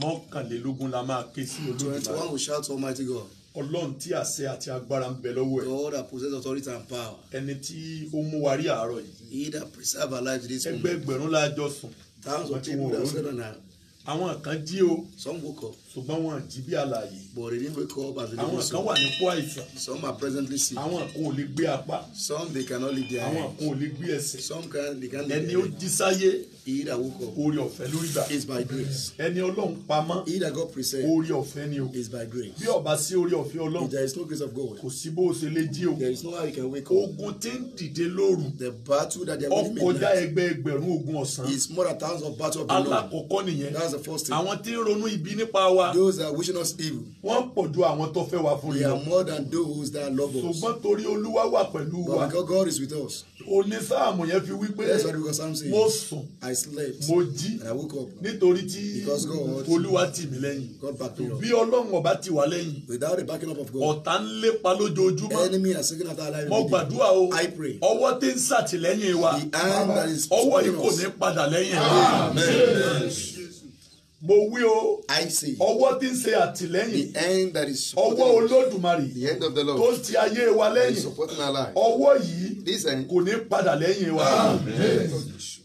mọ́kànlélógún la máa ké sí olódùmarè. one we shout almighty God. ọlọ́run tí àṣẹ àti agbára ń bẹ lọ́wọ́ ẹ̀. God that possess authority and power. ẹni tí ó mú wa rí àárọ̀ yìí. he that preserve our life to this moment. ẹgbẹgbẹ̀rún la jọ sùn. thousands of people that said on earth. àwọn kan jí o. some woke up. ṣùgbọ́n wọn jí bí alààyè. but they didn't wake up as they did so. kan wà nípò àìsàn. some are presently sick. àwọn kan ò lè gbé apá. some they cannot lift their hands. àwọn kan ò lè gbé ẹsẹ̀. some can they can't lift their hands. ẹni ó jí sáyé ìyíra wúkọ. orí ọ̀fẹ́ lórí gbà. is by grace. ẹni ọlọ́run pamọ́. ìyíra God present. orí ọ̀fẹ́ ni o. is by grace. bí ọba sí orí ọ̀fẹ́ ọlọ́run. there is no grace of God. kò sí bó o ṣe lè jí o. there is no how you can wake up. ogun tí ń dìde lóru. the battle that they are winning midnight. ọkọjá ẹgbẹ́ ẹgbẹ̀rún ogun ọ̀sán. is more than thousands of battles of the Lord. alakọkọ nìyẹn. that's the first thing. àwọn tí ń ronú ibi nípa wa. those that wishing us evil. wọ́n pọ̀ ju àwọn tó fẹ́ wa fún mi. they are more than those that love us. ṣùgbọ́n torí slept. mo jí I woke up. nítorí tí olúwa tì mí lẹ́yìn. God bí ọlọ́run ọba tì wá lẹ́yìn. without the backing up of God. ọ̀tá ń lépa lójoojúmọ́. enemy has taken after our life. mo gbàdúrà o. I pray. ọwọ́ tí ń ṣàtìlẹ́yìn wa. the hand that is supporting us. ọwọ́ yìí kò ní padà lẹ́yìn. mo wí o. I say. ọwọ́ tí ń ṣe àtìlẹ́yìn. the end that is supporting ọwọ́ olódùmarè. the end of the Lord. tó ti ayé wa lẹ́yìn. supporting our life. ọwọ́ yìí. this end. kò ní padà lẹ́yìn wa. amen. amen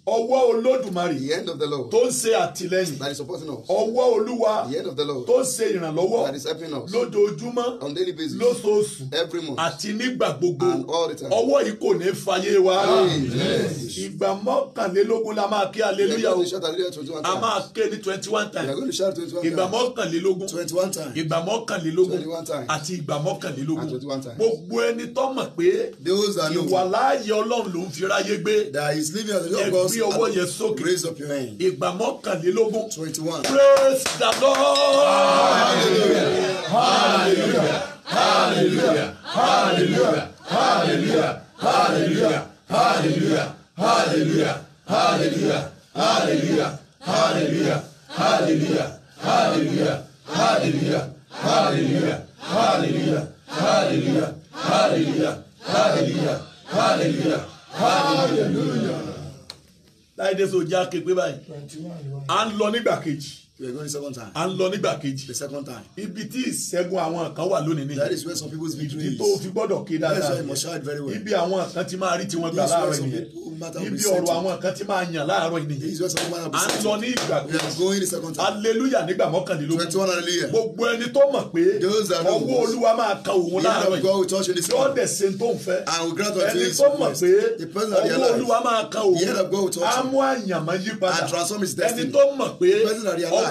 ọwọ́ olódùmarè. the end of the law. tó ń ṣe àtìlẹ́yìn. that is supporting us. ọwọ́ olúwa. the end of the lord. tó ń ṣe ìrànlọ́wọ́. that is helping us. lójoojúmọ́. on daily basis. lóṣooṣù. every month. àti nígbà gbogbo. and all the time. ọwọ́ yìí kò ní fayé wa. ìgbà mọ́kànlélógún la máa ké aleluya o. a máa ké ní twenty one times. ìgbà mọ́kànlélógún. twenty one times. ìgbà mọ́kànlélógún. àti ìgbà mọ́kànlélógún. gbogbo ẹni tó mọ̀ pé ìwàláyé ọlọ́run ló ń fi ráyé gbé. that is living as a young God hands. Gbé ọwọ́ sókè. Raise up your hand. Ìgbà mọ́kànlélógún. Twenty-one. Praise the Lord. Hallelujah. Hallelujah. Hallelujah. Hallelujah. Hallelujah. Hallelujah. Hallelujah. Hallelujah. Hallelujah. Hallelujah. Hallelujah. Hallelujah. Hallelujah. Hallelujah. Hallelujah. Hallelujah. Hallelujah. Hallelujah. láìdé sọ jẹ́ àkè pé báyìí à ń lọ nígbà kejì you are going the second time. And ń lọ nígbà kejì. the second time. ibi tí ìṣẹ́gun àwọn kan wà lónìí ni. that is where some people's victory is. ibi tó fi gbọ́dọ̀ ké dáadáa. that is why you must shout very well. ibi àwọn kan ti máa rí tiwọn gbà láàárọ̀ ènìyàn. ibi ọ̀rọ̀ àwọn kan ti máa yàn láàárọ̀ ènìyàn. this is where some people are. à ń lọ ní ìgbà kejì. we are going the second time. hallelujah nígbà mọ́kàndínlógún. twenty one hallelujah. gbogbo ẹni tó mọ̀ pé. those that know ọwọ́ olúwa máa ka òun láàárọ̀ yìí. yóò dẹ̀ se tó ń fẹ́. and we grant unto his request. the person that they allow. ọwọ́ olúwa máa ka òun. the head of God will touch him. and transform his destiny. the person that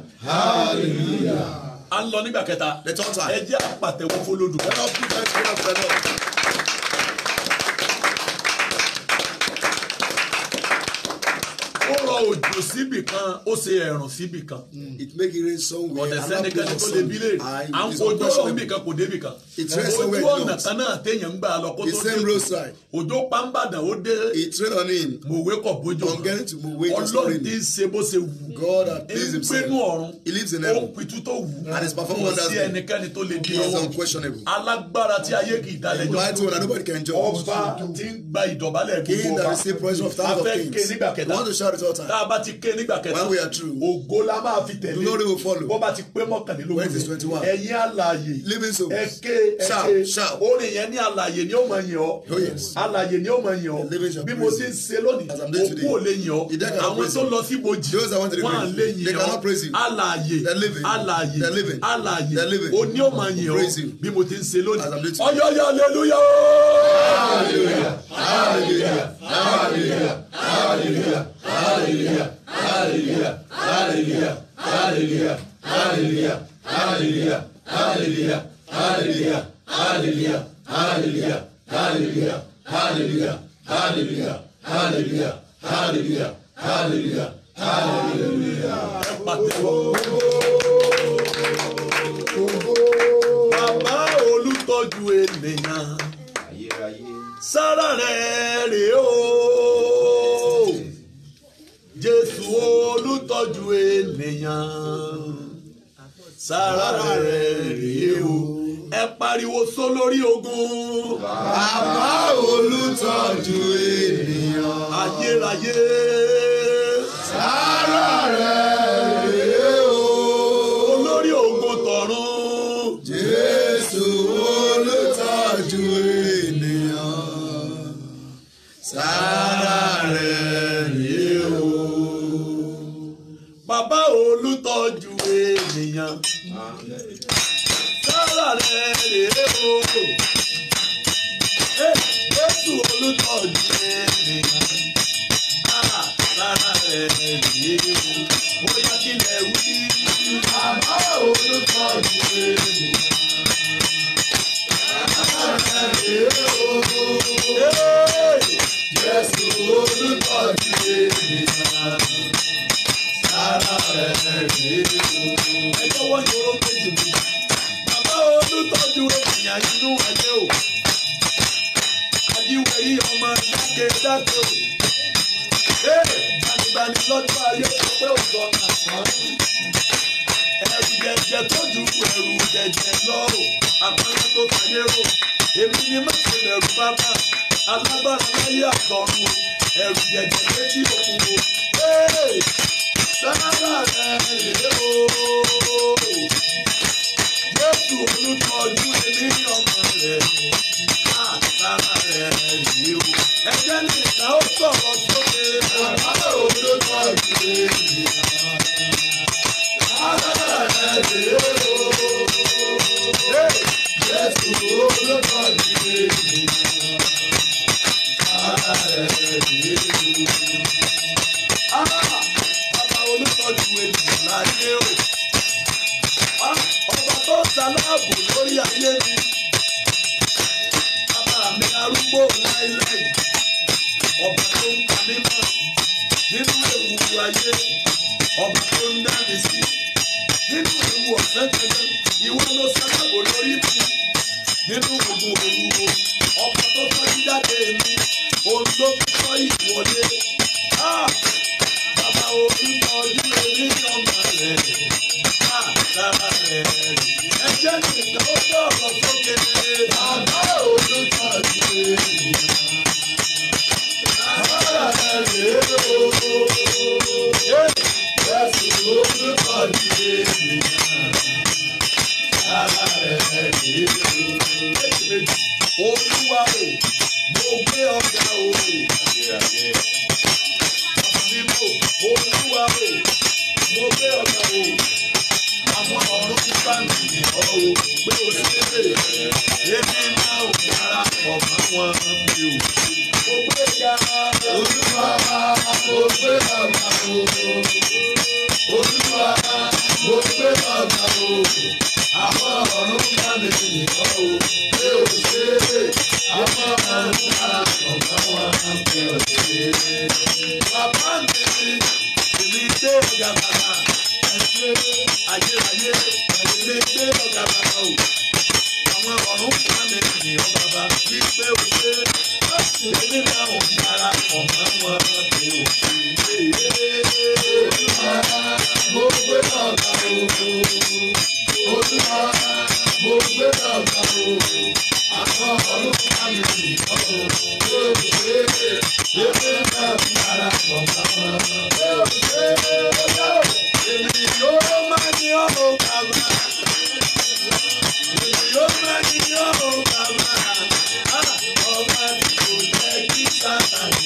hallelujah. a ń lọ nígbà kẹta. the third time. ẹ jẹ́ àpàtẹ̀wọ́ fọlọ́dún. let us put hands together for the Lord. òjò síbì kan ó ṣe ẹ̀rùn síbì kan. Hmm. it make it rain somewhere ọ̀dẹ̀ sẹ́nikẹ́ni tó lè bílẹ̀ à ń fojú ọ̀run bì kan kò débì kan. ojú ọ̀nà kan náà téèyàn ń gbà lọ kó tó dé òjò pàmbàdàn ó dé mòwe kọ̀ bójú ọlọ́run ti ṣe bó ṣe wù ń pinnu ọ̀run ó pitú tó wù kò sí ẹnikẹ́ni tó lè di ọwọ́ alágbára tí ayé kì í dalẹ́jọ́ ọba ti ń gba ìdọ̀bálẹ̀ gbogbo ọba afẹ́ kéde gbàkẹ́dà tá a bá ti ké nígbà kẹta ògo la máa fi tẹ̀lé bó bá ti pé mọ́kànlélógún ẹ̀yin alààyè ẹ̀kẹ́ ẹ̀kẹ́ orin yẹn ní alààyè ni ó mọ̀ yẹn ọ́ oh, alààyè ni ó mọ̀ yẹn ọ́ bí mo ti ń ṣe lónìí òkú ò lè yẹn ọ́ àwọn tó lọ sí bojì wọn à lè yẹn ọ́ alààyè alààyè alààyè òní ó mọ̀ yẹn ọ́ bí mo ti ń ṣe lónìí ọyọ́yọ́ aleluya ooo. Hallelujah! Hallelujah! Hallelujah! Hallelujah! Hallelujah! Hallelujah. Hallelujah. Hallelujah. Hallelujah. Hallelujah. Hallelujah. Hallelujah. Hallelujah. Hallelujah. Hallelujah. Hallelujah. Hallelujah. Hallelujah. Hallelujah. Hallelujah. Hallelujah. Hallelujah. Hallelujah! Bàbá olùtọ́jú ènìyàn. Sára rẹ̀ rèé o. ju ènìyàn sára rẹ̀ rèé o ẹ pariwo só lórí ogun. bàbá olùtọ́jú ènìyàn. ayérayé. sára rẹ̀ rèé o. olórí ogun tọ̀run. jésù olùtọ́jú ènìyàn. sára. bàbá olùtọ́jú ènìyàn sára rẹ̀ rèé o jésù olùtọ́jú ènìyàn sára ah, rẹ̀ rèé o bóyá kílẹ̀ wí. bàbá olùtọ́jú ènìyàn sára ah, rẹ̀ rèé o jésù olùtọ́jú ènìyàn ara rẹ̀ rí o. ẹ jọ̀wọ́ ìṣòro kejì mi bàbá olùtọ́jú ènìyàn inú ẹ̀jẹ̀ o. ajíwèrí ọmọ jákèjádò gbanigbani lọ́jọ́ ayé sọ pé òótọ́ nàá ẹrù jẹjẹ tó ju ẹrù jẹjẹ lọ o àpárá tó fàyè o èmi ni má ṣe bẹ̀rù bàbá alágbára láyé àtọ̀run ẹrù jẹjẹ létí òkú o sábà rẹ̀ lè o. Jésù olùtọ́jú ẹbí ọmọ rẹ̀ sábà rẹ̀ lè o. Ẹgbẹ́ nìkan ó sọ̀rọ̀ sókè bàbá olùtọ́jú ẹbí sábà rẹ̀ lè o. Jésù olùtọ́jú ẹbí sábà rẹ̀ lè o. ṣaláàbò lórí ayé mi bàbá mi arúgbó láéláé ọba tó ń ta mí mọ́ nínú ewu ayé ọba tó ń dá mi sí nínú ewu ọ̀sẹ̀ kankan ìwọ ló ṣaláàbò lórí mi nínú gbogbo ewu ọba tó tọ́ jíjáde mi òun ló tọ́ ìwọlé. Ah! bàbá orúkọ ojú omi ọmọ rẹ̀ lára rẹ̀ ẹ jẹ́ bá mi yìn ọ́ o pé o ṣeré èmi náà ò dára pọ̀ mọ́ wọn mi ò. mo gbé ga olúwa mo gbé bàbá o olúwa mo gbé bàbá o àwọn ọ̀run bá mi yìn ọ́ o pé o ṣeré àwọn ọ̀run dára pọ̀ mọ́ wọn mi ò. bàbá mi gbé ọ̀gá bàbá ẹ̀ṣẹ́ ayérayé ẹ̀ṣẹ́ gbé ọ̀gá bàbá o. àwọn ọ̀run fúnmi ènìyàn bàbá wípé o ṣe èmi náà ò dára ọ̀mọ́ wọn mi ò fi lè. Olúwa mo gbé ọ̀gá o. Olúwa mo gbé ọ̀gá o. àwọn ọ̀run fúnmi ènìyàn bàbá wípé o ṣe èmi náà ò dára ọ̀mọ́ wọn mi ò fi lè.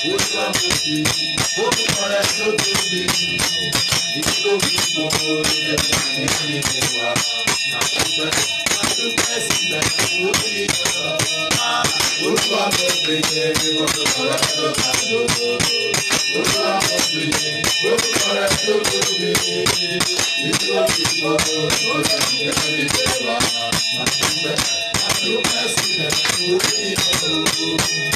ó sọ lóde ó mú ọrẹ tó tóbi nítorí gbogbo ẹgbẹ́ ìpínlẹ̀ wa àdúpẹ́ àdúpẹ́ sílẹ̀ ó ní ọ̀rọ̀ olú àgbègbè yẹn ní gbogbo ọrẹ tó tóbi olú àgbègbè yẹn ó mú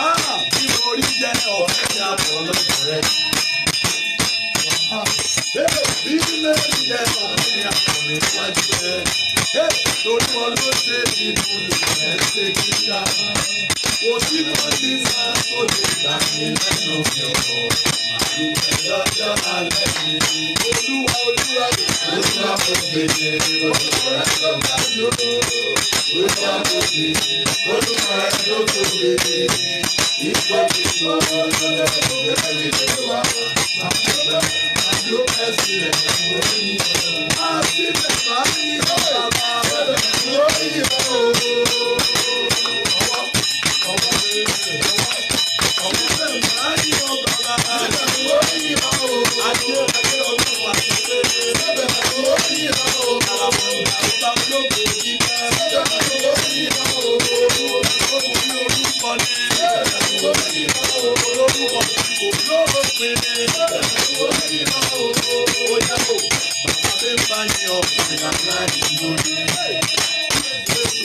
Ah! orí jẹ́ ọ̀fẹ́ ní àtọ̀lọ́dọ̀ rẹ. Bí ilé jẹ́ ọ̀fẹ́ ní àtọ̀lọ́dọ̀ rẹ. Torí wọn ló ṣe ìdùnnú rẹ̀ ṣe kíkà kò sí kò sí sá tó lè gbà mí lẹ́nu mi ò àdúgbò lọ́jọ́ alẹ́ mi olúwa olúwa ló sá fún mi ní olùkọ́ rẹ̀ tó bá dúró ló sá fún mi olùkọ́ rẹ̀ tó tó mi ní ìgbà mi lọ lọ́jọ́ ìgbà mi lè wá àdúgbò àdúgbò ẹ̀sìn rẹ̀ lórí mi àti bẹ̀rẹ̀ bá mi lọ́wọ́ bá. Bàbá mi bá yọ ìlànà ìlú ni.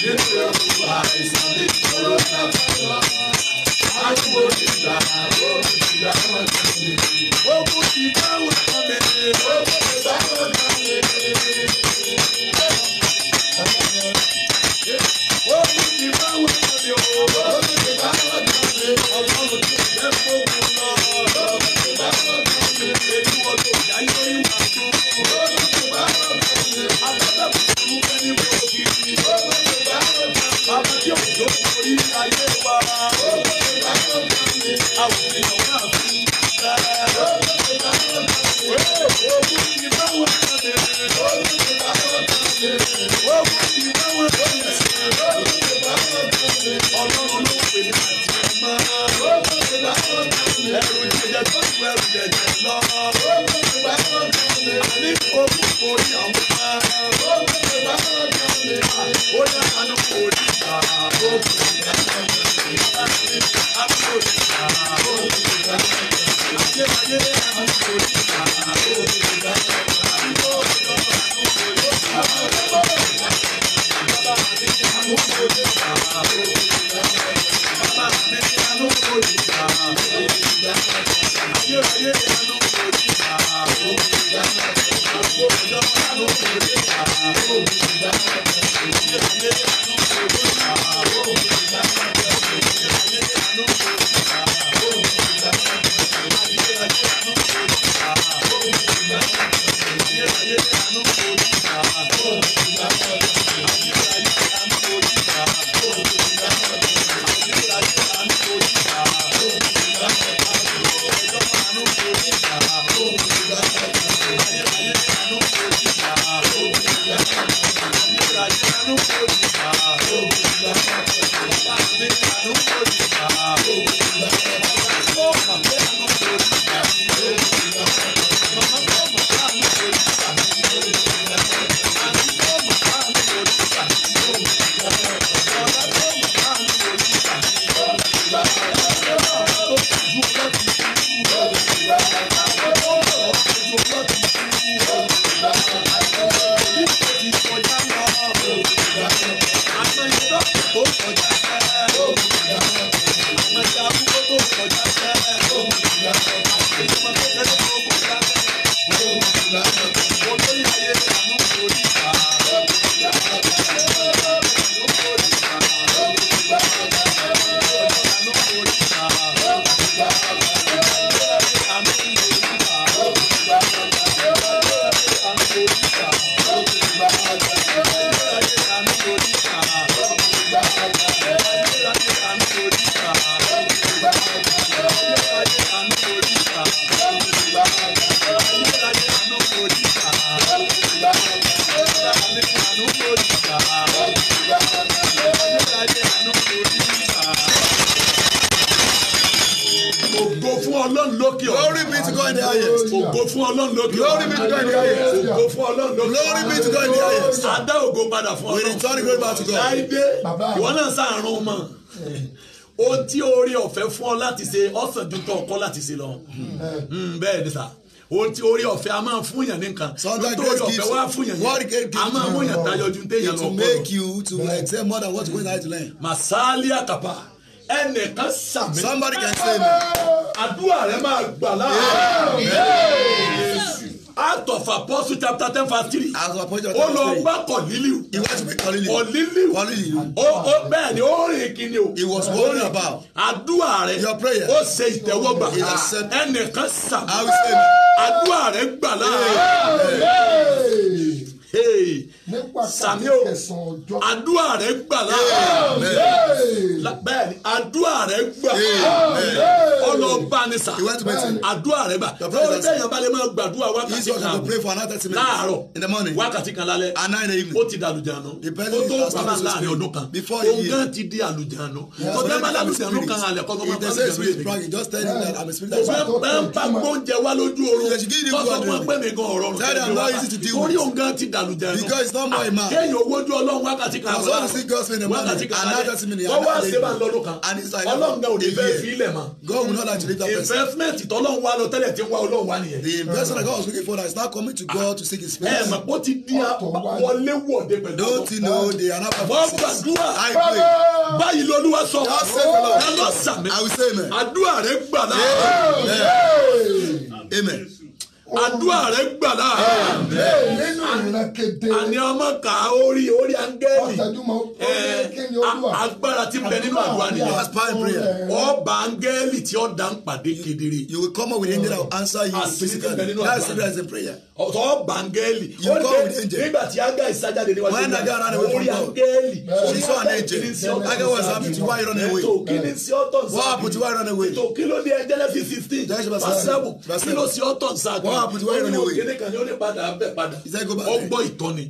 Ogun ti bá wọn uma mi. láyé wa. Àwọn ènìyàn. sàn ju tọ́ ọkọ́ láti ṣe lọ hmm, bẹ́ẹ̀ ni sà orí ọ̀fẹ́ a máa fún yàn nìkan lórí ọ̀fẹ́ wa fún yàn yẹn a máa mú yàn tayọ ju téèyàn lọ kọ́ to make you to excel more than what you went to learn. masali akapa ẹnìkan sàmì. somebody can say me. àdúrà rẹ máa gbà láàárọ̀ of apostles chapter ten verse three. àwọn apostles chapter ten. ó lọ bá kọ̀lílì. he was with kọ̀lílì. kọ̀lílì. kọ̀lílì. ó ó bẹ́ẹ̀ ni ó rìn kíni o. he was worried about. àdúrà rẹ. your prayer. ó ṣe ìtẹ́wọ́gbà. he has said. ẹnìkan sàbí. how is it. àdúrà rẹ gbà láàrin sàmì o àdúrà rẹ gbà láàárọ̀ bẹ́ẹ̀ni àdúrà rẹ gbà ọlọba ni sa àdúrà rẹ gbà lórí bẹyàn balẹ̀ máa gbàdúrà wákàtí kan láàárọ̀ wákàtí kan lálẹ́ ó ti dàlùjànú ó tó bàbá láàrin ọdún kan òun gan ti di àlùjànú kọjá bá làlùjànú kan alẹ kọjá bá làlùjànú yẹn kò bẹ́ẹ̀ bá gbóúnjẹ wá lójú oorun kọ́sọ́ fún ẹgbẹ́ mi gan ọ̀rọ̀ rẹ̀ orí òun gan ti dàlùjànú not by ah, man. kéèyàn owó ju ọlọ́run wákàtí kan àbúrò àti god's minute wákàtí kan alẹ́ wọ́n wá ṣe máa lọ́dún kan ọlọ́run náà ò ní fẹ́ fi ilẹ̀ mọ́. God will not actually that person. investment tọ́lọ́run wa lọ tẹ́lẹ̀ tí ń wá ọlọ́run wa nìyẹn. the investment God was looking for is now coming to ah, God to seek his face. ẹ mọ̀ ó ti di wọlé wọ̀de pẹ̀lú. don't you know the anapa verses. wọ́n gbàdúrà báyìí I will say amen. amen àdúrà rẹ gbà láàrin. àní ọmọ kà orí orí angẹ́lì. agbára ti bẹ nínú àdúrà nìyẹn. prayer. ọba angẹ́lì tí ó dá ń pàdé kedere. you will come up with angel that will answer you physically. prayer. ọba angẹ́lì. you will come with angel. nígbà tí aga ìsájáde níwájú náà. when aga ran away from God. she saw aga was happy to why run away. wọ́n happy to why run away. ètò ló dé ẹjẹ́lẹ́ fi fifteen. jẹ́ happened why run ní padà ọgbọ́ ìtọ́ni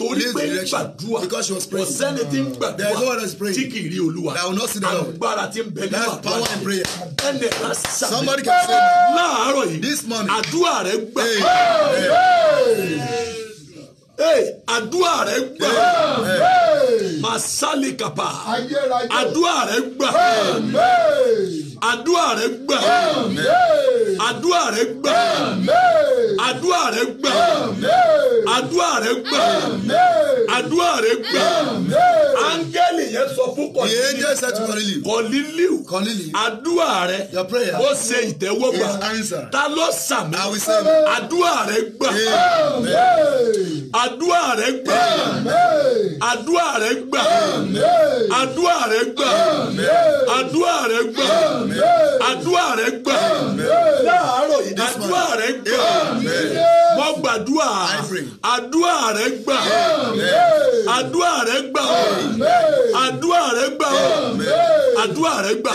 torí pé gbàdúrà. because she was praying. ọ̀sẹ́ni tí ń gbàdúrà. there is no one is praying. tí kì í rí olúwa. will not see the Lord. agbára tí ń bẹ ní àdúrà. that is power in prayer. somebody can say. láàárọ̀ yìí. this morning. àdúrà rẹ̀ gbà àdúrà rẹ gbà masali kapa àdúrà rẹ gbà àdúrà rẹ gbà àdúrà rẹ gbà àdúrà rẹ gbà àdúrà rẹ gbà àdúrà rẹ gbà áńgẹ́lì yẹn sọ fún kọ́lílì kọ́lílì kọ́lílì àdúrà rẹ ó ṣe ìtẹ́wọ́gbà ta ló sàmì àdúrà rẹ gbà àdúrà rẹ gbà àdúrà rẹ gbà àdúrà rẹ gbà àdúrà rẹ gbà àdúrà rẹ gbà àdúrà rẹ gbà mo gbàdúrà àdúrà rẹ gbà àdúrà rẹ gbà àdúrà rẹ gbà àdúrà rẹ gbà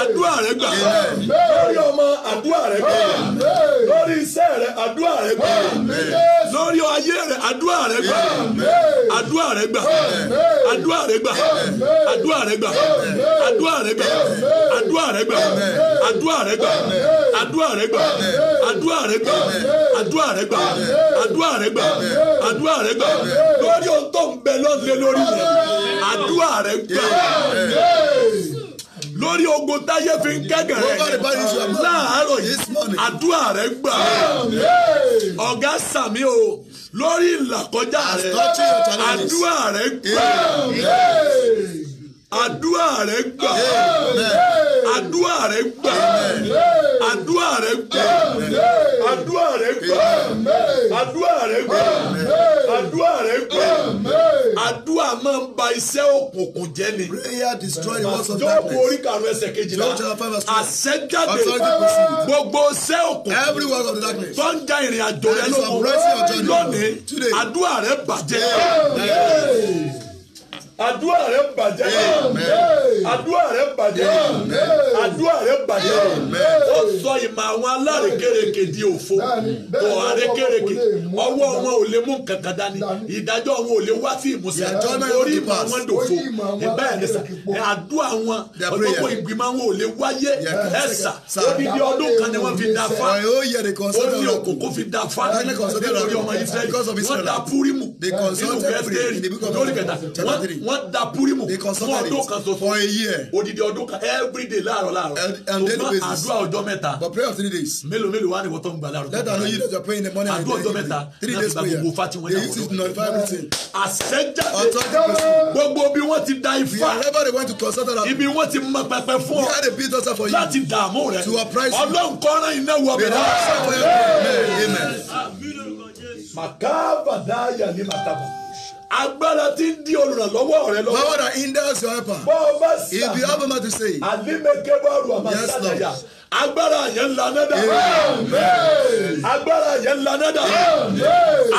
àdúrà rẹ gbà lórí ọmọ àdúrà rẹ gbà lórí iṣẹ́ rẹ àdúrà rẹ gbà lórí ayé rẹ àdúrà rẹ gbà àdúrà rẹ gbà àdúrà rẹ gbà àdúrà rẹ gbà àdúrà rẹ gbà àdúrà rẹ gbà àdúrà rẹ gbà àdúrà rẹ gbà àdúrà rẹ gbà àdúrà rẹ gbà àdúrà rẹ gbà àdúrà rẹ gbà lórí ohun tó ń bẹ lọ́sẹ̀ lórí yẹn àdúrà rẹ gbà lórí ogun táyé fi ń kẹ́gàn rẹ̀ láàárọ̀ yìí àdúrà rẹ̀ gbà ọ̀gá sàmí o lórí ìlàkọjá rẹ̀ àdúrà rẹ̀ gbà àdúrà rẹ gbà àdúrà rẹ gbà àdúrà rẹ gbà àdúrà rẹ gbà àdúrà rẹ gbà àdúrà rẹ gbà àdúrà máa ń ba iṣẹ́ òkùnkùn jẹ́ ni jọ́ọ̀bù orí karùn ẹsẹ̀ kejìlá àṣẹjáde gbogbo iṣẹ́ òkùnkùn tó ń ja ìrìn àjò rẹ lóko lónìí àdúrà rẹ bàjẹ́ àdúrà rẹ bàjẹ́ àdúrà rẹ bàjẹ́ àdúrà rẹ bàjẹ́ ó sọ ìmọ̀ àwọn alárekereke di òfo tó arekereke ọwọ́ wọn ò lè mú kankan dání ìdájọ́ wọn ò lè wá sí ìmúṣẹ orí ìmọ̀ àwọn dòfo ìgbà yẹn sà àdúrà wọn ọgbọ́n ìgbìmọ̀ wọn ò lè wáyé ẹ̀sà òbí di ọdún kan ni wọ́n fi da fa ó ní òkòkò fi da fa nítorí ọmọ Ísírẹ́lì wọ́n da púrímù nínú bẹ́ẹ̀ tẹ́rì lórí kẹta wọ́n wọ́n da púrímù fún ọdún kan soso for a year odidi ọdún kan everyday láàárọ̀ láàárọ̀ ṣùgbọ́n àdúrà ọjọ́ mẹ́ta but prayer of three days mélòó mélòó wà ní wọ́tọ́ ń gbà láàárọ̀ let her know you that you are praying in the morning and the evening three days prayer they use it to nullify everything àṣẹjáde gbogbo bí wọ́n ti da ifá ibi wọ́n ti mọ pẹpẹ fún ọ láti dààmú rẹ ọlọ́run kọ́ran iná wọ bẹ̀rẹ̀. Makaba daya ni makaba agbára tí ń di olùrànlọ́wọ́ rẹ lọ́wọ́. power that hinders your helper. bọ́ ọ bá sà. if you have a matter to say. àlímẹ̀kẹ́ bá rù àmà sàdáyà. agbára yẹn ńlá nẹ́dà. agbára yẹn ńlá nẹ́dà.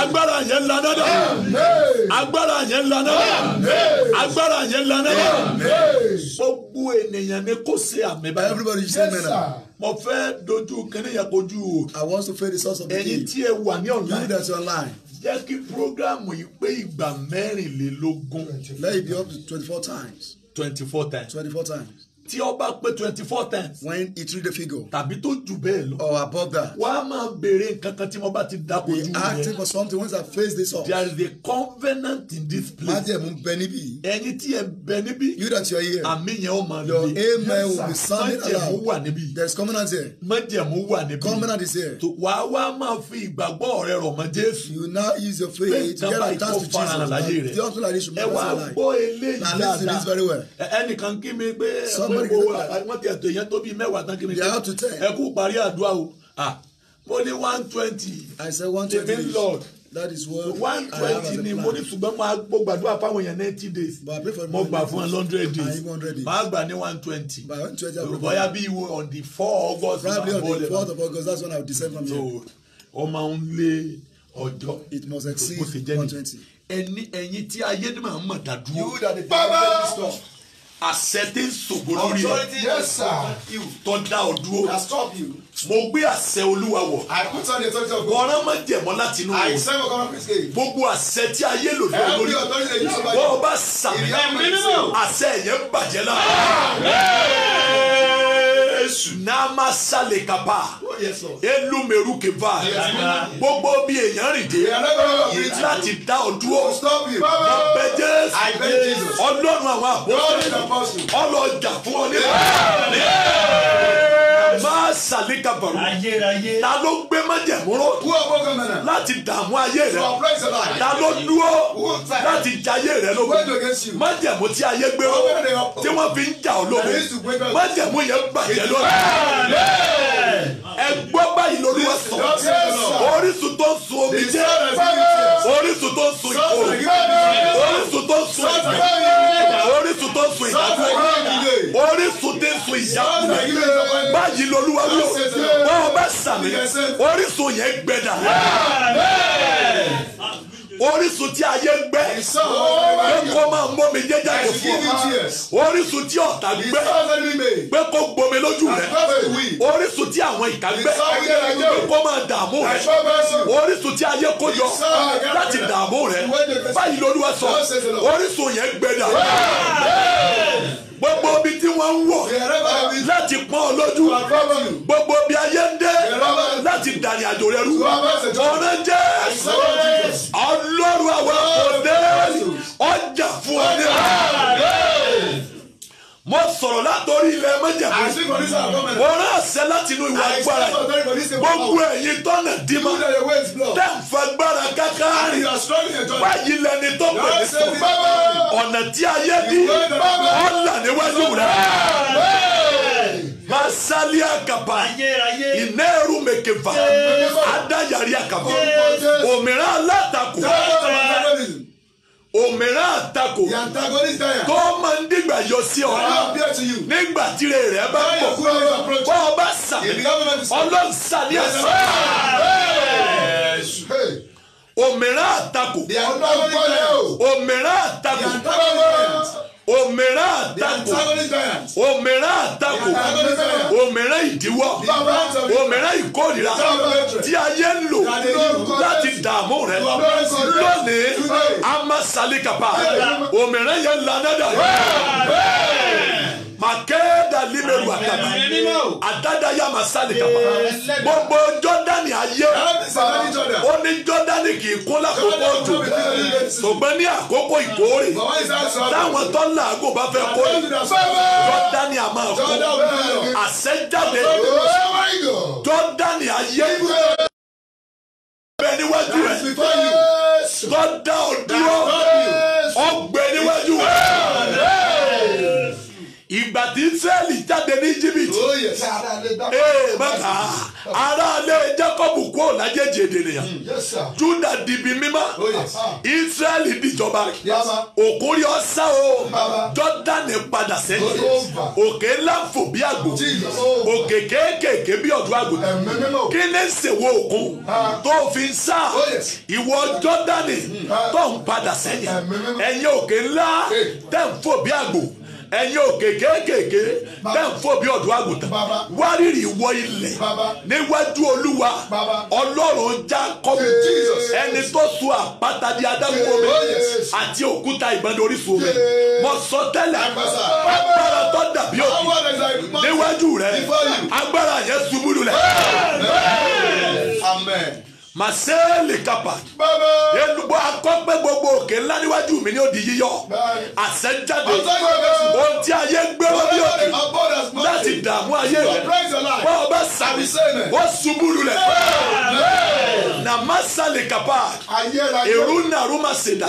agbára yẹn ńlá nẹ́dà. agbára yẹn ńlá nẹ́dà. agbára yẹn ńlá nẹ́dà. gbogbo ènìyàn ni kò sí àmì báyìí. everybody say amen. Yes, mo fẹ́ dojú kẹ́nìyàn kojú I want to face the source of the king. ẹni tí ẹ wà ní online. you that you are jẹ́ kí programu yìí pé ìgbà mẹ́rìnlélógún. let it be up to twenty-four times. twenty-four times. twenty-four times tí ó bá pé twenty four times. when it read the figure. tàbí tó jù bẹ́ẹ̀ lọ. or above that. wàá máa béèrè nǹkan kan tí mo bá ti dako jù yẹn. we acting for something once I face this up. there is a covenant in this place. májèmú bẹ níbí. ẹni tí ẹ bẹ níbí. you that you are here. àmì yẹn ó máa lè. your amen will be sounding aloud. májèmú wà níbí. there is covenant here. májèmú wà níbí. covenant is here. wàá wá máa fi ìgbàgbọ́ rẹ rọ̀ mọ́ Jésù. you now use your faith to get attached to Jesus. the hospital addition. ẹ wá gbọ́ eléyìí dáadáa ẹnìkan kí mi pé gbogbo wọn ti ẹ̀tọ́ yẹn tó bíi mẹ́wàá tán kí ni ẹ kú parí àdúrà o mo ah, ní one twenty. I said one twenty. Even Lord. That is what one twenty ni mo ní ṣùgbọ́n máa gbó gbàdúrà fáwọn èèyàn ninety days mo gbà fún one hundred days máa gbà ní one twenty bóyá bí iwo on the four August probably on the fourth of August that's when I will descend from here. ọmọ ń lé ọjọ́ it must exceed one twenty. ẹni ẹ̀yin tí ayé ni màá mọ̀ dá dúró. you that dey dey stop àṣẹ tí ń ṣògo lórí ẹ tó dá ọ dúró mo gbé àṣẹ olúwa wọ̀ ọ̀rọ̀ máa jẹ̀mọ́ láti inú wọ̀ gbogbo àṣẹ tí ayé lò lórí bọ́ọ̀ bá sàmì àṣẹ yẹn bàjẹ́ lára jésù. nama sale kaba. Oh, elu meru keva. gbogbo bí èèyàn rìn dé. láti dá ọ dúró. mo bẹ jésù. ọlọ́run àwọn àbọ̀ ọlọ́jà fún ọ nípa máa ṣàlíkà bọ̀rù ta ló gbé májẹ̀mú ró láti dààmú ayé rẹ ta ló dúró láti jayé rẹ lógo májẹ̀mú tí ayé gbé ró tí wọ́n fi ń jà ọ́ lógo májẹ̀mú yẹn bàjẹ́ lónìí ẹgbọ́ báyìí lórí wa sọ orísun tó ń sun omi jẹ́ orísun tó ń sun ìkorò orísun tó ń sun ìkorò tó sun ìdájọ́ yìí orísun tí ń sun ìyàwó yìí báyìí lolúwa ló bọ́ bá sàmì orísun yẹn gbẹdà orísun tí ayé ń gbẹ́ pé kó máa ń bómi jẹ́ jáde fún ọ orísun tí ọ̀tá gbẹ́ pé kó gbomi lójú rẹ orísun tí àwọn ìka gbẹ́ pé kó máa dààmú rẹ orísun tí ayé kó yọ láti dààmú rẹ báyìí lolúwa sọ orísun yẹn gbẹ dàrú gbogbo ibi tí wọ́n ń wọ̀ láti pọ́n ọ lójú gbogbo ibi ayé ń dé láti dàní àjò rẹ rú ọ̀rẹ́ jẹ́ ọlọ́run àwọn ọ̀dẹ́ ọjà fún ọdẹ mo sọ̀rọ̀ látòrí ilẹ̀ mẹ́jẹ̀mú mo rán àṣẹ láti inú ìwà agbára gbogbo ẹ̀yin tọ́nà dímọ̀ tẹ̀fẹ̀ gbára káká báyìí lẹni tó pè ní sọ ọ̀nà tí ayé dí ọ̀là níwájú rẹ̀ masali akaba ineru mekeva adayari akaba òmìnira alátakò òmíràn àtakò tó máa ń dìgbà yọ sí ọ nígbà tíre rẹ bá pọ̀ bá ọ bá sàmì ọlọ́run sàmì ẹ̀sán òmíràn àtakò òmíràn àtakò òmíràn àtakò òmíràn àtakò òmíràn ìdíwọ́ òmíràn ìkórìíra tí ayé ń lò láti dààmú rẹ lónìí amasalikapa òmíràn yẹn lanadà rẹ makeda libe wataba adadaya masani kapa gbogbo jọdani ayé ó ní jọdani kì í kó lákòókò jù ṣùgbọ́n ní àkókò ìkórè táwọn tọ́lá àgò bá fẹ́ kórè jọdani a máa kó àṣẹjáde jọdani ayé bẹ níwájú rẹ tọ́da ọdúró ọ ìgbà tí israẹli jáde ní egypt ee bàtà aráalé jacobu kó lajẹjẹ ènìyàn juda dìbì mímá israẹli oh, ah. dìjọba òkúri ọsá o jọdani padà sẹ́yìn oh, oh, òkè ńlá fò bí àgbò òkè kéékèèké bí ọdún àgbò kí ni ṣèwọ òkun tó fi ń sá ìwọ jọdani hmm. tó ń padà sẹ́yìn ẹ̀yin òkè ńlá tẹ̀ ń fò bí àgbò ẹ̀yin òkè kéékèèké tẹ́ ń fò bí ọ̀dọ́ àgùntàn wárìrì wọ ilẹ̀ níwájú olúwa ọlọ́run já kọ́ ẹni tó so àpáta di adágún omi àti òkúta ìbàdàn orísun omi mo sọ tẹ́lẹ̀ agbára tó dàbí òkè níwájú rẹ̀ agbára yẹn ṣubú lulẹ̀. Amen màsẹ́ẹ̀lì kapa elugbo akọ́pẹ́ gbogbo òkè ńlá níwájú mi ni ó di yíyọ àṣẹjáde ohun tí ayé gbéró ní òkè láti dààmú ayé rẹ bọ́ ọ bá sàmì wọ́n ṣubú lulẹ̀ na masali kapa èrú nàrú ma ṣe dà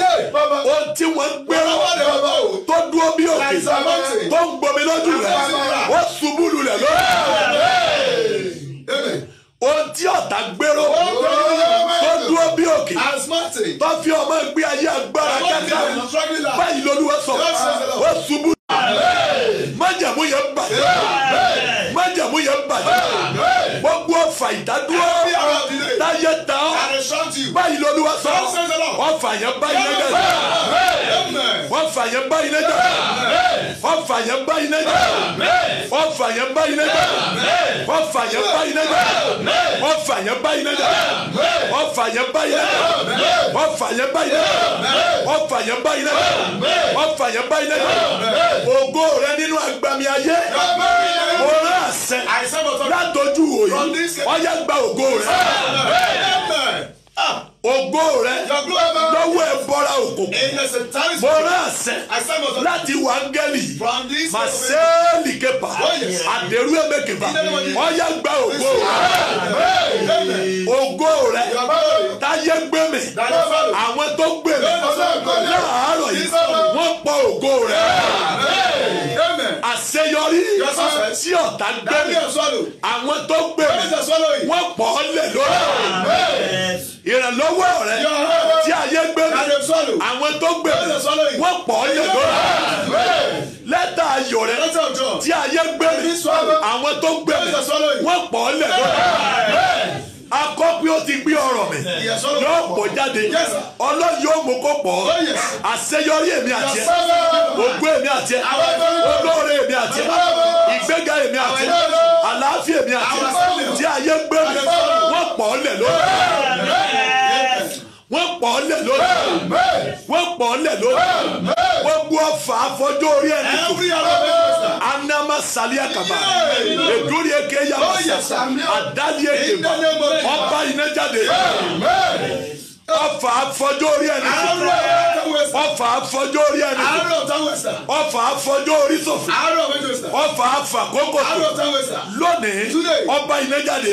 ohun tí wọ́n gbéró tó dúró bí òkè tó ń gbomi lójú rẹ wọ́n ṣubú lulẹ̀ lórí ohun tí ọ̀tá gbèrò tó dúró bí òkè tó fi ọmọ gbé ayé agbára kẹta báyìí lolúwa sọ ó ṣubú májàmú yẹn bàjẹ́ májàmú yẹn bàjẹ́ gbogbo ọfà ìdádúró táyé tán báyìí lọ́lúwa sọ ọfà yẹn báyìí lẹ́jà ọfà yẹn báyìí lẹ́jà ọfà yẹn báyìí lẹ́jà ọfà yẹn báyìí lẹ́jà ọfà yẹn báyìí lẹ́jà ọfà yẹn báyìí lẹ́jà ọfà yẹn báyìí lẹ́jà ọfà yẹn báyìí lẹ́jà ọfà yẹn báyìí lẹ́jà ọfà yẹn báyìí lẹ́jà ògo rẹ nínú agbami ayé mo rán àṣẹ látọjú òye yìí ọyá gba ògo rẹ ògo rẹ lọ́wọ́ ẹ bọ́ra òkùnkùn mo rán àṣẹ láti wà áńgẹ́lì màsẹ́ẹ̀lì kẹfà oh, àdèrú ẹ̀mẹ́ kẹfà ọ̀yá gba ògo rẹ ògo rẹ táyé gbẹmẹ àwọn tó gbẹmẹ láàárọ̀ yìí wọ́n pọ̀ ògo rẹ àṣeyọrí tí ọ̀tá gbẹ̀mí àwọn tó gbẹ̀mí wọ́n pọ̀ ọ́ lẹ̀ lórí ọ̀rẹ́ ìrànlọ́wọ́ rẹ tí ayé gbẹ̀mí àwọn tó gbẹ̀mí wọ́n pọ̀ ọ́ lẹ̀ lórí lẹ́tà ayọ̀ rẹ tí ayé gbẹ̀mí àwọn tó gbẹ̀mí wọ́n pọ̀ ọ́ lẹ̀ lórí akọ́ pé ó ti gbé ọ̀rọ̀ mi yóò pọ̀ jáde ọlọ́run yóò mú kó pọ̀ oh, àṣeyọrí èmi àti ẹ ògbó èmi àti ẹ olóore èmi àti ẹ ìgbéga èmi àti ẹ àlàáfíà èmi àti ẹ tí ayé ń gbé mi wọ́n pọ̀ ọ́ lẹ̀ lórí pọ̀ ọ́ lẹ̀ lónìí. wọ́n pọ̀ ọ́ lẹ̀ lónìí. wọ́n gbọ́ fà á fọjọ́ orí ẹni tó. anama saliya kaba. èdúrí eke yaba. Oh, àdáli eke ma. ọba iná jáde ọfà afọjọ orí ẹni sọfọ ọfà afọjọ orí ẹni sọfọ ọfà afọjọ orí sọfọ ọfà afà kókò sọfọ lónìí ọba ìnẹjáde.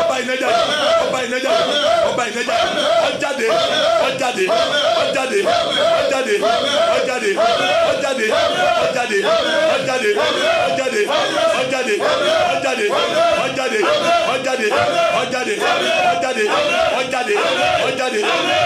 ọba ìnẹjà ọba ìnẹjà ọba ìnẹjà ọjáde ọjáde ọjáde ọjáde ọjáde ọjáde ọjáde ọjáde ọjáde ọjáde ọjáde ọjáde ọjáde ọjáde ọjáde ọjáde ọjáde.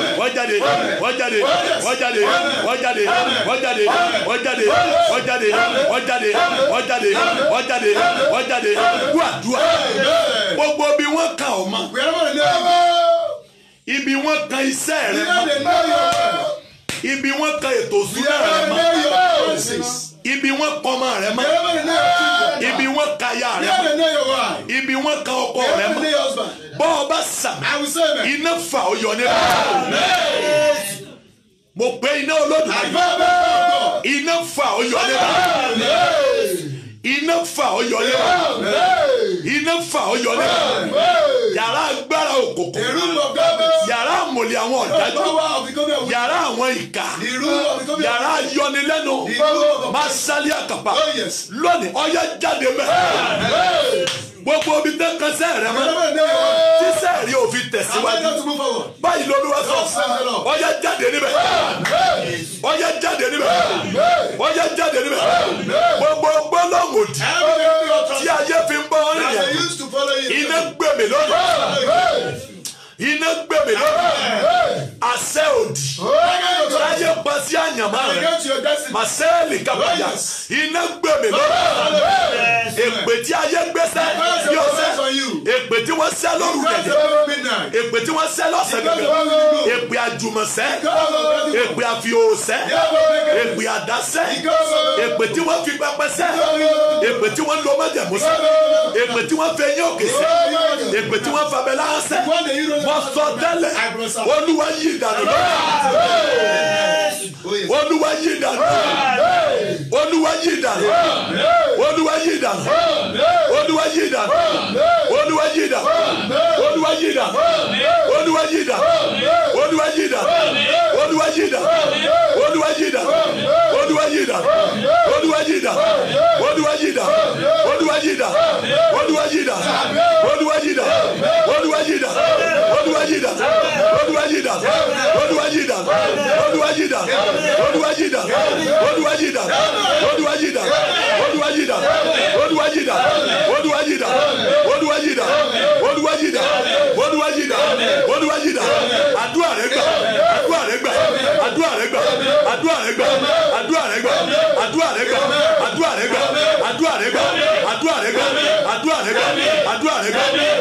wọ́n jáde wọ́n jáde wọ́n jáde wọ́n jáde wọ́n jáde wọ́n jáde wọ́n jáde wọ́n jáde wọ́n jáde wọ́n jáde wọ́n jáde dúà dúà gbogbo bí wọ́n kà ọ́ mọ́ ibi wọ́n kan iṣẹ́ rẹ̀ mọ́ ibi wọ́n kan ètò ìṣúná rẹ̀ mọ́ ibi wọn kọ ọmọ rẹ mọ ibi wọn ka ya rẹ mọ ibi wọn ka ọkọ rẹ mọ bọ́ọ̀ bá sàmì iná fà ó yọ ní báyìí mo pe iná olódùn iná fà ó yọ iná fà ó yọ iná fà ó yọ yàrá agbára òkòkò yàrá àmọ̀lẹ̀ àwọn ọ̀dájú yàrá àwọn ìkà yàrá ayọnilẹ́nu máa sálí àkàpà oh, lónìí ọyẹ jáde mẹ́ gbogbo omi tẹ́ kan sẹ́ẹ̀ rẹ mọ́ tí sẹ́ẹ̀ rí òfin tẹ̀síwájú báyìí lórí wa sọ ọyẹ jáde níbẹ̀ ọyẹ jáde níbẹ̀ ọyẹ jáde níbẹ̀ gbogbo gbólóhùn tí ayé fi ń bọ́ ọ́rìn yẹn iná gbèmí lónìí iná gbèmí lọ́wọ́ àṣẹ òdì láyé pasí àyàmá rẹ màsẹ́ẹ̀lì kàbàyà iná gbèmí lọ́wọ́ èpè tí ayé gbèsè ní ọ̀sẹ̀ èpè tí wọ́n sẹ́ lóru gẹ̀gẹ̀ èpè tí wọ́n sẹ́ lọ́sẹ̀ gẹ̀gẹ̀ èpè àjùmọ̀sẹ́ èpè àfihòsẹ́ èpè àdásẹ́ èpè tí wọ́n fi pẹpẹ sẹ́ èpè tí wọ́n lọ́mọdé mọ́sẹ́ èpè tí wọ́n fẹ́ yín òkè sí èpè tí wọ́n fàbẹ̀ láńsẹ̀ wọ́n sọ tẹ́lẹ̀ olúwa yí ìdànù lọ́wọ́ olúwa yí ìdànù olúwa yí ìdànù olúwa yí ìdànù olúwa yí ìdànù olúwa yí ìdànù olúwa yí ìdànù olúwa yí ìdànù olúwa yí ìdànù olúwa yí ìdànù olúwa yí ìdànù olúwa yí ìdànù olúwa yí ìdànù olúwa yí ìdànù yídà olúwa yídà olúwa yídà olúwa yídà olúwa yídà olúwa yídà olúwa yídà olúwa yídà olúwa yídà olúwa yídà olúwa yídà olúwa yídà olúwa yídà olúwa yídà olúwa yídà olúwa yídà olúwa yídà olúwa yídà àdúrà rẹ gbà àdúrà rẹ gbà àdúrà rẹ gbà àdúrà rẹ gbà àdúrà rẹ gbà àdúrà rẹ gbà àdúrà rẹ gbà àdúrà rẹ gbà.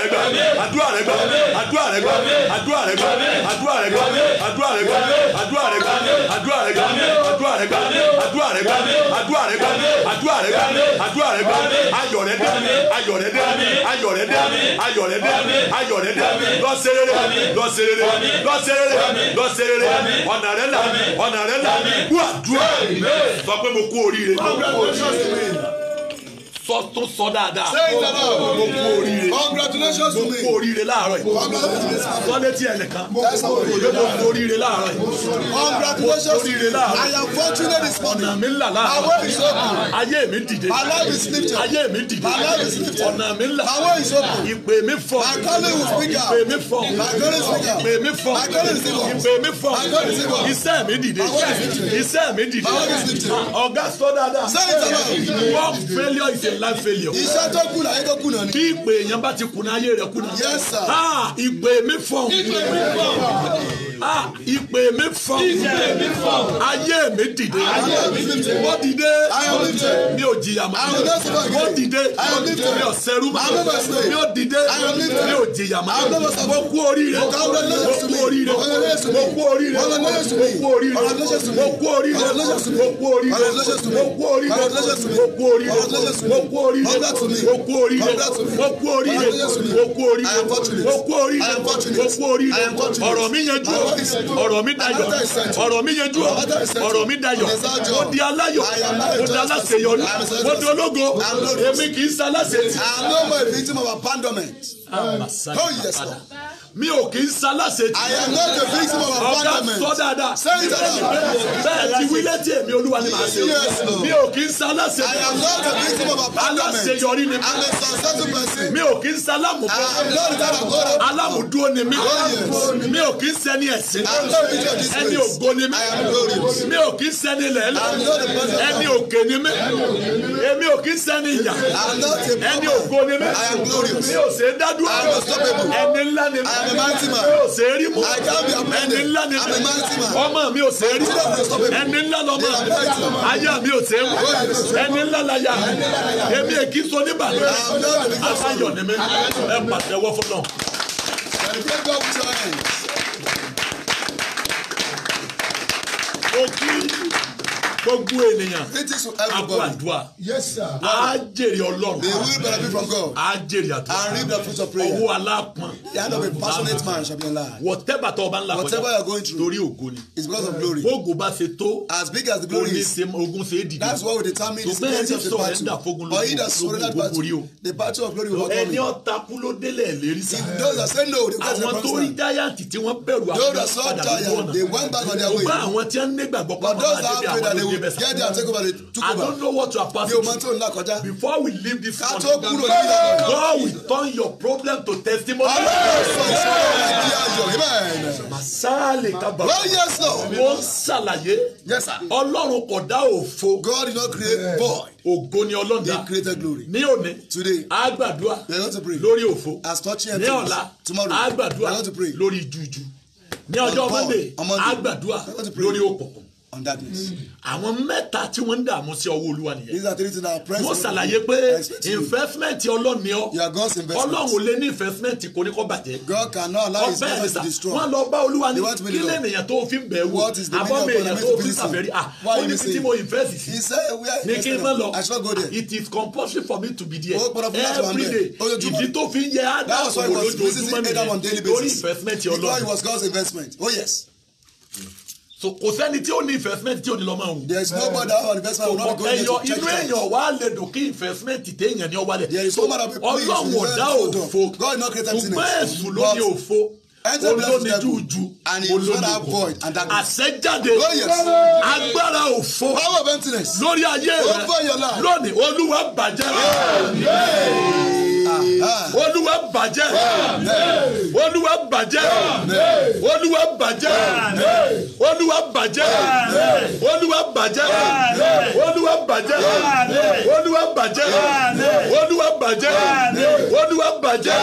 rẹ gbà àdúrà rẹ gbà àdúrà rẹ gbà àdúrà rẹ gbà àdúrà rẹ gbà àdúrà rẹ gbà àdúrà rẹ gbà àdúrà rẹ gbà àdúrà rẹ gbà àdúrà rẹ gbà àdúrà rẹ gbà àdúrà rẹ gbà àdúrà rẹ gbà ayọ̀ rẹ dé ayọ̀ rẹ dé ayọ̀ rẹ dé ayọ̀ rẹ dé ayọ̀ rẹ dé lọ serere lọ serere lọ serere lọ serere ọ̀nà rẹ là ọ̀nà rẹ là wúwa dúró sọ pé mo kú oríire sọ tó sọ dáadáa. mo kú oríire. congratulations to me. mo kú oríire láàárọ̀ yìí. sọlé tí ẹnìkan. mo kú oríire láàárọ̀ yìí. congratulations to me. I am fortunate this morning. ọ̀nà mi ń là láàárọ̀. àwọ̀ is open. ayé mi ń dìde. my life is lifted. ayé mi ń dìde. my life ọ̀nà mi ń là. àwọ̀ is ìpè mi fọ. my calling will ìpè mi fọ. my calling speak ìpè mi fọ. my calling is ìpè mi fọ. my calling is equal life failure. iṣẹ́ tó kùnà ayé tó kùnà ni. bí ìpè èèyàn bá ti kùnà ayé rẹ̀ kùnà. yes sir. ah ìpè mi fọ̀n. ìpè mi fọ̀n ah ìpè mi fọ́n ìpè mi fọ́n ayé mi dìde ayé mi dìde mo dìde mi ò jìyà mọ́ mo dìde mi ò ṣẹrú mọ́ mi ò dìde mi ò jìyà mọ́ mo kú oríire mo kú oríire mo kú oríire mo kú oríire mo kú oríire mo kú oríire mo kú oríire mo kú oríire mo kú oríire mo kú oríire o kú oríire o kú oríire o kú oríire o kú oríire o kú oríire ọ̀rọ̀ mi yanjú o ọ̀rọ̀ mi dayọ̀ ọ̀rọ̀ mi yanjú o ọ̀rọ̀ mi dayọ̀ mo di aláyọ̀ mo di aláṣeyọrí mo di ológo èmi kì í ṣaláṣetì. I know my victim of abandonment. Oh yes, Lord. Mi ò kì í ṣaláṣetì. I am not the victim of abandonment commandment. sọ dáadáa bẹ́ẹ̀ ti wílé tí èmi olúwa ni màá ṣe mi ò kí ń sa aláṣẹ aláṣeyọrí ni mi ò kí ń sa alámùbọ́ alámùdúró ni mi oh, mi ò kí ń sẹ́ni ẹ̀sìn ẹni ògo ni mi mi ò kí ń sẹ́ni lẹ́lẹ́ ẹni òkè ni mi èmi ò kí ń sẹ́ni ìyà ẹni ògo ni mi mi ò ṣe é dádúró ẹni ńlá ni mi mi ò ṣe é rí mu ẹni ńlá ni mi ọmọ mi ò sẹ́rí ẹni ńlá lọ́mọ aya mi ò sẹ́wọ́ ẹni ńlá láya èmi èkì sọ ní bàbá àtàyọ̀ ni mi ẹ pàṣẹ wọ́ fún náà. òkú gbogbo ènìyàn àbú àdúrà á jèrè ọlọ́run á jèrè àdúrà owó alápọn whatever tó o bá ń là kọjá torí ògo ni ògo bá ṣe tó o ní ṣe ogun ṣe é dìde tó bẹ́ẹ̀ ní sọ̀rọ̀ ẹ̀ńdà fógun lórí orí o ẹni ọ̀takú ló délẹ̀ lérí sáà àwọn tó rí giant tí wọ́n bẹ̀rù àwọn padà lójú ó bá àwọn tí wọ́n ń nígbàgbọ́ pàápàá débi gẹ́gẹ́ and take over they took over. I don't know what you are passing through. bí o máa ń tó ńlá kọjá. before we leave this morning. ká tó kúrò ní ọ̀rọ̀. God will turn your problem to testimony. ọlọ́run sọ ìṣòro ẹbí ayọ̀ amen. masaale kaba. well yes lord. mo ń ṣàlàyé. yes sir. ọlọ́run kò dá òfo. God did not create void. Ògo ni Ọlọ́run dá. He created glory. Ní òní. Today. A gbàdúrà. We are going to pray. Lórí òfo. As touching and tomorrow. Ní ọ̀la. Tomorrow. A gbàdúrà. We are going to pray. Lórí jújú. Ní ọjọ́ Monday. A gbàdúrà. Lórí òkùnkùn on darkness. Mm. àwọn mẹ́ta tí wọ́n ń dààmú sí ọwọ́ olúwa nìyẹn. these are three things that are present. mo ṣàlàyé pé investment ọlọ́run ni ọ. your God's investment. ọlọ́run ò lè ní investment kò ní kó bàjẹ́. God cannot allow his investment to destroy. wọ́n lọ bá olúwa ní kílẹ̀ ènìyàn tó fi ń bẹ̀ wò àbọ̀mọ̀ ènìyàn tó fi ń sàfẹ́rí à ah, ó ní kí tí mo invest sí. he said we are investing in lọ I shall go there. it is compulsory for me to be there. o gbọ́dọ̀ fún láti wà mẹ́ ojoojúmọ́. ìdí tó fi ń yẹ Adam kò lójoojúmọ́ investment ọlọ́run. because was God's investment. oh yes so kò sẹ́ni tí ó ní investment tí ò ní lọ máa wù. there is nobody that have investment without going there to check inú èèyàn wá lè dùn kí investment téèyàn ní ọwọ́ lẹ̀. there is no matter the place ọlọ́run ò dá òfo ṣùgbọ́n ẹ̀sùn ló ní òfo olóníjújú olóníjújú àṣẹjáde agbára òfo lórí ayé rẹ lónìí olúwa bàjẹ́ rẹ olúwa bàjẹ́ olúwa bàjẹ́ olúwa bàjẹ́ olúwa bàjẹ́ olúwa bàjẹ́ olúwa bàjẹ́ olúwa bàjẹ́ olúwa bàjẹ́ olúwa bàjẹ́ olúwa bàjẹ́ olúwa bàjẹ́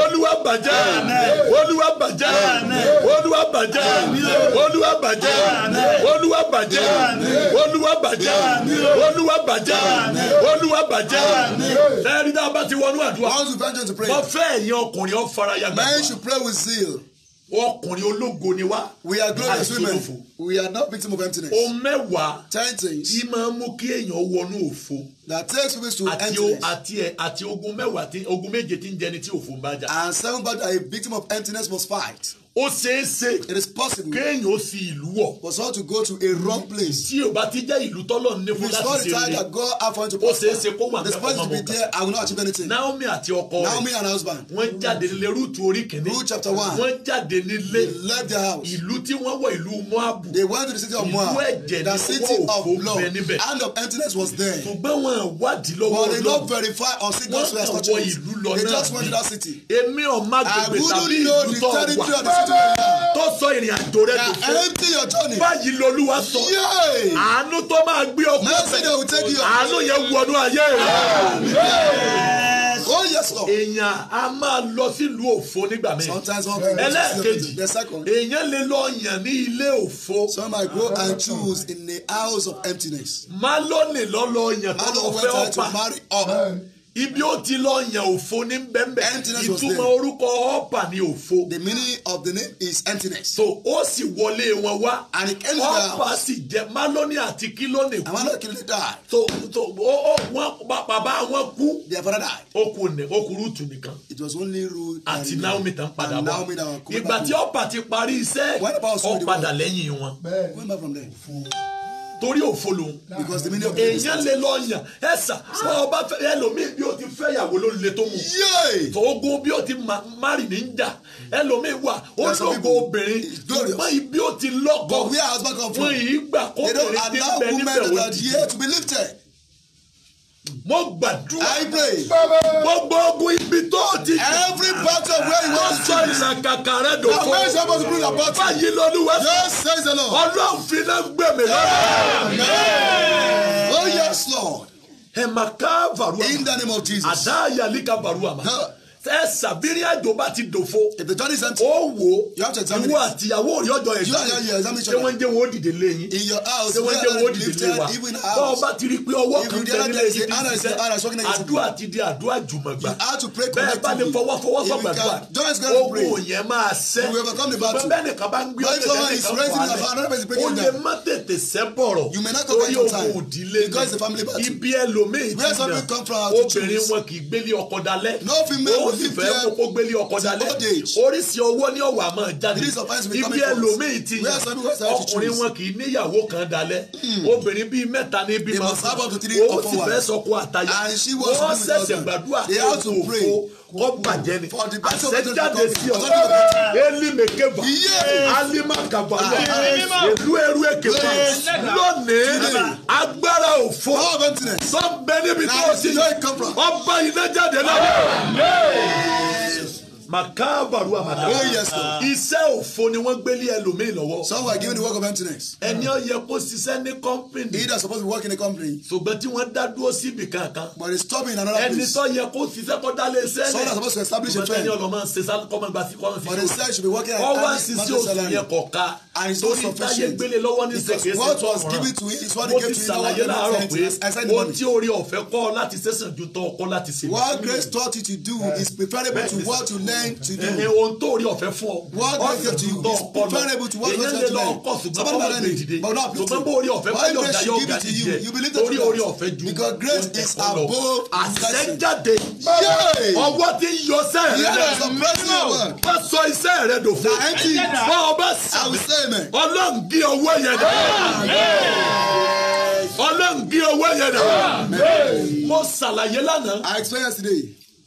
olúwa bàjẹ́ olúwa bàjẹ́ olúwa bàjẹ́ olúwa bàjẹ́ olúwa bàjẹ́ olúwa bàjẹ́ tẹ́rí dábàá ti wọnú gbàdúrà. Once you venture to pray. Mo fẹ́ ẹ̀yin ọkùnrin ọ̀faraya gbàdúrà. Men should pray with zeal. Ọkùnrin ológo ni wá. We are glorious women. We are not victim of emptiness. Ohun mẹ́wàá. Ten things. Tí máa ń mú kí èèyàn wọnú òfo. That takes people to emptiness. Àti àti àti ogun mẹ́wàá tí ogun méje tí ń jẹni tí òfo ń bá jà. And seven battles a victim of emptiness must fight ó ṣeé ṣe. it is possible. kéèyàn ó fi ìlú wọ̀. for someone to go to a wrong place. tí o bá ti jẹ́ ìlú tọ́lọ̀ ní fún láti ṣe rere. restore the time that God have for you ó ṣeé ṣe kó wà ní ọmọ mọ̀ká. the spirit be there I will not achieve anything. Naomi àti ọkọ rẹ̀. Naomi and her husband. wọ́n jáde nílé rúùtù orí kìíní. rúùtù chapter one. wọ́n jáde nílé. they left their house. ìlú tí wọ́n wọ ìlú Moab. they went to the city of Moab. ìlú ẹ̀jẹ̀ ní wọ́n òfò bẹ níbẹ̀. hand of emptiness was there. ṣùgbọ́n wọn wádìí but they don't verify or see those who they just went to that city tó sọ ìrìn àjò rẹ dòfo báyìí lolúwa sọ àánú tó máa gbé ọkùnrin àánú yẹn wọnú ayé rẹ oh yes lord. èèyàn a máa lọ sílùú òfo nígbà míì. sometimes one thing ẹlẹ́ẹ̀kejì èèyàn lè lọ yàn ní ilé òfo. some might go and choose in the house of emptiness. má lónìí lọ lọ yàn tó lọ fẹ́ ọ̀pá ibi ó ti lọ yàn òfo ní bẹ́ẹ̀nbẹ́ẹ́ ìtumọ̀ orúkọ ọ̀pà ni òfo. the meaning of the name is emptiness. so ó sì wọlé wọn wá ọ̀pà sì jẹ malóni àti kílónì kú. àwọn olókìlì ti die. so so ó ó wọn bàbá wọn kú. their father died. okun ní okuru tù nìkan. it was only Ruth àti Naomi tán padà bọ̀ ìgbà tí ọ̀pà ti parí iṣẹ́ ọ̀padà lẹ́yìn wọn. bẹ́ẹ̀ wọ́n bá from there torí òfo lòun èèyàn lè lọ yàn ẹ sà ah. ọba ẹlòmíì bí o ti fẹ́ yàwó ló le tó mu tóògùn bí o ti mari ní jà ẹlòmíì wà ó lóògùn obìnrin ṣùgbọ́n ibi o ti lọ́kọ̀ọ́ fún ìgbà kó obìnrin ti bẹ níbẹ̀ wò ni mo gbàdúrà gbogbo ogun ibi tó o ti jẹ every part of where you wan sọ ìlàkàkà rẹ dòfo báyìí lọ́lúwẹ̀ ọlọ́run fi náà gbẹ̀mí lọ́wọ́. oh yes lord. ẹ̀ máa ká varua. in the name of jesus. àdá ayálí ká varua ma tẹ́ sàbírí àjò bá ti dòfo. if the journey is empty. ó wo ìwọ àtìyàwó rí ọjọ́ yẹn sọ́dọ̀ ṣé wọ́n jẹ́ wọ́n dìde lé yín. in your house ṣé wọ́n jẹ́ wọ́n dìde lé wa. bọ́ọ̀ bá ti rí pé ọwọ́ kan tẹ nílé yìí ti àdúrà ti di àdúrà jùmọ̀gbà. bẹ́ẹ̀ bá lè fọwọ́ fọwọ́ fọgbàgbà. owó yẹn máa sẹ́. bẹ́ẹ̀ nìkan ń gbé ọ̀tẹ̀ sì fẹ́ kó kó gbélé ọkọ dalẹ̀ oríṣi owó ní ọ̀wà máa jáde ibi ẹlòmíì ti yàn ọkùnrin wọn kì í níyàwó kan dalẹ̀ hmm. obìnrin bíi mẹ́ta ní bímọ ó sì fẹ́ sọkọ àtayà wọ́n ṣẹ̀ṣẹ̀ gbàdúrà tó òfo kọ́ bàjẹ́ ni àṣẹjáde sí ọ elimekeba alimakaba ìlú eru ekeba lónìí agbára òfò sọ bẹ níbi tó o ti ọba iná jáde náà makabaru amada. oh yes lord. iṣẹ́ òfo ni wọ́n gbélé ẹlòmíì lọ́wọ́. some were given the work of emptiness. ẹni ó yẹ kó ṣiṣẹ́ ní company. he that suppose be working in a company. ṣùgbọ́n tí wọ́n dá dúró síbi kankan. but he stop in another place. ẹni tó yẹ kó ṣiṣẹ́ kó dá lé iṣẹ́ rẹ̀. some suppose to establish a trend. ṣùgbọ́n tẹ́ni ọlọ́mọ ṣe sá kọ́mọ gbà kọ́mọ fi. but he said he should be working at a salary. ọwọ́ àṣìṣe òfin yẹ kọ̀ọ̀ka and it's not sufficient because what was given to him is what he gave to him no one ever sent him as any money. ohun tí orí ọ̀fẹ́ what grace taught you to do is preferable to what you learn to do. ẹ ohun tó orí ọ̀fẹ́ fún ọ. what grace taught you is preferable to what you learn to learn. somebody na learn but not please. ṣùgbọ́n orí ọ̀fẹ́ fún yóò dayọ̀ ọ̀gá ti jẹ orí orí because grace is above àṣẹjáde. ọwọ́ ti yọ sẹ́ẹ̀rẹ́ rẹ̀ mẹ́rin náà wọ́n sọ iṣẹ́ rẹ̀ dòfo. bọ́ọ̀ bá sọ ọlọ́run gé ọwọ́ yẹn dá ọlọ́run gé owó yẹn dà. mo ṣàlàyé lánàá. i explain yesterday.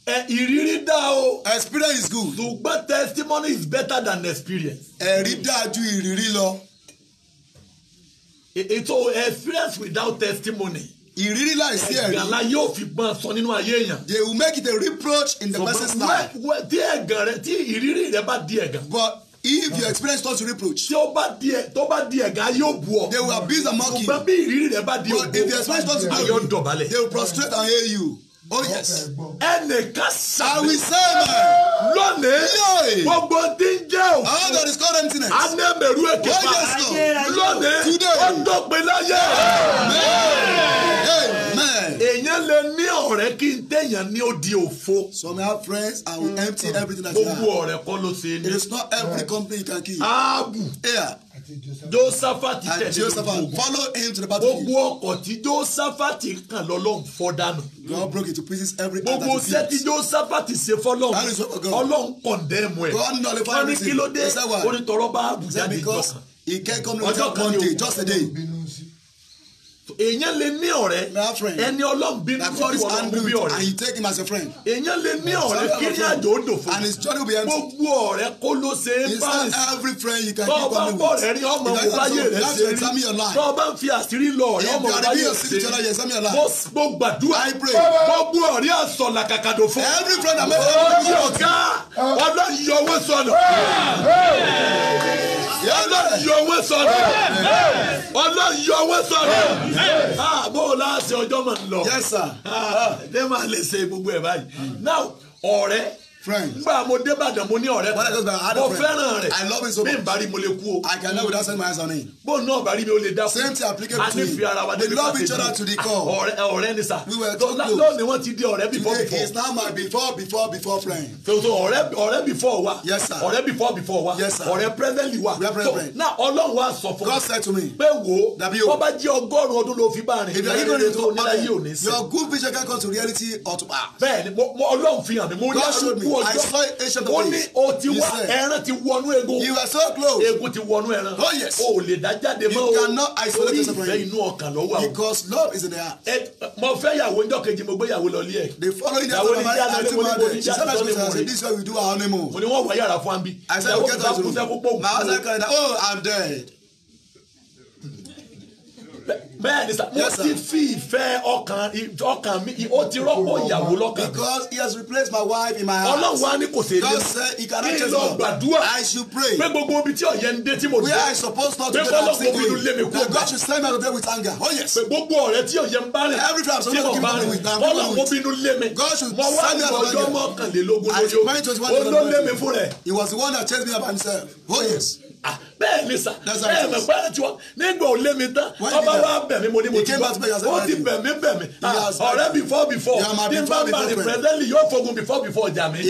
ẹ ìrírí dá o. experience is good. ṣùgbọ́n testimony is better than experience. ẹ̀rí dáa ju ìrírí lọ. E, ètò experience without testimony. ìrírí láìsí ẹ̀rí. ẹ̀gànlá yóò fi gbọ́n sọ nínú ayé èèyàn. they will make it a reproach in the person's life. tí ẹ̀gàn rẹ tí ìrírí rẹ bá di ẹ̀gàn. but if you experience such reproach. tí ó bá di ẹ tó bá di ẹ̀gá yóò bú ọ. they will abuse and mock you. ṣùgbọ́n bí ìrírí rẹ bá di ògbó. if you experience such reproach. ayọ̀ dọ̀bálẹ̀. they will prostrate and hail you. Oh yes. Ẹnìkan sàmì. say, sẹ́mẹ̀. Lónìí. Lónìí. Gbogbo tí ń jẹ́ òkú. All that is called emptiness. A ní ẹ̀mẹ̀rú èké oh, pa. Lónìí. Today. Ó dọ̀pin láyé. Amen èèyàn lè ní ọ̀rẹ́ kí n téèyàn ní ó òfo. some have friends and will hmm. empty hmm. everything that you have. gbogbo ọ̀rẹ́ kọ́ ló ṣe é ní. it is not every company you can keep. aabu. Yeah josafati tẹ̀lé gbogbo gbogbo ọkọ̀ tí josafati kàn lọ́lọ́run fọ́ dànù. God broke it to pieces every other gbogbo iṣẹ́ tí josafati ṣe fọ́lọ́run ọlọ́run kọ̀ndẹ́mù ẹ̀ wọ́n ní kí ló dé onítọ̀rọ̀ bá àbújá dé jọ̀kan ọjọ́ kan ni o èèyàn lè ní ọ̀rẹ́ ẹni ọlọ́run bínú sọ́rí ọlọ́run bí ọ̀rẹ́ èèyàn lè ní ọ̀rẹ́ kí ní àjò ó dòfo gbogbo ọ̀rẹ́ kó ló ṣe é báyìí tọ́ ọ bá ń bọ̀ rẹ̀ rí ọmọ wò láyé rẹ̀ ṣe rí tọ́ ọ bá ń fi àṣírí lọ ọ̀rẹ́ ọmọ wò láyé rẹ̀ ṣe rí mo gbàdúrà gbogbo ọ̀rẹ́ àsọ̀ làkàkàdò fún ọ̀rẹ́ ọ̀gá ọlọ́run yọ owó sọnù ọlọ́run yọ owó sọnù ọlọ́run yọ owó sọnù. Ah, bó o láàṣẹ ọjọ́ mọ̀ ń lọ. yes sir. dé ah, ah, máa lè ṣe gbogbo ẹ̀ báyìí. now ọ̀rẹ́ friends. mo dé mo ní ọ̀rẹ́ mo fẹ́ràn rẹ̀ I love him so much. bari mo lè kú o. I can never send my eyes on him. bó náà bari mi ò lè dá fún. same thing applicable to him. a ní fi ara wa débi pàtẹ́jú. we love each other to the core. Ah, ọ̀rẹ́ ọ̀rẹ́ we were too close. lónìí wọ́n ti di ọ̀rẹ́ before before. today is before before before so so ọ̀rẹ́ before wa. yes sir. ọ̀rẹ́ before before wa. yes sir. ọ̀rẹ́ presently wa. we are present. now Ọlọ́run wa sọ fún mi. God said to me. pé wo wọ́n bá jẹ́ ọgọ́rùn-ún ọdún ló fi bá rìn. if you are even into your good vision can come to reality or to pass. bẹ́ẹ̀ni Ọlọ́run fi hàn mi mo rí àlọ́ kú ọjọ́ ó ní o ti wá ẹran ti wọnú egun egun ti wọnú ẹran oh, o lè dá jáde mọ́ o orí ìfẹ́ inú ọkàn ló wà o. mo fẹ́ yàwó ọjọ́ kejì mo gbé yàwó lọ ilé ẹ̀ yàwó ní yàrá lé mo ní mo ní yàrá lọ lé mo rè mo ní wọ́n wọ yàrá fún wa bí yàwó kẹta kú sẹ́kú pọ̀ wù bẹ́ẹ̀ ni sà mo ti fi ìfẹ́ ọkàn ọkàn mi ó ti rọ́pò ìyàwó lọ́kàn. because he has replaced my wife in my house. ọlọ́run wa ni kò sí èdè. God say he cannot change me. kí n gbàdúrà. I should pray. pé gbogbo omi tí ọ̀yẹ́ ń dé tí mo dé. where I suppose not to be that I'm still doing. that God should send me out of there with anger. oh yes. pé gbogbo ọ̀rẹ́ tí ọ̀yẹ́ ń bá rìn. every time somebody give me with am. ọlọ́run wo bínú lé mi. God should send me out of there. mo wá ní ọjọ́ mọ́kànlélógún lójó. I should marry one years he was the one that chased me up himself. oh yes. Ah, bẹ́ẹ̀ ni sà bẹ́ẹ̀ mọ̀ pẹ́ẹ́rẹ́ tiwọn nígbà ò lé mi tán ọba wa bẹ̀ mí mo ní mo ti gbọ́ ó ti bẹ̀ mí bẹ̀ mí ah, ọ̀rẹ́ before before ní bá bá rẹ̀ pẹ̀lẹ́lì yóò fogun before before jà mí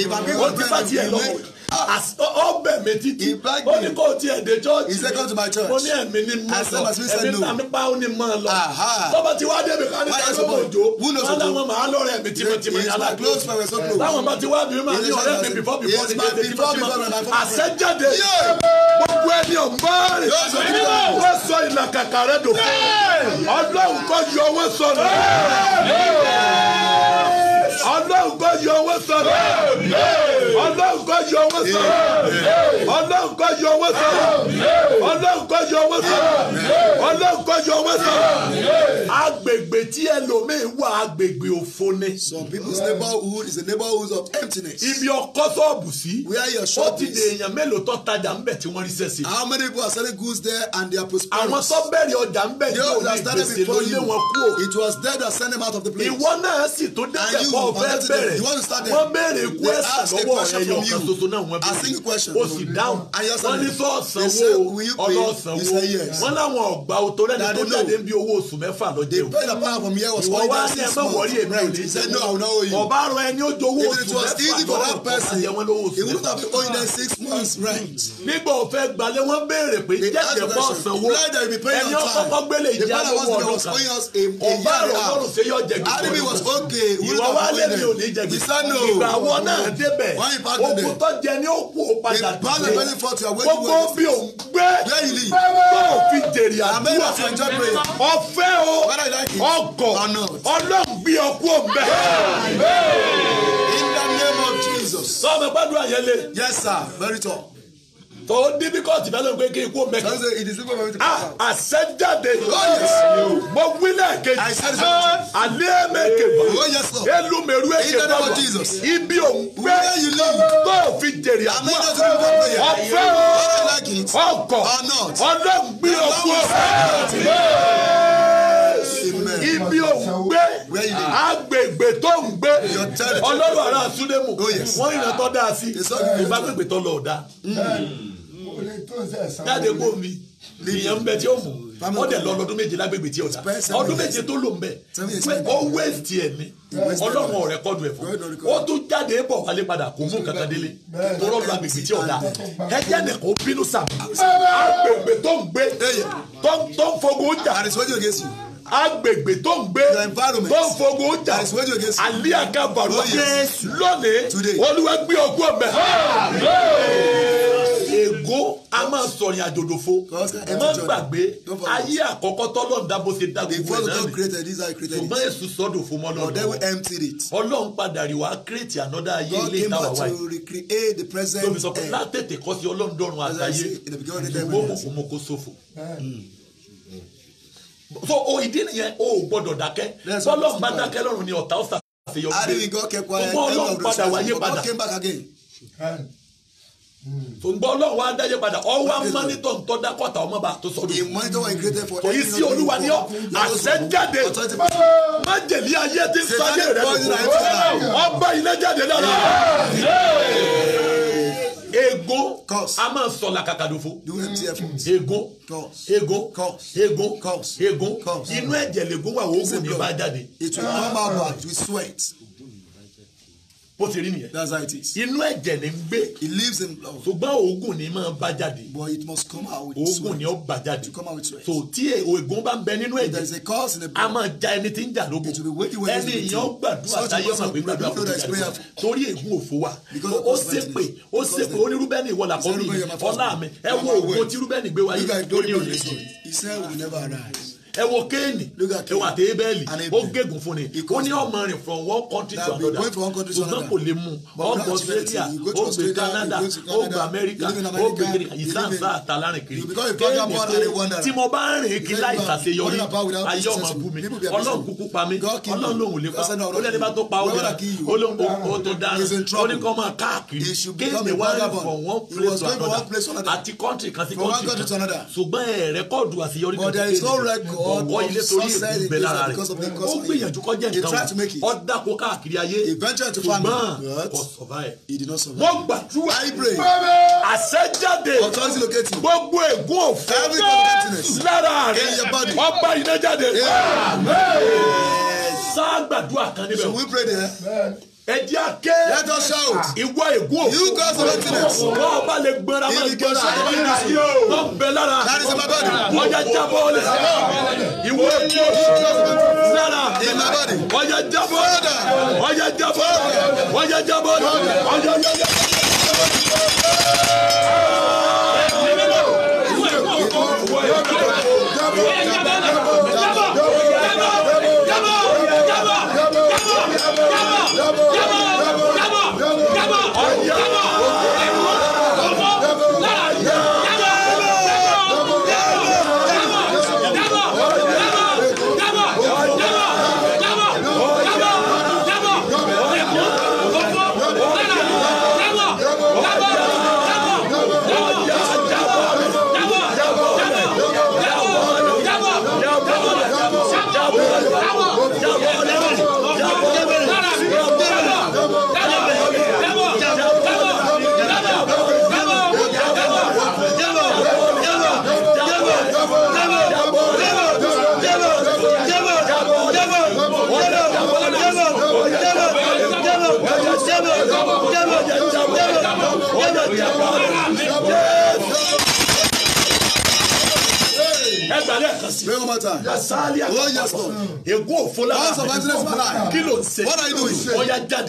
ó ti bá tiẹ̀ lọ́wọ́ as ó bẹ̀ mí títí ó ní kó tiẹ̀ dé church mo ní ẹ̀mí ní mọ́ lọ ẹ̀mí tàmí pa ó ní mọ́ lọ tọ́ba ti wá débi ká ní ká ló mọ̀ jó wọ́n láwọn màá mi tìmọ̀tìmọ̀ ní aláàbò táwọn bá ti wá bí mà ní ọ̀rẹ́ mi before before ti jáde tìmọ̀tìmọ̀ àṣẹjáde gbogbo ẹni ọ̀gbọ́n rẹ̀ wọ́n sọ ìlàkàkà rẹ̀ dòfin ọlọ́run kọ́ yọ owó sọ̀rọ̀ ọlọ́run kò yọ owó sọ̀rọ̀ ọlọ́run kò yọ owó sọ̀rọ̀ ọlọ́run kò yọ owó sọ̀rọ̀ ọlọ́run kò yọ owó sọ̀rọ̀ ọlọ́run kò yọ owó sọ̀rọ̀ agbègbè tí ẹlòmíì wà agbègbè òfo ni. some people's neighborhood is a neighborhood of emptiness. ibi ọkọ sọ́ọ̀bù sí. where your shop is. ó ti di èèyàn mélòó tó tajà ń bẹ̀ tí wọ́n rí sẹ́sì. how many people are selling goods there and they are prosperous. àwọn tó bẹ̀rẹ̀ ọjà ń bẹ̀ tí wọ́n rí gbèsè ló lé wọn kú. it was there that sent them out of the place. ìwọ náà sì tó dẹ́kẹ̀ bọ́ tó o fẹ́ bẹ̀rẹ̀ wọ́n béèrè question lọ́wọ́ rẹ yọ ọ̀kan ṣoṣo náà wọ́n béèrè o sì dáhùn wọ́n ní sọ ọ̀sánwó ọlọ́ọ̀sánwó wọ́n láwọn ọ̀gbà òtó rẹ̀ ní tó jáde ń bí owó oṣù mẹ́fà lọ́jẹ́ o ìwọ wá ní ẹgbẹ́ wọ̀rí èmi ò ní jẹ́ ọba rọ ẹni ó jowó oṣù mẹ́fà lọ́wọ́ ọ̀pàdé wọn lówó oṣù mẹ́fà nígbà òfẹ́ gbalẹ̀ wọ́n béèrè pé jẹ́jẹ́ bọ́ ọ̀sánwó ẹni ọkọ̀ gbélé ìjà lọ́wọ́ ọdún kan ọba rọ ọlọ́run ṣe yọ jẹ gbogbo ìwọ wá alẹ́ mi ò ní jẹ gbèsè ìgbà àwọn náà débẹ̀ okùn tó jẹ ní òkú padà dìde gbogbo bí òun gbé bẹ́ẹ̀ òfin jèrè àdúrà eh? ọ̀fẹ́ o ọgọ̀ ọlọ́run gbé ọkú òǹbẹ́. in the name of Jesus. sọ́ọ̀mù gbàdúrà yẹn lé. yes sir very tall tó níbi kọ́ọ̀tì bẹ́ẹ̀ ló ń pé kí ikú mẹ́kì. sọ́sẹ̀ ìdí sí fún mi. àṣẹjáde oh, mo wílẹ̀ kejì ah, alẹ́ mẹ́kẹ̀ bá oh, elúmẹ̀rú ẹ̀kẹ́ bá wà ibi òun tó fi jèrè àdúrà ọ̀fẹ́ ọkọ̀ ọlọ́gbìn ọkọ̀ ibi òun agbègbè tó ń gbé ọlọ́run ará Súlẹ́mù oh, wọ́n ìrántọ́ dáa sí ìbágbègbè tó lọ́ọ̀dá jáde kó mi lèèyàn ń bẹ tí ó mú wọ́n dẹ̀ lọ lọ́dún méje lágbègbè tí ó ta ọdún méje tó lò ń bẹ ó wéètì ẹ̀ ni ọlọ́run ọ̀rẹ́ kọ́dù ẹ̀ fún ó tún jáde bọ̀ wálé padà kò mú kankan délé tó rọ́ọ̀lù agbègbè tí ó ta ẹjẹ́ ni kò bínú sàmì agbègbè tó ń gbé tó ń fogun jà agbègbè tó ń gbé tó ń fogun jà àlíyàká bàrọ̀ oh, lónìí olúwa gbé ọgbọ́n mẹ́ ògo a máa sọ̀rìn àjòdòfo ẹ má gbàgbé ayé àkọ́kọ́ tọ́lọ́ dábò ṣe dá gbogbo ẹ̀ náà ni ṣùgbọ́n èṣù sọ́dọ̀ fún mọ́ lọ́dọ̀ ọlọ́run padà rí wa create another ayé ilé ìtawà wa yìí lóbi sọ pé látètè kọ́ sí ọlọ́run dọ́run àtayé ìdìbò kòkó mo kó sófo hmm. so o ìdí nìyẹn o ò gbọ́dọ̀ dákẹ́ ọlọ́run bá dákẹ́ lọ́run ni ọ̀tá ọ̀sà àṣeyọrí ọmọ ọlọ́run padà wáyé padà sọ̀ngbọ́n ọlọ́run wa dáyé padà ọwọ́ amánitọ̀ ń tọ́da kọ́ta ọmọ bá tó sọdún. ìmọ̀lẹ́tọ̀ wa ìgbésẹ̀ fọ. kò yí sí olúwa ní ọ àṣẹjáde májèlé ayé ti sáyé rẹ ọba ilé jáde dára. ego a máa sọ làkàkàdòfo ego ego ego ego inú ẹ̀jẹ̀ lè gún wa oògùn ní bá jáde. it will come out but sweat bó ti rí nìyẹn. that's how it is. inú ẹ̀jẹ̀ ni ń gbé. he lives in blood. ṣùgbọ́n oògùn ni máa bá jáde. but it must come out with sweat. oògùn ni ó bá jáde. to come out with sweat. so tí oògùn bá ń bẹ nínú ẹ̀jẹ̀. there is a cause in the blood. a máa ja ẹni tí ń jà lógun. it will be waiting waiting. ẹni ìyàn gbàdúrà táyé ọmọ mi gbàdúrà kò tó jà torí ègún òfò wa. ó ṣépè ó ṣépè ó ní rúbẹ́nì ìwọ làkọ́ mi ọlá mi ẹ wo òògùn tí rúbẹ́nì gbé wáyé ó ní òye. he said we never arise ẹ wo kéènì ẹwọ àti ebẹ́ẹ̀lì ó gégùn fún ni ó ní ọmọ rìn from one country to another ṣùgbọ́n kò lè mú ọgbọ Australia ó gbé Canada ó gbé America ó gbé America ìsàn sá àtàlárìn kiri kéènì pé tí mo bá ń rìn kí láì ṣàṣeyọrí ayé ọmọ bú mi Ọlọ́run kúkú pa mí Ọlọ́run lòun lè pa ó lẹ́ni bá tó pa ó dára ó ló ó tó dára ó ní kọ́ máa káàkiri kéènì wá rìn from one place to another àti country kan sí country kan ṣùgbọ́n ẹ̀rẹ́kọ̀dù àṣeyọrí kan ti kéènì ọ̀gọ́ ilé torí èdè gbẹ lára rẹ̀ ó gbìyànjú kọjá nǹkan wọn ó dáko káàkiri He did not survive. wọ́n gbàdúrà àṣẹjáde gbogbo ègún òfin lára rẹ̀ ọba iná jáde. sáà gbàdúrà kan níbẹ̀ ẹ jẹ́ àké. let us shout. Ah. ìwọ ègún. you go for emptiness. wọ́n ọba lè gbẹ́ra máa gbẹ́ra ẹ̀yìn àti lọ bẹ lára. that is my body. ọjà jábọ́ ọ̀lẹ̀. ìwọ ègún. you go for emptiness. lára in my body. ọjà jábọ́ ọ̀lẹ̀. ọjà jábọ́ ọ̀lẹ̀. ọjà jábọ́ ọ̀lẹ̀. ọjà jábọ́ ọ̀lẹ̀. sir. yasali oh, mm. ego òfòlá. house of excellence for life. kí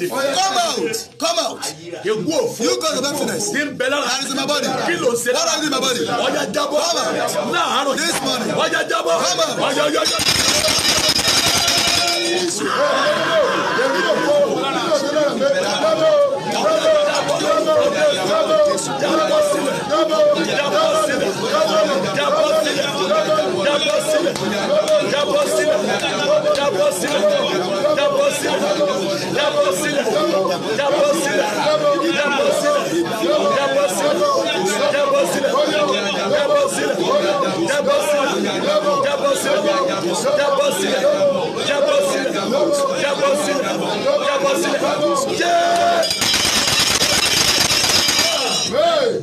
come out come out. ego òfò. you go to excellence. ní bẹ́ẹ̀ lára. that is in my body. come out. náà àrùn. this morning. ọya jábọ̀. come out. ọya ọya ọya. Yeah!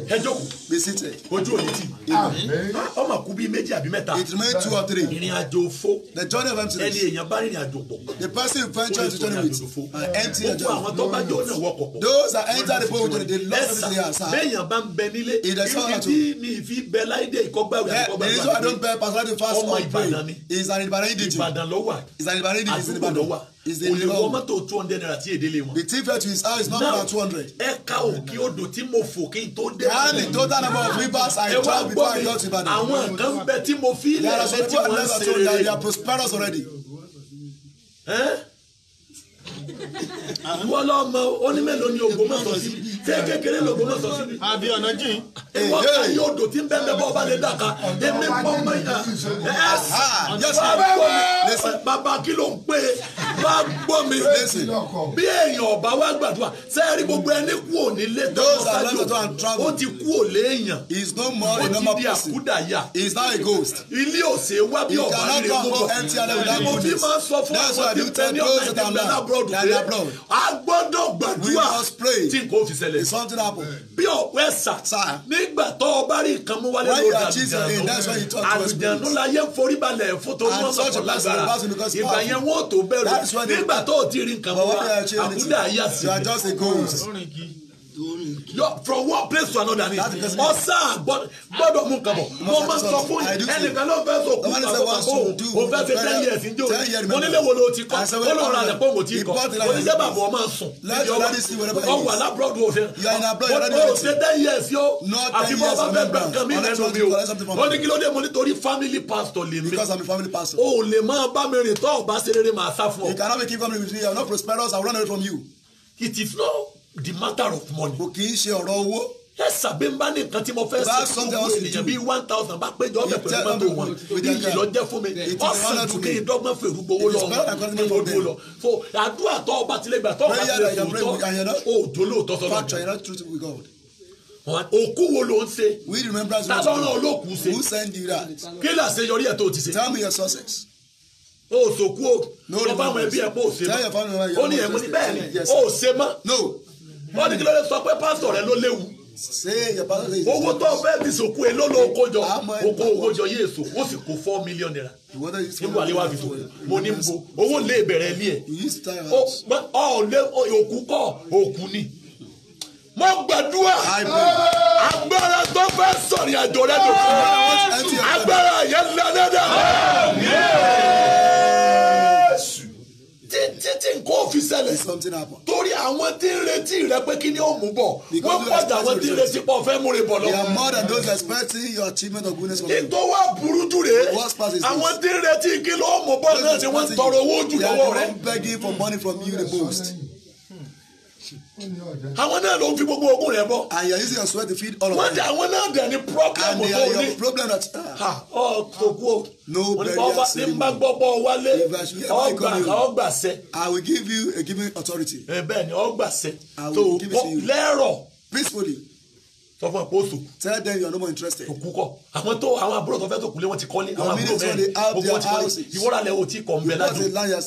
Hey, Joe! be seated. ojú òní tì. ọmọ kú bíi méjì àbí mẹ́ta. it remain two or three. ìrìn àjò òfo. the journey of emptiness. ẹni èèyàn bá rìnrìn àjò pọ̀. the person venture to journey with empty agent. gbogbo àwọn tó bá jọ náà wọkọ̀ pọ̀. those are enter the boat with the lost of the answer. bẹ́ẹ̀yàn bá ń bẹ nílé. it is not true. ibi fi bẹ láìdé ìkọ́gbàwé àkọ́gbàwé. the reason I don't is an Ìbàdàn idiot. is an Ìbàdàn idiot. is the minimum. olùwọ́ mọ́tò two hundred naira tí èdè lè wọn. the thief at his house is not more than two hundred. ẹ ká òkè odò tí mo fò kí n tó dé. a lè that number of rivers I travel before I got to Ibadan. àwọn kan bẹ tí mo fi ilẹ̀ bẹ tí wọ́n ń ṣe rere wọ́n lọ mọ onímẹ̀lò ni Ògbómọ̀ṣọ́ sí tí ẹ kékeré lọ Ògbómọ̀ṣọ́ sí. àbí ọ̀nà jìn. wọ́n ká yí odò tí bẹ́ẹ̀ bẹ́ẹ̀ bọ́ ọba lè dàka èmi pọ́ mọ́ ìyá ẹ̀sì ah, bàbá kí ló ń pè é bá gbọ́ mi bí èèyàn ọ̀bá wá gbàdúrà sẹ́ẹ̀rí gbogbo ẹni kú òní lé tọ́jú ó ti kú òlé èèyàn ó ti di àkúdàyà ilé òsè wá bí ọ̀bá rẹ̀ gbogbo abroad pé a gbọ́dọ̀ gbàdúrà tí nǹkan ò fi ṣẹlẹ̀ bí ọ̀pọ̀ ẹ̀sà nígbà tó o bá rí nǹkan mú wálé lórí àlùjànnú àlùjànnú la yẹ forí balẹ̀ fún tó mọ́ ọ̀pọ̀ lágbára ìgbà yẹn wọ́n tó bẹ̀rù nígbà tó o ti rí nǹkan mú wá àkúdà yà sí i from one place to another ni ọsàn gbọ́dọ̀ mú nǹkan bọ̀ mo máa sọ fún yìí ẹnìkan ló fẹ́ sọ kú àkókò o fẹ́ fi ten years ń jó mo nílé wo ló ti kọ́ ó lọ ra àlẹ́pọ̀ mo ti kọ́ mo nílé bàbá ọ máa sùn ọ wà lábúrọ̀dù òfin o ṣe ten years yó àti bọ́ bá fẹ́ gbà nǹkan mi lẹ́nu mi o ó ní kí ló dé mo nítorí family pastor lè mi o lè máa bá mi rìn tọ́ ọ̀ bá ṣe rere màá sá fún ọ. you cannot be king family with me i will not prosperous i will run away from you. it is not the matter of money. kò kì í ṣe ọ̀rọ̀ owó ẹ sàbí nbá ní tí mo fẹ́ ṣe fún wọn ènìyàn bíi one thousand bá péjọ ọbẹ̀ pẹ̀lú mọ́tò wọn bí iyì lọ jẹ́ fún mi ọ̀sán tún kí n dọ́gbọ́n fèrú gbowó lọ wọn mo dúró lọ fo àdúrà tó ọba tilẹ̀ gbà tó ọba tilẹ̀ tòótọ́ òòjó lóòótọ́ sọ́dọ̀ òkú wo ló ń ṣe tálọ́rọ̀ olókùú ṣe kí là ṣe yọrí ẹ̀ tó ti ṣe o sòkú o lọ bá àwọn ẹbí ẹ kó o ṣe mọ́ ó ní ẹ̀ mú ní bẹ́ẹ̀ ni o ṣe mọ́ wọ́n ní kí ló lè sọ pé pásítọ̀ rẹ ló léwu owó tó fẹ́ fi sòkú ẹ ló ló kójọ oko òkójọ yé èso ó sì kó four million naira nígbà léwà fi sòkú mo ní bo owó lè bẹ̀rẹ̀ ilé ẹ̀ ọ̀ lé òkú kọ́ òkú ni mo gbàdúrà agbára tó fẹ́ sọ̀rìn àjò rẹ̀ lòkùn agbára yẹn lẹ́dẹ̀ẹ́dẹ́ títí nǹkan ò fi ṣẹlẹ̀ torí àwọn tí ń retí rẹ pé kí ni ó mú bọ̀ wọ́n pọ̀jù àwọn tí ń retí pọ̀ fẹ́ múre bọ̀ lọ́wọ́. are more than those expecting your achievement of goodness from you. ètò wa burú jù rèé àwọn tí ń retí kí ló mú bọ̀ náà tí wọ́n tọrọ owó jù lọ́wọ́ rẹ. you the most àwọn náà ló ń fi gbogbo ogun rẹ bọ. and you are using your sweat to feed all of them. wọ́n dẹ̀ àwọn náà dẹ̀ ni problem tó ní. and they are your problem that. Ah. ọ tó kú o. no burial ceremony. ní bá gbọ́ bọ́ wálé ọgbà ọgbàṣẹ. i will give you a given authority. Eh, bẹ́ẹ̀ ni ọgbàṣẹ. i will give it to you. tó lẹ́rọ̀. peacefully sọ fún àpò tell them you are no more interested. òkú kọ àwọn tó àwọn àbúrò tó fẹ́ tó kulé wọn ti kọ́lé àwọn àbúrò mẹ́rin gbogbo wọn ti kọ́lé ìwọ́ra lẹ̀ o ti kọ̀ nbẹ lájú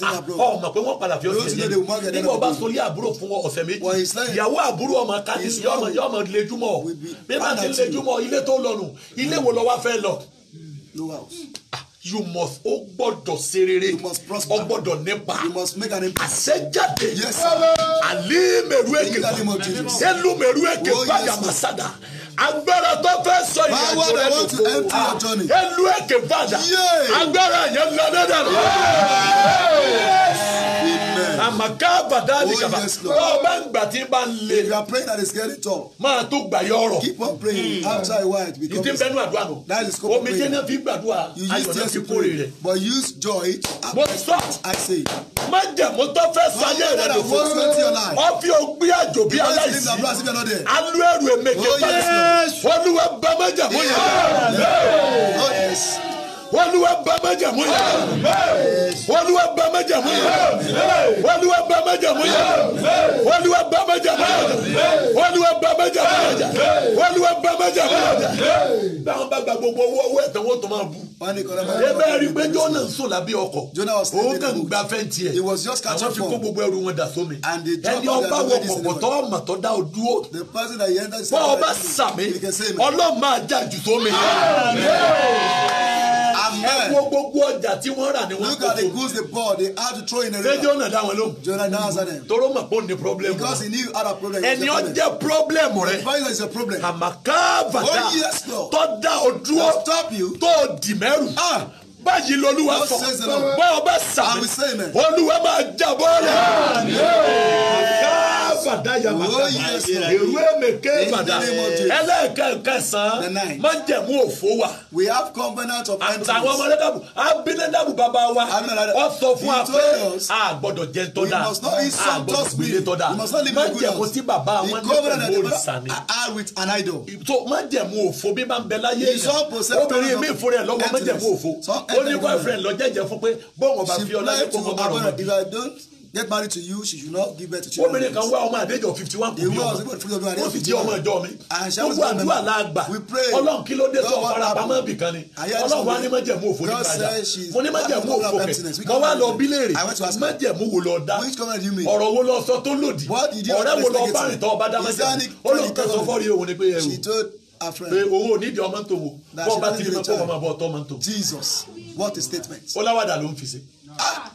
ah, ọ mọ̀ pé wọ́n padà fi ọ̀sẹ̀ yẹn nígbà ọba sọlé àbúrò fún ọ̀sẹ̀ méjì ìyàwó àbúrò ọmọ kájí yọmọ lejúmọ̀ bí wọ́n ti lejúmọ̀ ilé tó lọ́nu ilé wo lọ wá fẹ́ lọ. no house. Ah you must ó gbọ́dọ̀ ṣe rere ó gbọ́dọ̀ nípa àṣẹjáde àlímẹ̀rú èké elúmẹ̀rú èké bàjàmásádà oh, agbára tó fẹ́ sọ ìyàjọ rẹ ló fò elú èké bàjà agbára yẹn lọ dáadáa àmàkàbà dáàdì kàbà bọ́ọ̀ bá ń gbà tí bá ń le. you are praying that is getting tall. máa tó gbà yọ ọ̀rọ̀. keep on praying mm. after a while it becomes. ìdí bẹ́ẹ̀ àdúrà nù. that is common prayer. omi jẹ́nà fi gbàdúrà ayọ̀ fi kórè rẹ̀. but use joy. mo sọ má jẹ̀mú tó fẹ́ sáyé rẹ̀ lò ọ fi ogbí àjò bí aláìsí. alú ẹrù èmẹ̀kẹ́ oh, fẹ́. olúwa bá má jẹ̀mú yẹn. Oh, olúwa bá májẹ̀mú yẹn olúwa bá májẹ̀mú yẹn olúwa bá májẹ̀mú yẹn olúwa bá májẹ̀mú yẹn olúwa bá májẹ̀mú yẹn olúwa bá májẹ̀mú yẹn. báwọn bá gba gbogbo owó owó ẹ̀tàn wọn tó máa bú. ẹ bá rí i pé jọ́nà ń sùn lábẹ́ ọkọ̀ òun kàn ń gba fẹ́ǹtì ẹ̀ àwọn fi kó gbogbo ẹrù wọn dà sómi ẹni ọba wọ pọ̀pọ̀tọ́ ọmọ̀tọ́ dá o dúró bọ́ ọba sàmì ọlọ́ọ̀ máa jà jù sómi ẹ wo gbogbo ọjà tí wọ́n rà ni wọ́n kó fún. look at the goods they bought they had to throw in the river. ṣé Jonah dá wọn lóhùn. Jonah dá answer them. toró mọ̀ pé ó ní problem. because he knew he had problem. ẹni ó jẹ́ problem rẹ. the problem is a problem. àmàkà bàtà oh, tó dá o dúró tó dì mẹ́rù. Ah báyìí lolúwa sọ bẹ́ẹ̀ ọba sàmì olúwa máa jábọ́ rẹ̀ fàdáyà bàtà ìlú máa ń jẹ̀mú òfó wa. we have covenant of àtàwọn ọmọ ẹlẹ́dàbù abinadabu bàbá wa ọ fún wa pé a gbọ́dọ̀ jẹ tọ́ a gbọ́dọ̀ gbélé tọ́ máa ń jẹ̀mú tí bàbá wọn ní pẹ̀lú olùsàní. máa ń jẹ̀mú òfó bí máa ń bẹ láyé yẹn obìnrin mi fúnra ẹ̀ lọ́wọ́ máa ń jẹ̀mú òfó ó ní boyfriend lọ jẹ́jẹ́ fún pé bọ́ọ̀mù bá fi ọlá yẹn kó mọ́ bọ́ọ̀mù bí. get married to you she should not give birth to children. obìnrin kan wá ọmọ àdéjọ fifty one kò bí ọmọ ó sì jẹ́ ọmọ ìjọ mi. gbogbo àdúrà la gbà ọlọ́run kí ló dé tó fara pamọ́ bì kan ni ọlọ́run wa ni májẹ̀mú òfò ní kájà mo ní májẹ̀mú òfò kẹ̀ mo wá lọ bí léèrè májẹ̀mú wo lọ dá ọ̀rọ̀ wo lọ sọ tó lòdì ọ̀rẹ́ wo lọ bá rìn tọ́ ọba dá májẹ̀mú olóòkè sọ fọ́ọ̀rì òun ni pé ẹ wò pé owó onídìí ọmọ tó wò bọ́ọ̀ bá ti di mọ́ pé ọmọ bọ́ ọ̀tọ́ ọmọ tó. Jesus what a statement. ó ló ń fi ṣe. Ah!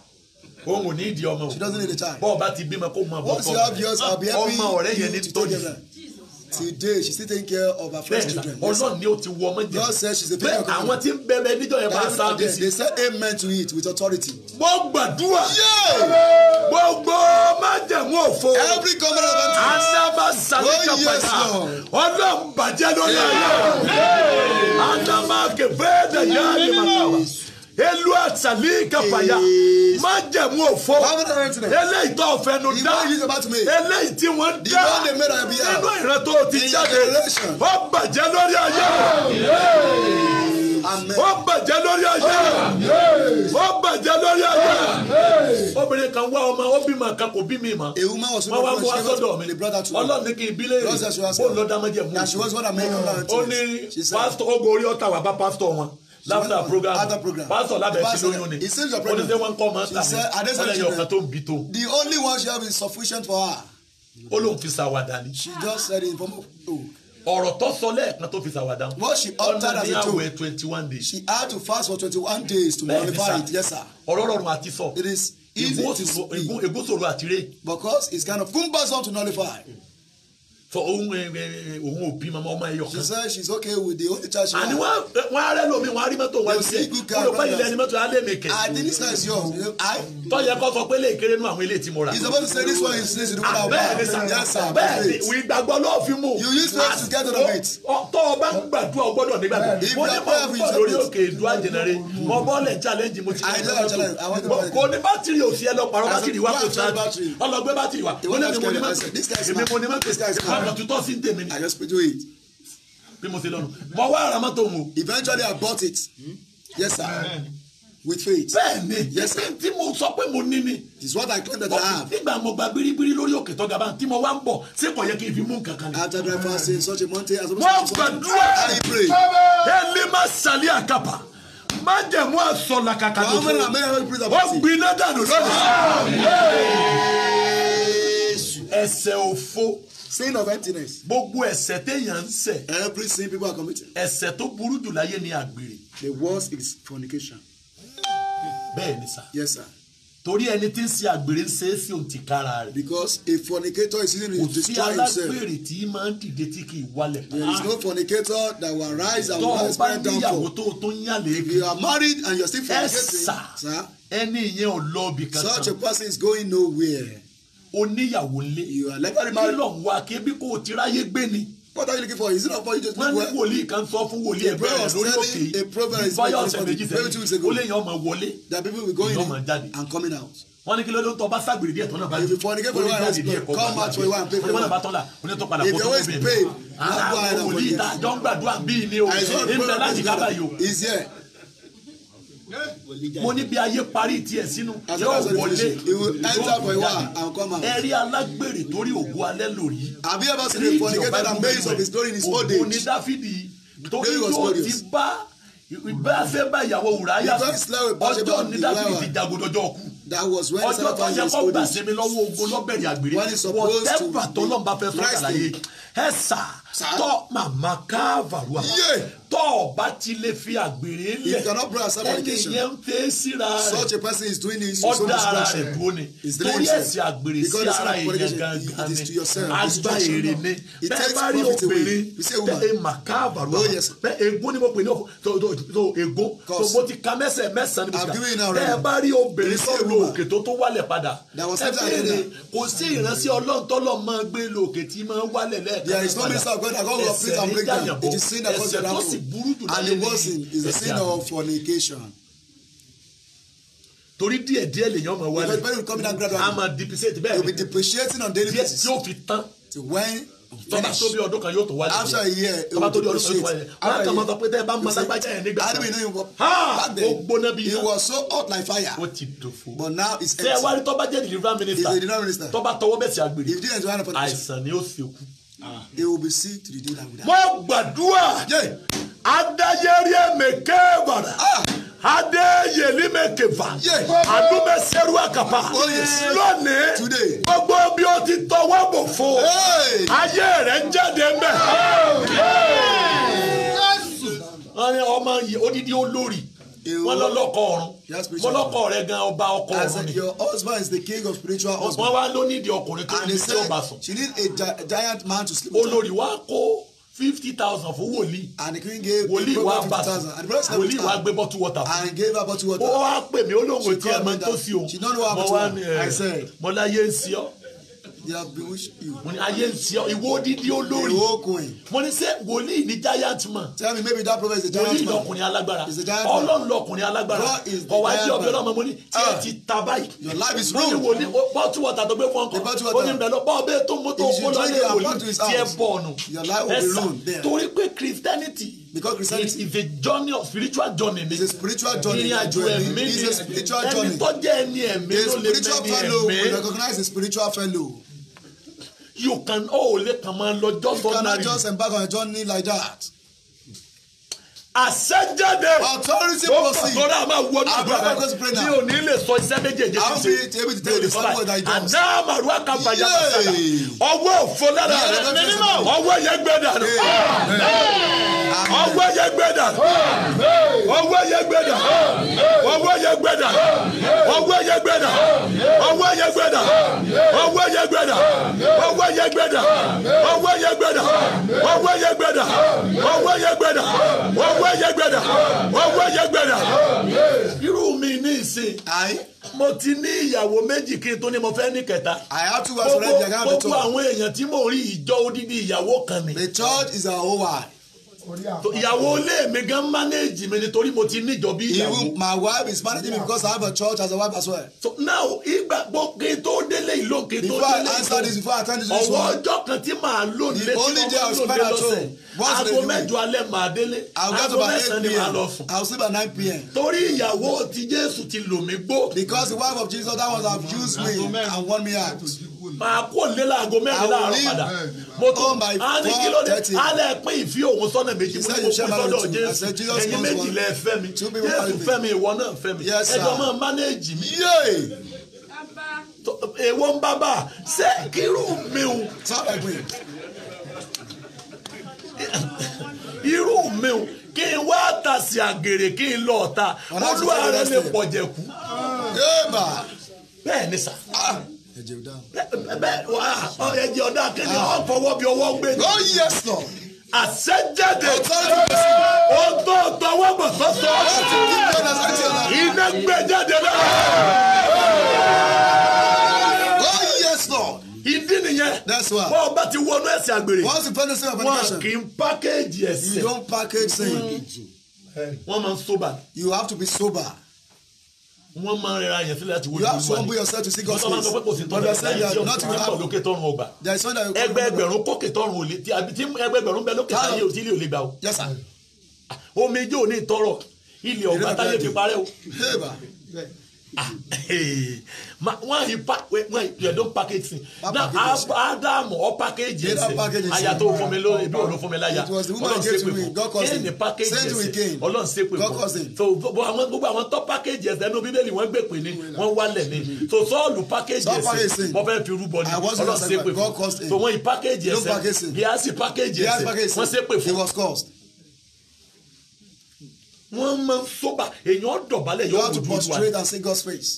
òun ní ìdí ọmọ o. she doesn't need a child. bọ́ọ̀ bá ti bímọ kó mọ bọ́ọ̀ kọ́ ah, ọmọ ọ̀rẹ́ yẹn ní tóbi. today she still taking care of her first children. ọlọ́run ni ó ti wọ ọmọ jẹ. God says she's a prayer girl. àwọn tí ń bẹ̀bẹ̀ níjọ yẹn máa sá bí sí. they say amen to it with authority. mo gbàdúrà. gbogbo májẹ̀mú òfo. every government of anti. anaba sàlẹ̀kẹ̀ oh, pàtà. ọlọ́run bàjẹ́ lórí ayé. anaba kẹfẹ́ dẹ̀ yára ni màtàwá elu àtàlí kàfàyà má jẹ̀mú òfò eléyìí tó fẹnu dá eléyìí tí wọ́n dá nínú ìran tó ti jáde ó bàjẹ́ lórí ayé ó bàjẹ́ lórí ayé ó bàjẹ́ lórí ayé obìnrin kan wá ọmọ ó bímọ kan kò bí mi mọ wọn wá mú mi ọlọ́ọ̀ni kì í bílẹ̀ ó lọ́ọ́ dámẹ́jẹ̀ mú ó ní pásítọ̀ ó gorí ọ̀tá bá pásítọ̀ wọn láfíà program pásítọ̀ lábẹ́ sí lóyún ni ó ní sẹ́ wọ́n ń kọ́ máa tà mí ó lẹ́yìn tó ń bi tó. the only one she have is sufficient for her. ó lóun fi ṣàwàdà ni. she just said it from o. Oh. ọ̀rọ̀ tó sọ lẹ́ẹ̀kan tó fi ṣàwàdà. what she altered as a joke ọ̀nà ní àwẹ̀ twenty one days. she had to fast for twenty one days to qualify it yes sir. ọ̀rọ̀ rọrùn àti sọ. it is easy to speak. ègún ègún sòrò àtiré. because it's kind of cumbersome to nullify. Mm so òun òun ò bímọ ọmọ ẹyọ kan. she said she is okay with the only child she has. àní wọn wọn arẹ lomi wọn arí mọ́tò wọn sí ẹ olùkọ́ ilé ẹni mọ́tò alẹ́ mi kẹ. àti this one is your i. tọ́jà kọ́ sọ pé lè kéré nú àwọn ilé tí mo rà. He's about to say this one is this is the one i buy. yes sir bẹ́ẹ̀ ni ìgbàgbọ́ ló fi mú. you use faith to get out of it. tọ́ ọ bá ń gbàdúrà ọ gbọ́dọ̀ nígbàgbọ́. mo ní mo ń bọ̀ lórí òkè ìdúrà jẹnẹrẹ mo bọ́ lẹ̀ challenge mo ti ní kò ní bátìrì òsì ẹ lọ pàrọ̀ bátìrì wa kò sáájú ọlọgbẹ́ bátìrì wa. èmi mo ní mọ́tò ọ̀nà tutọ́ sí tèmi ni. I just pay to it. bí mo ṣe lọ́nu mo wá ara mọ́tò wọn. eventually I bought it. yes sir. with faith. bẹ́ẹ̀ni yes sir. tí mo sọ pé mo ní ni. it is what I claim that I have. nígbà mo gba biribiri lórí òkè tó gaba tí mo wá ń bọ̀ ṣé kò yẹ kí n fi mú nǹkan kan ni. after that fasting such a mountain as a muslim. wọ́n gbàdúrà ẹni máa ṣàlẹ́ àkàpà má jẹ̀mú àsọ̀là kàkà tó tó ó gbiná dànù lọ́dọ̀. ẹsẹ̀ òfo sin of emptiness. gbogbo ẹ̀ṣẹ̀ téèyàn ń ṣẹ̀. every sin people are committing. ẹ̀ṣẹ̀ tó burú jù láyé ni àgbèrè. the worst is fornication. bẹ́ẹ̀ ni sà. yes sir. torí ẹni tí ń ṣe àgbèrè ń ṣe é sí òtí kára rẹ̀. because a fornicator is using to destroy himself. kò sí alágbèrè tí máa ń dìde tí kì í wálẹ̀. there is no ah. fornicator that will rise and will expect downfall. tó o bá níyàwó tó o tó ń yàn lé. if you are married and you are still fornicating. ẹ sà ẹni ìyẹn ò lọ ibì such a person is going nowhere oníyàwó ńlé kí ló ń wá kébí kó o ti ráyé gbé ni. What are you looking for? Is it not for you just to work? Wọ́n ní wòlíì kan sọ fún wòlíì ẹgbẹ́ rẹ̀ lórí òkè bọ́yọ̀ ọ̀sẹ̀ méjì sẹ́yìn ó lè yan ọmọ wọlé yan ọmọ jáde wọ́n ní kí ló ló tọ́ bá ságbèrè díẹ̀ tán náà bá yìí wọ́n ní jáde díẹ̀ kọ́ bá jáde wọ́n ní wọ́n náà bá tán la wọ́n ní tó padà bọ́ mo ní bí ayé parí tiẹ̀ sínú yóò wọlé yóò jáde ẹ̀rí alágbèrè torí ògo alẹ́ lórí rí ìjọba ìgbìmọ̀ ògo ní dáfídì torí yóò ti bá ìgbà fẹ́ bá ìyàwó wùráyà ọjọ́ ní dáfídì ti jagodọjọ́ kú that was when ọjọ́ tó yẹ kó gbà sí lọ́wọ́ ogun lọ́bẹ̀rẹ̀ àgbèrè wọ́n tẹ́ bàtọ́ lọ́nba fẹ́ fún àlàyé ẹ̀ sà tọ́ màmá káàvàrúà tọ́ ọba ti lè fi àgbèrè lẹ̀ ẹni yẹn ń tẹ́ síra rẹ̀ ọ̀dà ara rẹ̀ bó ni torí ẹ̀sìn àgbèrè sí ara èèyàn gangan ni àgbà èrè ni bẹ́ẹ̀ bá rí obìnrin tẹ́ ẹ mà káàvàrúà bẹ́ẹ̀ ègún oh, ni mo pè ní ègún tó mo ti ka mẹ́sẹ̀ mẹ́sàn-án níbi ìgbà bẹ́ẹ̀ bá rí obìnrin tó lo òkè tó tó wálẹ̀ padà ẹ bẹ́ẹ̀ ni kò sí ìránṣẹ́ ọlọ́ntọ́lọ́ máa gbé lo òkè tí máa wálẹ̀ lẹ́ẹ̀kan God that God will uproot and break down. It is sin that causes that happen. And the worst sin is the sin of fornication. torí díẹ̀ díẹ̀ lèyàn máa wálé a máa depreciate bẹ́ẹ̀ ni díẹ̀ tí yóò fi tán tọ́ba tó bí ọdún kan yóò tó wálé yẹn tọ́ba tó bí ọdún kan yóò tó wálé yẹn wọn kàn máa sọ pé tẹ́ ẹ bá máa lágbájá yẹn nígbà kan ó gbóná bí iná ó ti dòfo tẹ́ ẹ wá rí tọ́ba jẹ́ delivery minister tọ́ba tọwọ́ bẹ̀ sí agbèrè àìsàn ni ó ṣekú. Ah. they will be seen to the day that we die. mo gbàdúrà adayẹrẹ mẹkẹbàrà adé yèlí mẹkẹfà àdúmẹ sẹrù àkàpà oh, lónìí gbogbo bí o ti tọwọ́ bọ̀ fún ayé rẹ̀ jáde mẹ́. wọ́n ọmọ yìí odidi olórí wọ́n lọ́lọ́kọ ọ̀run wọ́n lọ́kọ rẹ̀ gan ọba ọkọ ọ̀run ni. your husband is the king of spiritual husband. wọ́n wá ló ní ìdí ọkùnrin tó ní tí ó sùn. she need a gi giant man to sleep with. olórí wa kó fifty thousand fún wòlíì. and the queen gave wòlíì wa bá sùn wòlíì wa gbé bottle water and gave her bottle water. ó wá pè mí olóhùn tí ẹ máa tó sí o. she no know how much water. Eh, ń sí ọ they have bewitched you. mo ní ayé ń ṣe ìwọ odidi olórí. ìwọ okùnrin. mo ní sẹ́ wòlíì ni giant man. tell me maybe that prophet is a giant man. wòlíì lọkùnrin alágbára. is a giant man. ọlọ́run lọkùnrin alágbára. God is the giant man. ọ̀wá jẹ́ ọ̀bẹ ọlọ́mọ mo ní tí ẹ ah, ti ta báyìí. your life is wrong. mo ní wòlíì bọ́ọ̀tù wọ̀tà tó gbé fún ọkọ̀. ó ní bẹ̀rẹ̀ lọ bọ́ọ̀ bẹ́ẹ̀ tó mọ́tò kó lọ́lẹ̀ wòlíì tí ẹ bọ̀ ọ̀nù. your life will be ruined because Christianity is a journey of spiritual journey. it's a spiritual journey. ìrìn àjò ẹ̀mí ni ẹni tó jẹ́ ẹni ẹ̀mí ló lè mẹ́ni ẹ̀mí. a spiritual fellow We recognize a spiritual fellow you can ó lè kàn lọ just ordinary. you cannot just embark on a journey like that àṣẹjáde authority proceed lọ́kọ̀ọ́rọ́ a máa wọ ní àgbà rẹ̀ mi ò ní lè sọ iṣẹ́ méjèèjì títí mi ò lè sọ báyìí àná àmàlú àkàbà yà sàlà ọwọ́ òfo lára rẹ̀ ọwọ́ yẹn gbé dànù ọwọ́ yẹn gbé dànù ọwọ́ yẹn gbé dànù ọwọ́ yẹn gbé dànù ọwọ́ yẹn gbé dànù ọwọ́ yẹn gbé dànù ọwọ́ yẹn gbé dànù ọwọ́ yẹn gbé dànù ọwọ́ yẹn gbé dànù ọwọ́ yẹn gbé dànù ọwọ́ yẹn gbé dànù ọwọ́ ọwọ́ ẹ̀yẹ gbẹ̀dà ọwọ́ ẹ̀yẹ gbẹ̀dà irú mi ní ìsìn mo ti ní ìyàwó méjì kí n tó ní mo fẹ́ ní kẹta. àyàtúwàsó gbogbo àwọn èèyàn tí mo rí ìjọ odidi ìyàwó kan ni. the church is our own one ìyàwó ilé mi gan manage mi nítorí mo ti níjọ bí ìyàwó. my wife is managing me because I have a church as a wife as well. so now ìgbà gbọ́ kí n tó délé ìlò kí n tó délé ìlò. I answer this before I attend this one. ọwọ́ ọjọ́ kan tí màá lò nílé tí mo máa lò dé lọ́sẹ̀ aago mẹ́jọ alẹ́ màá délé aago mẹ́sàn-án ni màá lọ fún. I will sleep at nine p.m. torí ìyàwó ti Jésù ti lò mí gbó. because the wife of Jesus that was abused me and won me out. màá kó lé láago mẹ́rin láàárọ̀ padà mo tún a ní kí ló dé alẹ́ pín ìfi òun sọ́nà méjì mo ní mo pín sọ́dọ̀ jésù ẹ̀yin méjì lẹ fẹ́ mi jésù fẹ́ mi ìwọ náà fẹ́ mi ẹ̀jọ̀ máa mánéèjì mi èwo ń bábà ṣé kírú mi o irú mi o kí n wá tàsí àgèrè kí n lọ ọ̀ta olúwa rẹ lè pọ̀jẹ̀kú bẹ́ẹ̀ ni sà ẹ̀jẹ̀ ọ̀dà. ẹ̀jẹ̀ ọ̀dà kẹ́lẹ́ ọ̀fọwọ́ bí ọwọ́ gbé. oh yes lord. àṣẹjáde ọ̀tọ̀ ọ̀tọ̀ ọwọ́ bọ̀ sọ́sọ́ iná gbé jáde náà. ìdí nìyẹn. that's why. bá ti wọnú ẹ̀sìn àgbèrè. once you find yourself in wọn kì í package ẹ̀sìn. you máa ń sober. you have to be sober wọ́n máa ń rẹra yẹn sílẹ̀ láti wo ìlú wa ni. you have to humble yourself to see God's face. but ọ̀dọ̀ sẹ́yìn yà not to have lókè tọrùn ọgbà. there is one that you call. ẹgbẹẹgbẹ̀rún kókè tọrùn òlé tí àbí tí ẹgbẹẹgbẹ̀rún bẹ lókè táyé òtí ilé òlé gbà o. yes sir. Ah, omi ijó ní ìtọrọ ilé ọgbà táyé fi parẹ́ o. Ah, wọ́n yìí pa wọ́n yìí don package sin now adam ọ package ẹ̀ sẹ́ aya tó fún mi lórí ebi òun fún mi láya ọlọ́run ṣe pé fún kéènì package ẹ̀ sẹ́ ọlọ́run ṣe pé fún so gbogbo àwọn tó package ẹ̀ sẹ́ ẹnu bíbélì wọ́n gbé pè ní wọ́n wálẹ̀ ní so sọ́ọ̀lù package ẹ̀ sẹ́ wọ́n fẹ́ fi rúbọ ní ọlọ́run ṣe pé fún so wọ́n yìí package ẹ̀ sẹ́ bí a sì package ẹ̀ sẹ́ wọ́n ṣe pé fún wọ́n máa ń sóbà èèyàn dọ̀bálẹ̀ yóò wojú olúwa. you have to prostrate and see God's face.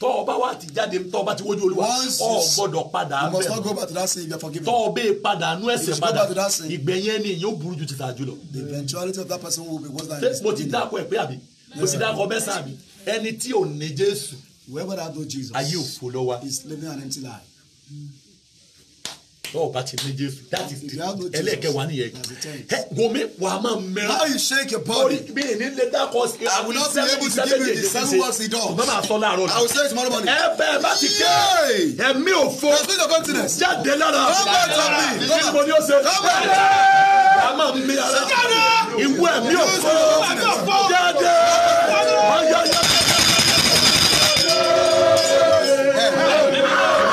tọ́ ọ bá wà ti jáde tọ́ ti wojú olúwa ọ gbọ́dọ̀ padà bẹ́ẹ̀. you must not go back to that sin if you are forgiven. tọ́ ọ bẹ́ẹ̀ padà nú ẹsẹ̀ padà ìgbẹ̀yẹn ni yóò burú ju ti tàjú lọ. the eventuality of that person will be worse than yesterday. mo ti dákọ ẹ pé àbí mo ti dákọ mẹ́sàn-án àbí ẹni tí ò ní Jésù. whoever that know Jesus. ayé òfò lọ wa. is living an empty life. Mm tó bá ti ní jésù that is the ẹlẹ́kẹ̀wá nìyẹn gomi wà á máa mẹ́ra orí mi ní lè dákọ̀ sí i will not be able to give you the seven words he does ọ̀gá sọ láàárọ̀ ni I will say it tomorrow morning ẹ bẹ́ẹ̀ bá ti ké ẹ̀mí òfo jáde lára kí mo ní o ṣe wà á máa mẹ́ ara ìwé ẹ̀mí òfo jáde Yeah.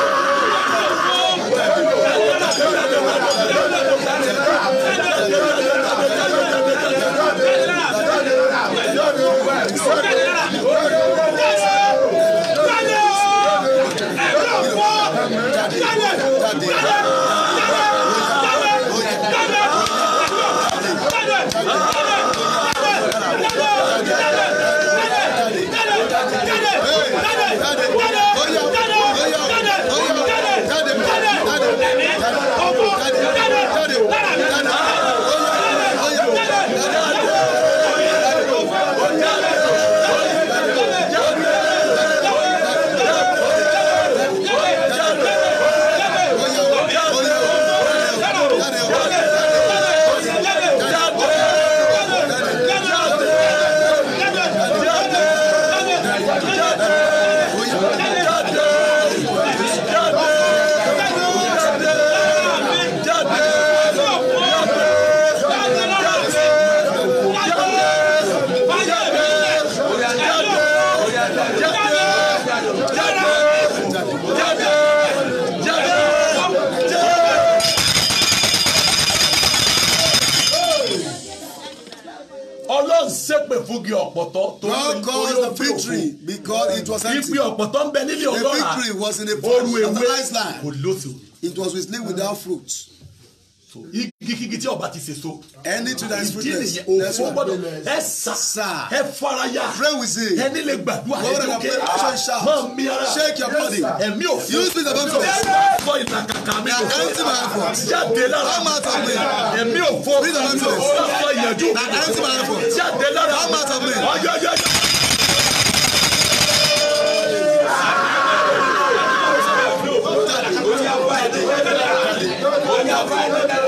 it was empty. ipe ọ̀pọ̀ tó ń bẹ nílé ọlọ́ra. the victory was in a forest of kò lóso. it was with leaf without fruit. igi kigi tí ọba ti ṣèso. any tree that is fruitless. ìdí nìyẹn òfò gbọ́dọ̀ ẹ sà ẹ faraya. pray with me. ẹni lè gbàdúrà ẹ lókè ara máa mi ara. shake your body. ẹ̀mí òfò. use the bottom first. sọ ìlàkàkà mi òfò. na empty my effort. jáde lára. come out of me. ẹ̀mí òfò. read the bottom first. sọ ìyànjú. na empty my effort. jáde lára. come out of me. ọyọyọyọ. Onye afọ anyị dị, onye afọ anyị dị.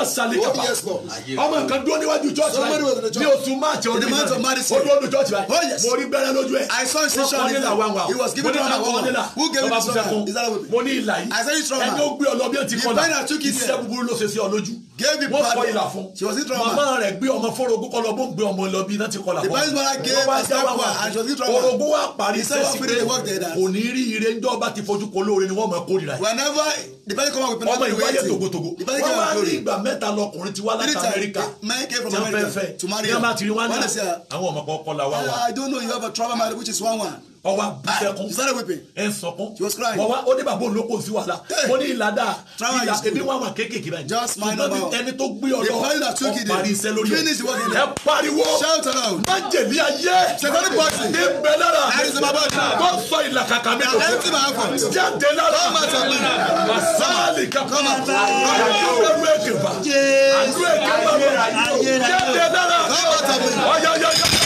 ma sali kapa ọmọ nǹkan dúró níwájú church báyìí ní oṣù march ọdún yìí ó dúró ní church báyìí oh, mo rí bẹ́rẹ̀ lójú ẹ̀ mo ní ìlà wàwà mo ní ọ̀nà kọ́ ní ìlà mo ní ìlà yìí ẹni ó gbé ọ lọ bí ó ti kọ́ la iṣẹ́ búburú ló ṣe sí ọ lójú gave him pardon. wọ́n kọ ìlà fún. she was in trauma. màmá rẹ̀ gbé ọmọ fọ́rọ̀gùn kọ́ lọ bó ń gbé ọmọ lọ bí iná ti kọ́ la the parents mother gave her step and she was in trauma. orogún wa parí sẹ́sì pé kò ní rí ire ńjọ́ bá ti fojú kọ lóore ni wọ́n máa kórìíra yìí. whenever the parents come up with penalty waiting. ọmọ ìwáyé togotogo. wọ́n wá ní ìgbà mẹ́ta lọkùnrin ti wá láti Amẹ́ríkà. men came from America to marry her. àwọn ọmọ kọ̀ọ̀kan la wá ah, wa. I don't know you have a trauma which is one one ọwọ́ abisẹkun ẹ sọkun ọwọ́ ó olóko sí wàhálà ó ní ìlàdà ìlà ebi wà wà kéékèèké báyìí ṣùgbọ́n ẹni tó gbé ọ̀dọ́ ọ iṣẹ́ lórí ẹ pariwo má jèlé ayé ní bẹ lára tó sọ ìlàkàkà mi tó jáde lára masáàlì kankan àdúrà ẹgbẹ̀fà àdúrà ẹgbẹ̀fà jáde lára ọ̀yọ̀yọ̀yọ̀.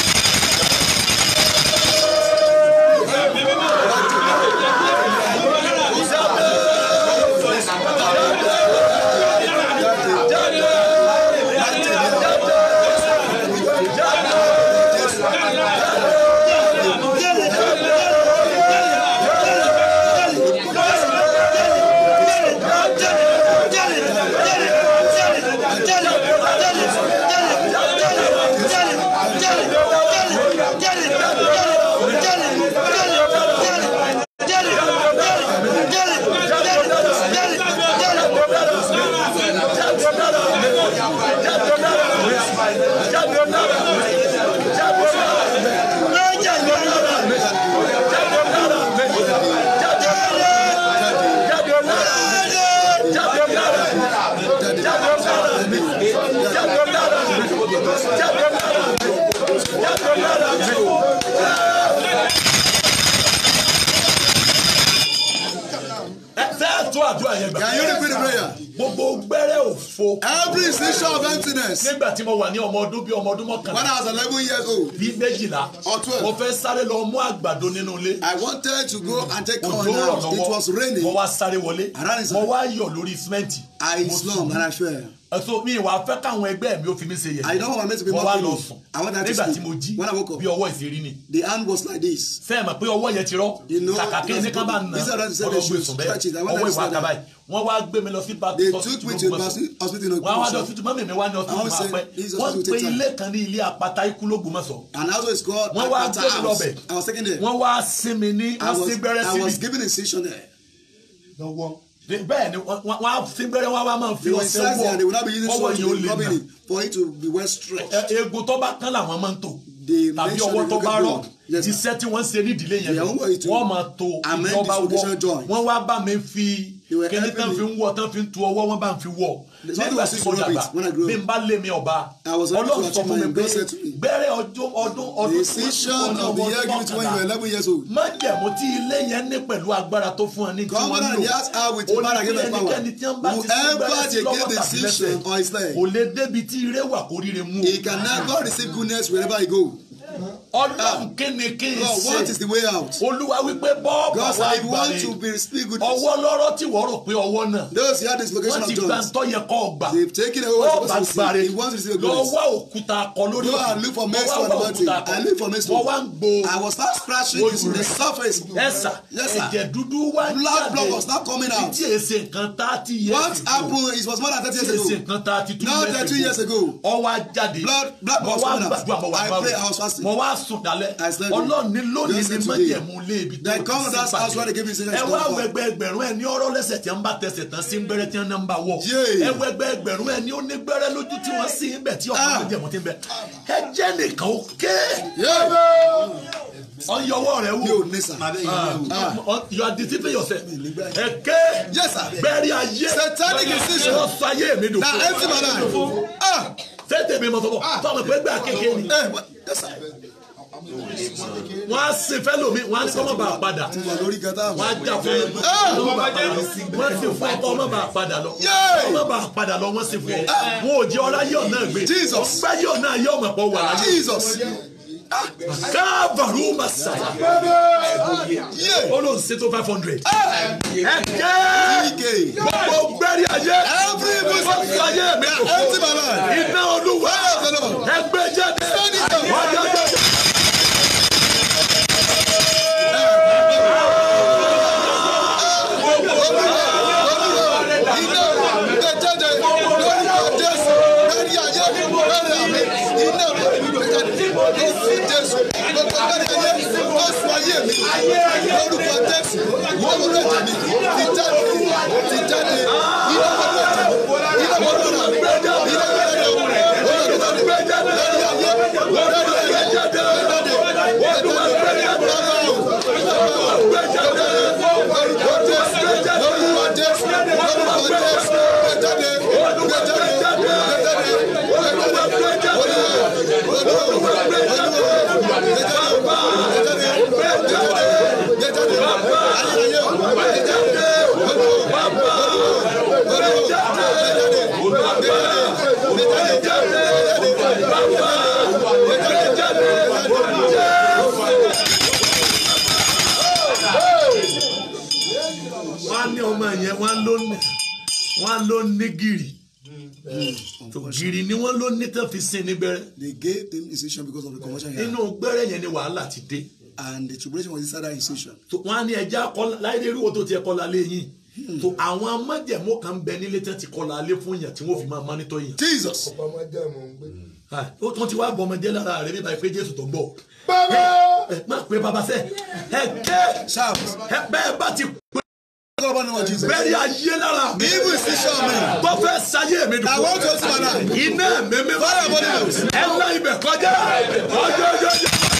òfo. every institution of emptiness. nígbà tí mo wà ní ọmọ ọdún bíi ọmọ ọdún mọ́kànlá. when I was eleven years old. bíi méjìlá. or twelve. mo fẹ́ sáré lọ mú àgbàdo nínú ilé. I wanted to go and take corn out it was raining. mo wá sáré wọlé. mo wá yọ̀ lórí simenti. I slumped and I fell so mi wà fẹ́ káwọn ẹgbẹ́ mi ó fi mi ṣe yẹ̀yẹ́. I don't want my to be more famous. I want that to sleep. nígbà tí mo jí bí ọwọ́ ìṣeré ni. The hand was like this. sẹ́ẹ̀mọ̀ pé ọwọ́ yẹn ti rọ́ kàkà kí ẹni kan bá nà ọlọ́gbé sùn bẹ́ẹ̀ ọwọ́ ìwà àkàbà yìí wọ́n wá gbé mi lọ sí baptist hospital wọ́n wá lọ sí mọ́mí mi wá ní hospital máa pẹ́ wọ́n pe ilé kan ní ilé àpáta ikú l'Ógbómọ̀ṣọ́ wọ́n wá gbé mi lọ bẹ̀ wọ́n wá sinmi ní wọ́n sí gbẹ́rẹ́ sí mi bẹ́ẹ̀ ni wọ́n á fi bẹ́rẹ̀ wọ́n á máa fi ọ̀sẹ̀ wọ ọwọ́ yìí ó lè nà for it to be well stretched. egun tó bá kán làwọn máa ń tò tàbí ọwọ́ tó bá rọ̀ iṣẹ́ tí wọ́n ṣe nídìílé yẹn wọ́n máa tò ìjọba wọ wọ́n wá bá mi fi kíni tán fi ń wọ tán fi ń tu ọwọ́ wọn bá ń fi wọ nígbà tí sọjà gbà bí n bá lé mi ọba ọlọ́run sọ fún mi pé bẹ́rẹ̀ ọdún ọdún ọdún tí wọ́n lọ wọ́n gbà májẹ̀mú tí ilé yẹn ní pẹ̀lú agbára tó fún ẹ ní tí wọ́n lò onídìí ẹnikẹ́ni tí wọ́n bá ti sí bẹ́rẹ̀ sí lọ́wọ́ tàbí lẹ́sẹ̀ kò lè débi tí ire wà kórìíre mú o. he can never receive goodness wherever he go ọlọ́run ah. kéne kéne what is the way out olúwa wípé bọ́ọ̀bù àwọn àgbàre ọwọ́ lọ́rọ́ tí wọ́n rò pé ọwọ́ náà wọ́n ti gba ntọ́ yẹ kọ́ gbà bọ́ọ̀bù àgbàre lọ́wọ́ òkúta kọ lórí ọ̀hún lọ́wọ́ òkúta kọ wọ́n wá ń gbo olùrẹ́ ẹ̀sà ẹ̀jẹ̀ dúdú wá jáde tí èsè nǹkan thirty years ago what happened it was more than thirty years ago now thirty years ago ọwọ́ ajáde ọwọ́ àgbàdo àwọn mo wá sùn dalẹ̀ ọlọ́run ní lónìí ní májẹ̀mú lé ibi tó ti sí pàdé ẹ wá wẹgbẹ ẹgbẹ̀rún ẹ ní ọ̀rọ̀ lẹ́sẹ̀ tí wọ́n bá tẹsẹ̀ tán sí gbẹ́rẹ́ tí wọ́n bá wọ̀ ẹ wẹgbẹ ẹgbẹ̀rún ẹ ní ó ní gbẹ́rẹ́ lójú tí wọ́n sì ń bẹ̀ tí ọ̀pọ̀ ah. májẹ̀mú ti ń bẹ̀ ẹ jẹ́ nìkan ó ké ọyọwọ rẹ wò ah, ah. you are deceiving yourself ẹkẹ bẹẹri ayé lọ sọ ayé mi dùn fún ọ sẹ tèmi mọ sọ bọ tọmọ pé gbà kékeré ni. Eh, wọ́n á ṣe fẹ́ lómi wọ́n á ṣe ọmọ bá a padà wọ́n á jà fún mi ọmọ bá a padà wọ́n ṣe fún ọkọ ọmọ bá a padà lọ ọmọ bá a padà lọ wọ́n ṣe fún ọ wọn ò jẹ́ ọlá yọ̀ náà gbé wọ́n gbá yọ̀ náà yọ̀ ọmọ pọ̀ wà láyé káàbàrú màsà olóòsè tó five hundred ẹkẹ gbogbo gbẹrí ayé gbogbo ayé mi kò fún iná olúwa ẹgbẹ jáde ọjọ́ jáde. ayé mi lórúkọ jésù ìwọ́wọ́ lẹ́jẹ̀ mi ti jáde ti jáde ìlọ́wọ́ lẹ́jẹ̀ mi ìlọ́wọ́ lọ́ra mi ìlọ́wọ́ lẹ́jẹ̀ mi olùdókòwò mi lórí ayé lórí ayé jáde jáde olùdókòwò mi lórí ayé lórúkọ jésù lórúkọ jésù lórúkọ jésù jáde. tán fi sin ní gbẹ́rẹ́. they gave him incision because of the commotion he had. inú gbẹ́rẹ́ yẹn ni wàhálà ti dé. and the tribulation was inside that incision. so wọ́n á ní ẹja kọ́lá láìdé irú wo tó tiẹ̀ kọ́lá lé yín. Hmm. so àwọn amájẹ̀mú kan bẹ nílé tán ti kọ́lá lé fún yàn tí wọ́n fi máa mánítọ́ yàn. jesus. ọ̀pọ̀ amájẹ̀mú ń gbé. ó tún ti wá bọmọdé lára rẹ bíbá ìpè jésù tó ń bọ̀. bàbá. má pe bàbá sẹ́ ẹ ké ẹ bá ti p bẹ́ẹ̀ni ayé lára mi. tó fẹ́ sayé mi dùn. iná mi mi. ẹ lọ ibẹ̀ kọjá. ọjọ́ ọjọ́ ọjọ́.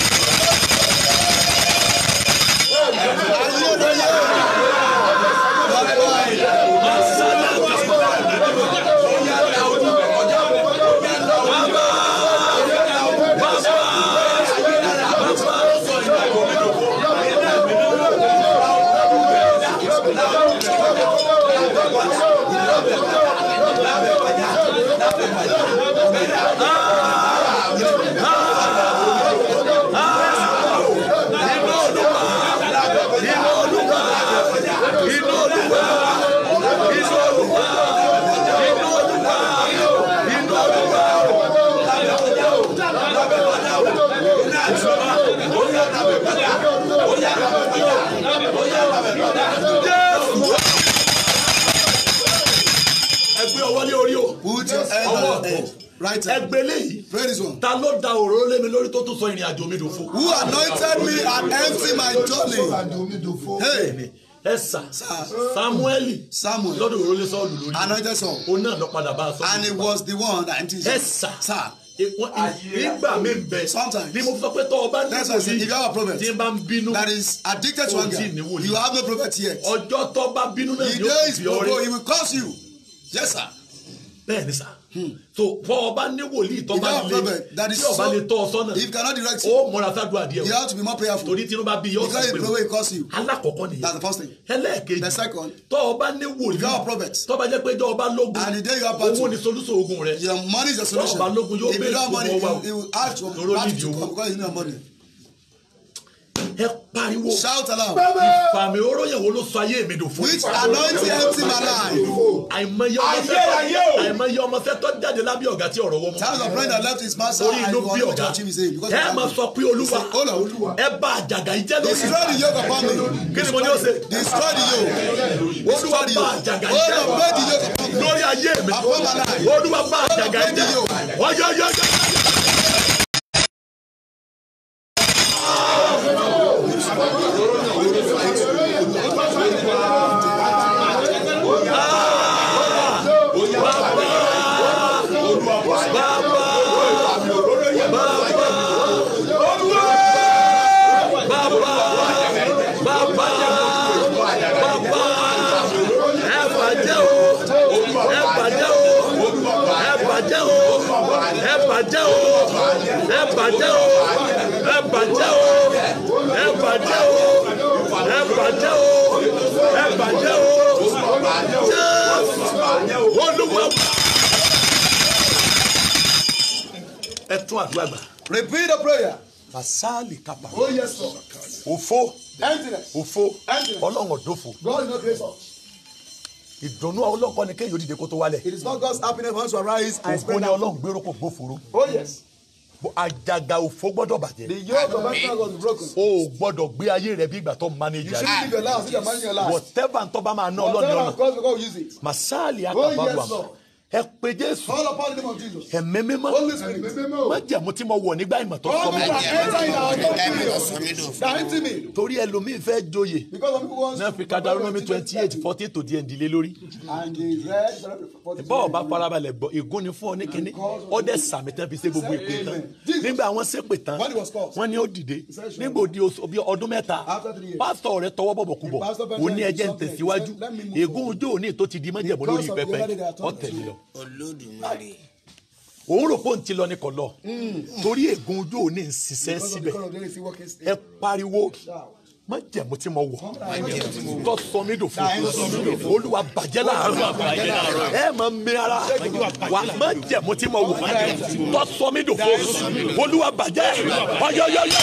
ẹgbẹ́ léyìí ta ló da òróró lé mi lórí tó tún sọ ìrìn àjò mi dòfo. who anointed me and empty my journey ẹsà samueli samuel lọ́dọ̀ òróró lé sọ́ọ̀lù lórí. anointed son. òun náà lọ padà bá a sọ. and he was the one that emptied. ẹsà nígbà mi bẹ ni mo sọ pé tọ́ ọ bá ní wòlíì tí n bá ń bínú o ti ní wòlíì ọjọ́ tọ́ bá bínú náà yóò bí ọrẹ. bẹ́ẹ̀ ni sà. Hmm. so fọ ọba ní wòlíì tó bá lè tí ọba lè tọ́ ọ sọ́nà ó múra sádùá díẹ̀ o torí tinubu bí yóò sọ pé alákọ̀ọ́kọ́ nìyẹn ẹlẹ́ẹ̀kejì tọ́ ọba ní wòlíì tọ́ bá jẹ́ pé jọ ọba lógun owó ni solúsọ ogun rẹ tọ́ ọba lógun yóò bẹ̀rẹ̀ fún ọwọ́ wa torí ó ẹ pariwo. shout aloud. ìfàmì oró yẹ̀wò ló sọ ayé mi dòfo. which anointing empty my life. àìmọye ọmọ sẹ́tọ́ àìmọye ọmọ sẹ́tọ́ jáde lábẹ́ ọ̀gá tí ọ̀rọ̀ wọ́n mọ́. times of prayer that left his master and he was not touching his aim. ẹ máa sọ pé olúwa ẹ bá àjàgà ìjẹ́ lórí. destroy the yoke upon me. kí ni mo ní o ṣe. destroy the yoke. olúwa bá àjàgà ìjẹ́ lórí ayé mi. olúwa bá àjàgà ìjẹ́ lórí ayé mi. ọyọyọyọ. dàgbà. repeat the prayer. Masali kapa. Oh yes sir. Òfo. Emptiness. Òfo. Emptiness. Ọlọ́run ọ̀dọ́fo. God no grace us. Ìdùnnú Ọlọ́run kọ́ ni kéèyàn dìde kó tó wálẹ̀. It is not God's happiness for us to arise and spread out. Òfo ni Ọlọ́run gbéró kò gbóforo. Oh yes àjàgà òfò gbọ́dọ̀ bàjẹ́. the yoke of Africa was broken. o gbọ́dọ̀ gbé ayé rẹ bí ìgbà tó manage ayé. you should live your life as if you are managing your life. whatever ntọ́ bá máa ná ọlọ́ni ọ̀nà. whatever God will use it. masali oh, akabaru àmọ́ ẹ pe jésù ẹ̀mí mímọ́ májẹ̀mú tí mo wọ̀ nígbà ìmọ̀tọ́ sọ mi torí ẹlòmíì fẹ́ joyè náà fi Deuteronomy twenty eight forty fourteen tó di ẹ̀ǹdílé lórí bọ́ọ̀ bá farabalẹ̀ gbọ́ ègún ni fún ọ ní kínní ó dẹ̀ sàmì tán fi ṣe gbogbo ìpè tán nígbà wọn ṣépè tán wọn ni ó dìde nígbà òdi ọdún mẹ́ta pásítọ̀ rẹ tọwọ́ bọ̀bọ̀ kú bọ̀ òní ẹjẹ́ ń tẹ̀síwájú ègún ojú òní tó ti di májẹ̀mú lórí pẹpẹ ọ̀tẹ̀lẹ̀ lọ olódùmarè. òun rò pé òun ti lọ ní kò lọ hmm. torí ègún ojú òní ń ṣiṣẹ́ síbẹ̀ ẹ pariwo má jẹ̀mú tí mo wọ̀ tó sọ mí dòfo olúwa bàjẹ́ láàárọ̀ ẹ má mi ara wà má jẹ̀mú tí mo wọ̀ tó sọ mí dòfo olúwa bàjẹ́ ọyọyọyọ.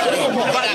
Bye.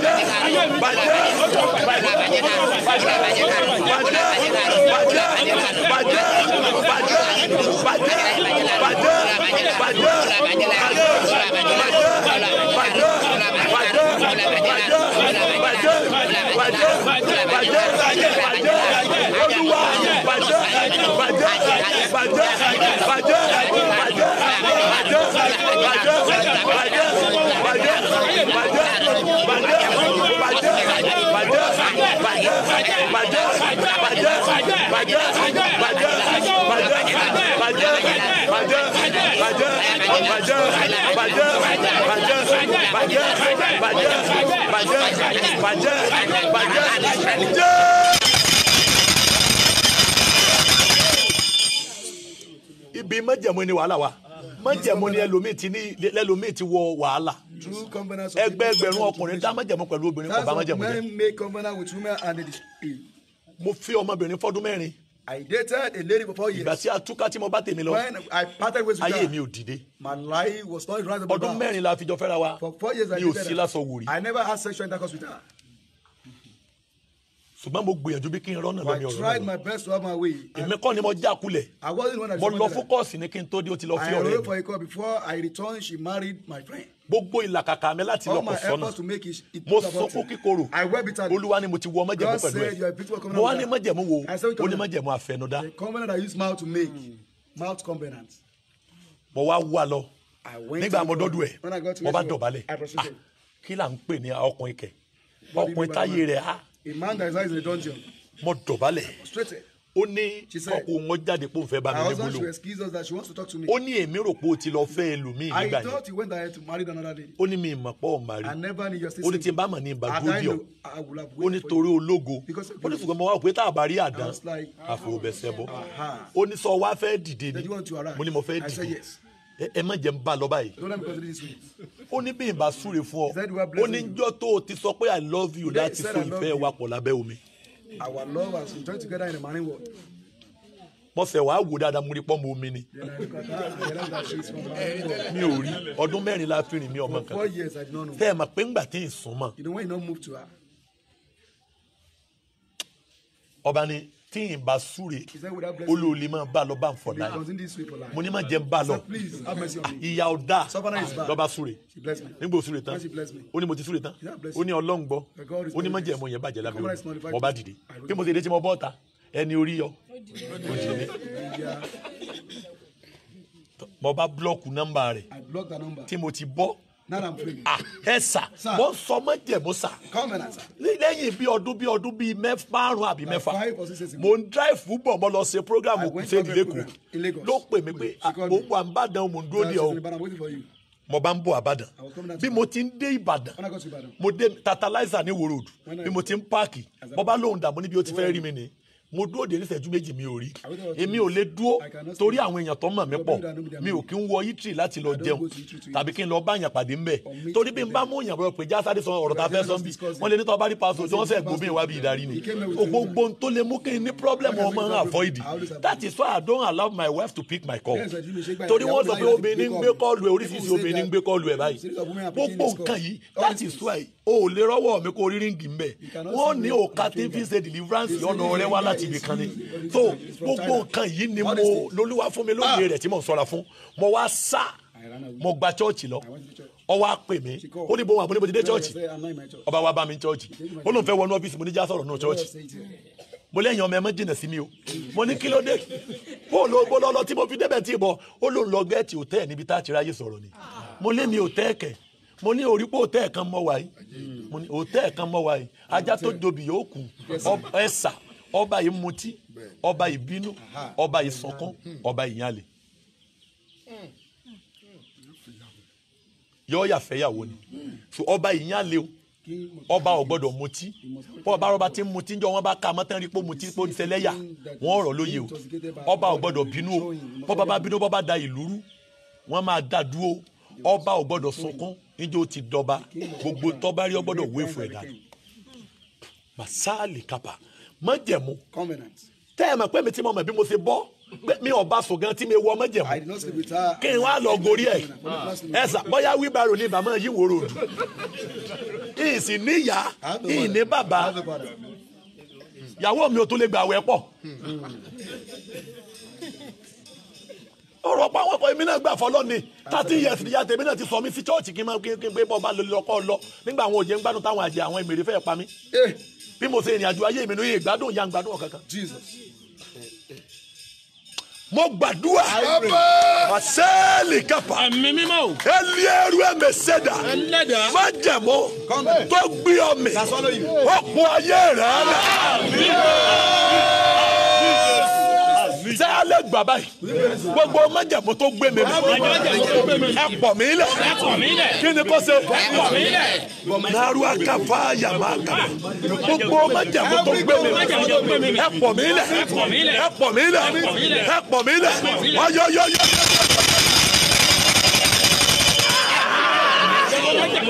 ibi mẹ́jẹ̀mú ni wàhálà wa májẹ̀mú ni ẹlòmíì ti ní ẹlòmíì ti wọ wàhálà ẹgbẹ́ ẹgbẹ̀rún ọkùnrin dá májẹ̀mú pẹ̀lú obìnrin kò bá májẹ̀mú jẹ́. mo fi ọmọbìnrin fọdún mẹ́rin. I dated a lady for four years. Ìgbà tí a túká tí mo bá tèmi lọ. When I parted with her. Ayé mi ò dìde. My life was not right about that. Ọdún mẹ́rin la fi jọ fẹ́ra wa. For four years I dated her. Mi ò sí lásọ wòrì. I never had sexual intercourse with her ṣùgbọ́n mo gbìyànjú bí kí n rọ́nà lómi ọ̀rọ̀ náà. I tried my best to have my way. èmi kọ́ ni mo já kulẹ̀. I wasn't one that mo lọ fókọ̀sì ni kí n tó dé o ti lọ fi ọ̀rẹ́ mi. I wrote for a call before I returned she married my friend. gbogbo ìlàkàkà mi láti lọkọ̀ sọ́nà mo sọkún kíkorò olúwa ni mo ti wọ májẹ̀mú pẹ̀lú ẹ̀ mo wá ní májẹ̀mú wo ó ní májẹ̀mú àfẹnudá. the covenant I use mouth to make mouth covenant. mo wá wà lọ nígbà mo dọ́dún ẹ̀ mo bá dọ̀bálẹ̀ ah, kí là ń pè ní ọkùnrin kẹ̀ ọkùnrin táyé rẹ̀ á. Ah a man that is in the dungeon. mo dọ̀bálẹ̀. straighten. ó ní ọkọ wọn jáde pé òun fẹ́ bá mi níbo lò. ó ní èmi rò pé o ti lọ fẹ́ ẹlòmíì nígbà yẹn. ó ní mi ìmọ̀ pọ̀ màrí. ó ní tí n bá mọ̀ ní ìbàgbọ́dìọ̀. ó ní torí ológo. ó ní ṣùgbọ́n mo wá pé tá a bá rí àdán àfọwọ́bẹ̀sẹ̀ bọ́. ó ní sọ wá fẹ́ dìde ni mo ní mo fẹ́ dìde ẹ má jẹ́ ń bá lọ báyìí. don't let ó ní bí n bá súre fún ọ ó ní jọ́ tó o ti sọ pé i love you láti fún ìfẹ́ wa pọ̀ lábẹ́ omi. our love has been joined together in a marine world. mo fẹ́ wàá wò dáadáa mo rí pọ́nmọ omi ni. mi ò rí ọdún mẹ́rin la fi rìn mí ọmọ kan tẹ́ ẹ̀ mà pé ńgbà tí ì sún mọ́. ọba ni tí n bá súre olú olè máa bá lọ bá n fọdà yìí mo ní má jẹ́ n bá lọ ìyá ọ̀dà lọ́ba súre nígbà òsúre tán ó ní mo ti súre tán ó ní ọlọ́run gbọ́ ó ní má jẹ́ ẹ̀mọ yẹn bàjẹ́ lábẹ́ mi mo bá dìde kí mo ti dé tí mo bọ́ ta ẹni orí yọ òjì mi mo bá búlọ́ọ̀kù nọ́mbà rẹ̀ tí mo ti bọ́. Ah, ẹ sà, wọ́n sọ mọ́ jẹ̀mú sà. Kọ́mẹ̀nà sà. Lẹ́yìn bí ọdún bí ọdún bíi márùn-ún àbí mẹ́fà. Mo ń drive football mo lọ ṣe program òkúté ìlẹ́kùn. Ló pè mí pé ah, mo wà ń bàdàn mo ń dúró ní ọ. Mo bá ń bọ̀ Àbàdàn. Bí mo ti ń dé Ìbàdàn, mo dé tatalizer ní Wo Bí mo ti ń páàkì, mo bá lóhùn dààmú níbi ó ti fẹ́ rí mi nìyí mo dúró de níṣẹ́jú méjì mi ò rí èmi ò lè dúró torí àwọn èèyàn tó mọ̀ mí pọ̀ mi ò kí ń wọ yítìrì láti lọ jẹun tàbí kí n lọ bá èèyàn pàdé ńbẹ torí bí n bá mú èèyàn pé já sáré sọ ọ̀rọ̀ ta fẹ́ sọ́n wọ́n lè ní tọ́ba rí paṣọ tí wọ́n fẹ́ gbóbìn wá bí ìdarí ni gbogbo n tó lè mú kí n ní pírọ́blẹ̀mù ọmọ ń avoid that is why I don't allow my wife to pick my call torí wọ́n sọ pé obìnrin ń gbé kọ́ọ̀lù ẹ̀ oríṣiríṣi that is why o ò lè rọ́wọ́ mi kó rí ríǹgì mbẹ̀ wọ́n ní òka tí fi ṣe deliverance ọ̀nà rẹ wá láti ibì kan ni so gbogbo nǹkan yìí ni mo lolúwa fún mi lóye ah. rẹ̀ tí mo sọ̀rọ̀ fún mo wá sá mo gba chọ́ọ̀chì lọ ọwọ́ àpè mi ó ní bóun àbúlé mo ti dé chọ́ọ̀chì ọba wa bá mi chọ́ọ̀chì ó lóun fẹ́ wọnú ọ́fíìsì mo ní já sọ̀rọ̀ nù chọ́ọ̀chì mo lẹ́yìn ọmọ ẹ má jìnnà sí mi o mo ní kí ló dé bóun ló bó lọ́lọ́ tí mo fi débẹ̀ tí bọ̀ ó lóun lọ gẹ́ẹ̀tì òtẹ́ẹ̀ níbi tá a ti ráyè sọ̀rọ̀ ni ah. mo lé mi òtẹ́ẹ̀kẹ̀ mo ní orí pé òtẹ́ẹ̀ kan mọ́ wa yìí mo ní òtẹ́ẹ̀ kan mọ́ wa yìí ajá tó dobi yóò kù ẹ̀sà ọba yìí mutí ọba yìí bínú ọba yìí sọkún ọba yìí yànlẹ̀ yọ yà fẹ́yàwó ni ọba yìí yànlẹ̀ o ọba ò gbọ́dọ̀ mutí ọba ọba tí ń mutí ń jọ wọn bá ka mọtán rí pé mutí pé oníṣẹlẹyà wọn rọ lóye o ọba ò gbọ́dọ̀ bínú o bọba bá bínú bọba da ìlú rú wọn máa da dúró ọba ò gbọ́dọ̀ níjó ti dọba gbogbo tọba rí ọgbọdọ wé fún ẹ dànù màsáàlì kapa májẹ̀mú tẹ ẹ mọ̀ pé mi ti mọ̀ mọ̀ bí mo ṣe bọ́ pé mi ò bá sùn gan tí mi wọ májẹ̀mú kí n wá lọ gorí ẹ ẹ sà bóyá wíbarò ni bàmá yìí wòrò dù ìyìn sì níyà ìyìn ní bàbá ìyàwó mi ò tún lè gbà wẹ̀ pọ̀. Hmm ọ̀rọ̀ pa àwọn ọkọ èmi náà gbà fọlọ́ ni thirteen years ni yàtọ̀ èmi náà ti sọ mí sí chọ́ọ̀chì kí n máa gbé bọ́ bá lọ́kọ́ lọ nígbà àwọn òjé ń gbádùn táwọn àjẹ àwọn èmèrè fẹ́ pa mí eh. bí mo ṣe ìrìn àjò ayé mi ní iye ìgbádùn ń gbádùn ọ̀kan kan. mo gbàdúrà àṣẹ́ẹ̀lì kápá ẹlẹ́rú ẹ̀mẹ̀ sẹ́dà májẹ̀mú tó gbé ọmọ ọ̀pọ̀ ayé rẹ̀ rẹ̀ ṣé a lè gbà báyìí gbogbo májàmú tó gbé mi ẹ pọ̀ mí lẹ̀ kí ni kò ṣe narua kafa yàmá kàmá gbogbo májàmú tó gbé mi ẹ pọ̀ mí lẹ̀ ẹ pọ̀ mí lẹ̀ ẹ pọ̀ mí lẹ̀ ọyọyọyọ.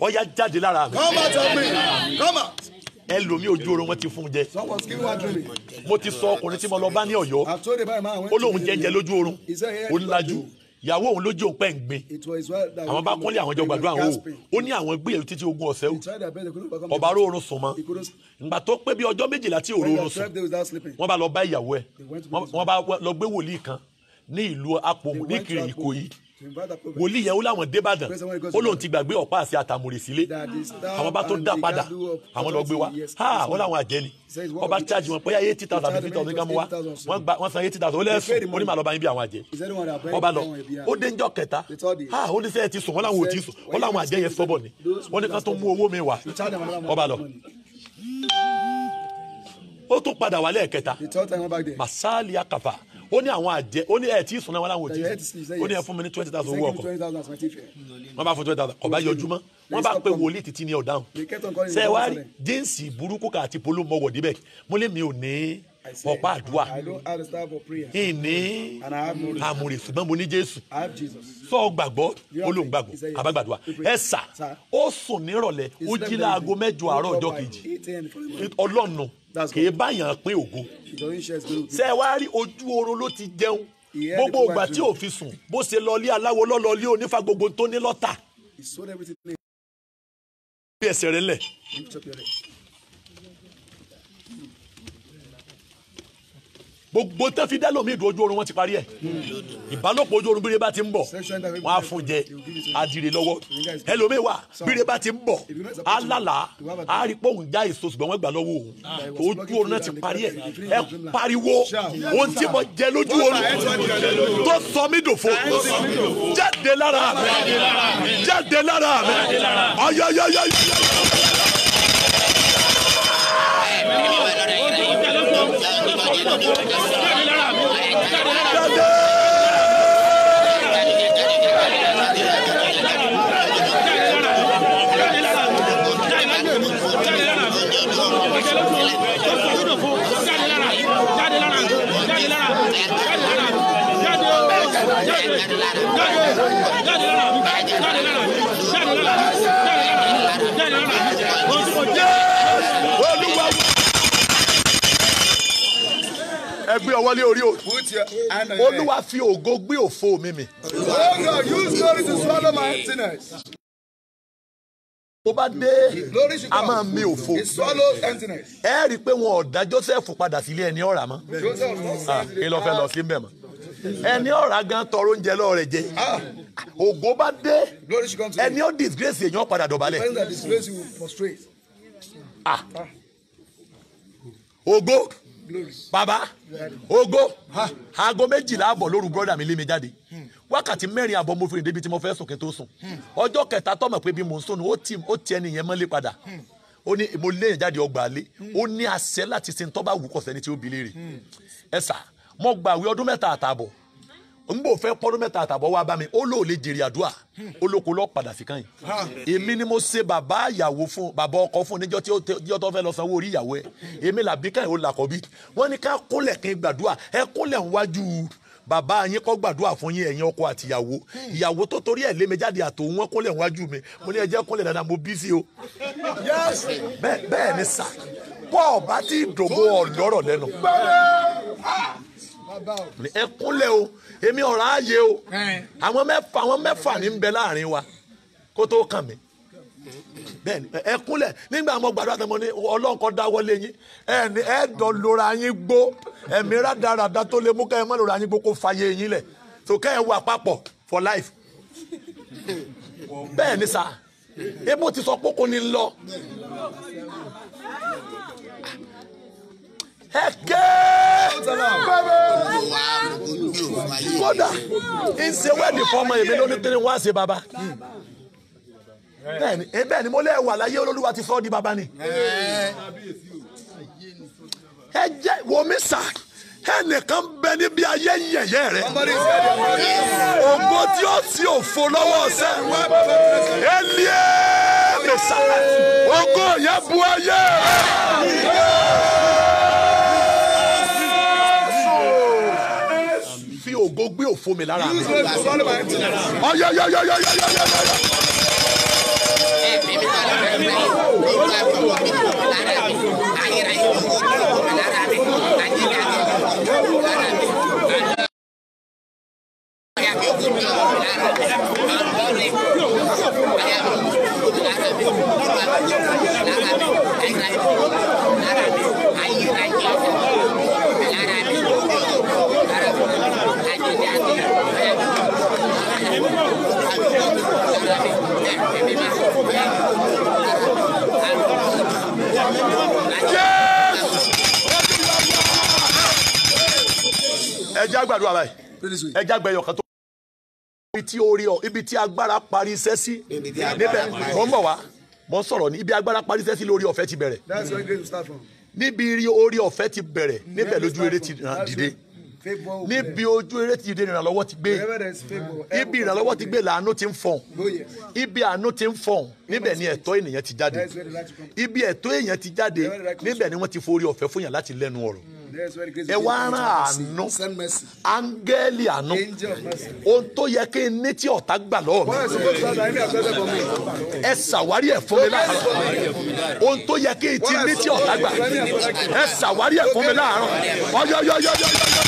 ọyá jáde lára mi. come out of me come out. ẹlòmí ojú oorun wọn ti fún jẹ. someone skin wa dun me. mo ti sọ ọkùnrin tí mo lọ bá ní Ọ̀yọ́. told the man I went to. ó lóun jẹjẹ lójú oorun. he said here. ó ń lajú ìyàwó òun lójú òun pẹ́ ń gbin àwọn bá kúnlẹ̀ àwọn jọ gbàdúrà òun ó ní àwọn gbìyànjú títí ogún ọ̀sẹ̀ o ọba róorun sùn mọ́ ìgbà tó pé bí ọjọ́ méjìlá tí òróorun sùn wọ́n bá lọ bá ìyàwó ẹ̀ wọ́n bá lọ gbé wòlíì kan ní ìlú apò níkiri Ìkòyí wòlíì yẹn ó láwọn débàdàn ó lóun ti gbàgbé ọ̀pá àti àtàmúrè sílé àwọn bá tó dá padà àwọn lọ gbé wa ha wọ́n láwọn àjẹ́ ni ọba charge wọn bóyá eighty thousand fifty thousand gámú wa wọ́n gba wọ́n san eighty thousand ó lẹ́sùn ó ní màá lọ bá yín bí àwọn àjẹ́ ọba lọ ó dé njọ́ kẹta ha ó ní sẹ́yìn ti sùn wọ́n láwọn ò ti sùn wọ́n láwọn àjẹ́ yẹn sọ́bọ̀ ni wọ́n ní ká tó mú owó mi wá ọba lọ ó tún padà wálé ẹ̀kẹta masali akafa ó ní àwọn àjẹ ó ní ẹ tí sùn náà wọn làwọn ò tí sùn ó ní ẹ fún mi ní twenty thousand owó ọkọ wọn bá fún twenty thousand kò bá yọjú mọ́ wọn bá pe wòlíì títí ní ọ̀daràn sẹ́wárì jíǹsì burúkú kà àti polówó mọ̀wọ̀ díbẹ̀ mo lé ò ní ọ̀pá àdúrà ìní àmùrè ṣùgbọ́n mo ní jésù sọ gbàgbọ́ olóńgbàgbọ́ àbágbàdúrà ẹ sà ó sùn nírọ̀lẹ́ ó jí láago mẹ́jọ àárọ̀ ọjọ́ kejì ọlọ́nu kìí báyàn pín ògo ṣe é wá rí ojú oorun ló ti jẹun gbogbo ìgbà tí ò fi sùn bó ṣe lọ ilé aláwo lọ́lọ́ ilé onífà gbogbo tó ní lọ́tà gbogbo tẹ́ fi dẹ́lòmíì dùn ojú oorun wọn ti parí ẹ̀ ìbálòpọ̀ ojú oorun bíire bá ti ń bọ̀ wọn á fún jẹ adìrẹ lọ́wọ́ ẹlòmíì wà bíire bá ti ń bọ̀ alálà á rí pọ́ùn já èso ṣùgbọ́n wọ́n gbà lọ́wọ́ òun ojú oorun náà ti parí ẹ̀ ẹ pariwo ohun tí mo jẹ lójú oorun tó sọ mí dòfo jáde lára mi jáde lára mi ọyọyọyọyọ. のに。gbé ọwọ́ lé orí òkú olúwa fi ògo gbé òfò mi mì. Oh God, use glory to swallow my emptiness tó bá dé a máa mi òfo ẹ rí i pé wọn ò dá Joseph padà sílé ẹni ọ̀rà mọ́ ah, kí ló fẹ́ lọ sí mbẹ̀ mọ́ ẹni ọ̀rà gan tọrọ oúnjẹ lọ́ọ́ jẹ ah. ògo bá dé ẹni ó disgrace èèyàn padà dọ̀bálẹ̀ ah. ògo baba ogo aago méjìlá àbọ̀ lóru brọ́dà mi lé mi jáde wákàtí mẹ́rin àbọ̀ mo fi débi tí mo fẹ́ sùn kí n tó sùn ọjọ́ kẹta tọ́mọ̀ pé bí mo ń sùn ó ti ẹni yẹn mọ́lé padà ó ní mo léyìn jáde ọgbà alẹ́ ó ní àṣẹ láti sin tọ́ba wù kọ̀sẹ́ni tí ó bi léèrè ẹ sà mo gbàwé ọdún mẹ́ta àtààbọ̀ nbò fẹ́ pọ́dún mẹ́ta àtàbọ̀ wá bá mi ó lò lè jèrè àdúrà olóko hmm. lọ padà fi kàn yín èmi ni mo ṣe bàbá ìyàwó fún bàbá ọkọ fún níjọ́ tí ó tó fẹ́ lọ sanwó orí ìyàwó ẹ̀ hmm. èmi làbí kàn yín ó làkọ́ bí wọ́n ní ká kólẹ̀ kí n gbàdúrà ẹ kólẹ̀ ń wájú bàbá yín kọ́ gbàdúrà fún yín ẹ̀yin ọkọ àti hmm. tó torí ẹ̀ lé mi jáde wọn kólẹ̀ wájú mi mo ní ẹjẹ́ kólẹ̀ dáadáa mo bí sí o bẹ́ẹ̀ ni sà pọ́ọ̀ bá ti dògbò ọ̀lọ́rọ̀ lẹ́nu ẹ kúnlẹ̀ o èmi ọ̀rọ̀ ààyè o àwọn mẹ́fà àwọn mẹ́fà ní bẹ láàrin wa kó tó kàn mí bẹ́ẹ̀ni ẹ kúnlẹ̀ nígbà mo gbàdúrà tẹmọ ní Ọlọ́run kọ dáwọ́lé yín ẹ ní ẹ dọ lóra yín gbó ẹmí rádaràda tó lè mú kẹ ẹ má lóra yín gbó kó fàyè yín lẹ tó kẹ ẹ wà papọ̀ for life bẹ́ẹ̀ni sá ebo ti sọ pé kò ní lọ ẹ̀kẹ́ bẹ́ẹ̀ kódà ń fọmọ èmi lónìí tẹ́lẹ̀ wọ́n á ṣe bàbá bẹ́ẹ̀ni eh, ni mo lè wà láyé olólùwà ti fọ́ di bàbá ni ẹ jẹ́ wo mi sà ẹnìkan bẹ níbi ayé yẹ̀yẹ́ rẹ̀ ògbó tí ó sì òfo lọ́wọ́ ọ̀sẹ̀ elie mi sà ògo yẹn bu ayé ògo gbé òfo mi lára mi. ọyọ yọ yọ yọ yọ yọ yọ yọ. Thank you. ẹjẹ àgbàdo àbáyé ẹjẹ àgbẹyọ kan tó. ibi tí orí ọ ibi tí agbára parí iṣẹ́ sí níbẹ̀ tó ń bọ̀ wá mo sọ̀rọ̀ ní ibi agbára parí iṣẹ́ sí lórí ọ̀fẹ́ ti bẹ̀rẹ̀ níbi orí ọ̀fẹ́ ti bẹ̀rẹ̀ níbẹ̀ lójú eré ti dìde níbi ojú eré ti dé ìrànlọ́wọ́ ti gbé ibi ìrànlọ́wọ́ ti gbé làánú ti ń fọ̀n oh, ibi àánú ti ń fọ̀n níbẹ̀ ni ẹ̀tọ́ ènìyàn ti jáde ibi ẹ̀tọ́ èèyàn ti jáde níbẹ̀ ni wọ́n ti forí ọ̀fẹ́ fún yàn láti lẹ́nu ọ̀rọ̀ mm, ẹ wá rán àánú áńgẹ́lì àánú ohun tó yẹ kí n ní tí ọ̀tá gbà lọ́wọ́ mi ẹ ṣàwárí ẹ̀ fún mi láàárọ̀ ohun tó yẹ kí n ti ní tí ọ̀tá gbà ẹ ṣàwárí ẹ̀ fún mi láàárọ̀ ọ̀yọ̀yọ̀yọ̀yọ̀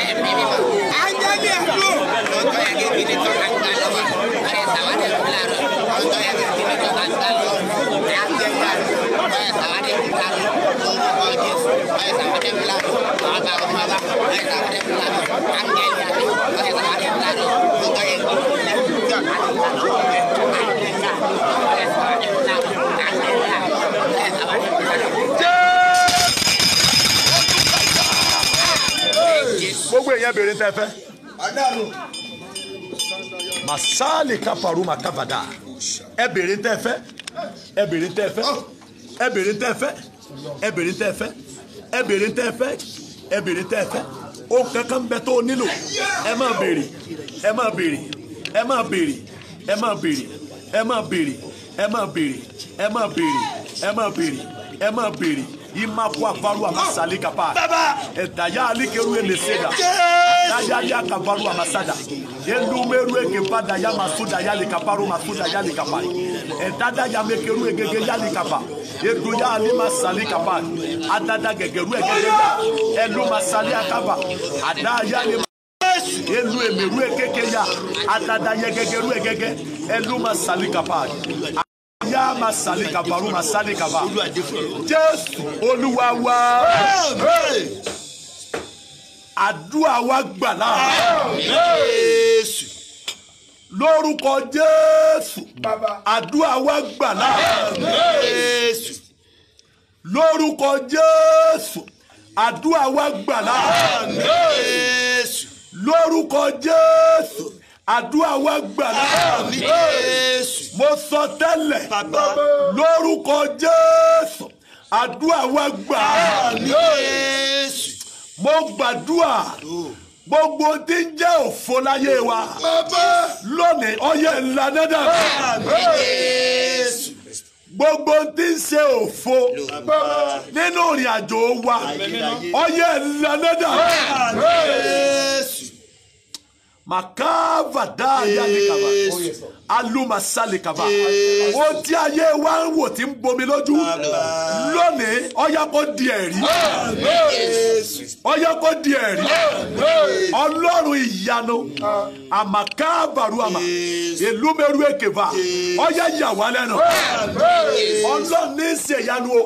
ẹ̀mí mímọ́. Ájá ní ẹ̀kú. Lọ́tọ̀ yẹ kí n fi ní tọ́ka ẹ bèrè tẹ fẹ́. masali kaparu makabada ẹ bèrè tẹ fẹ́ ẹ bèrè tẹ fẹ́ ẹ bèrè tẹ fẹ́ ẹ bèrè tẹ fẹ́ ẹ bèrè tẹ fẹ́ ẹ bèrè tẹ fẹ́ ó kankan bẹ tó nílò ẹ máa bèrè ẹ máa bèrè ẹ máa bèrè ẹ máa bèrè ẹ máa bèrè ẹ máa bèrè ẹ máa bèrè ẹ máa bèrè ẹ máa bèrè a imakua varua masalika pa edaya alikeru eleseda dayaya ka varua masada elumeru ekepa daya masuda yalikaparo masuda yalikapa edada yamekeru egege yalikapa edoya alimasalikapa adada gegeru egege ya elumasaliakaba adaya alima elu emeru ekeke ya adada yegege ru egege eluma salikapa yá ma sàlẹ̀ kaba olú ma sàlẹ̀ kaba jésù olúwa wá àdúrà wa gbà láàárọ̀ jésù lórúkọ jésù àdúrà wa gbà láàárọ̀ jésù lórúkọ jésù àdúrà wa gbà láàárọ̀ jésù lórúkọ jésù àdúrà wa gbà lára mi mo sọ tẹ́lẹ̀ lórúkọ Jésù àdúrà wa gbà mo gbàdúrà gbogbo tí ń jẹ́ òfo láyé wa lónìí ọyẹ ńlá nádà gbogbo tí ń ṣe òfo nínú ìrìn àjò wa ọyẹ ńlá nádà makava dáadáa ní kaba oh, alumasa lè kaba o tí ayé wa ń wò tí ń bomi lójú lónìí ọyá kò di ẹ̀rí ọyá kò di ẹ̀rí ọlọ́run ìyanu àmàkàbàrú àmà ìlú mẹ́rú èkèfà ọyá yà wá lẹ́nu ọlọ́run ní í ṣe ìyanu o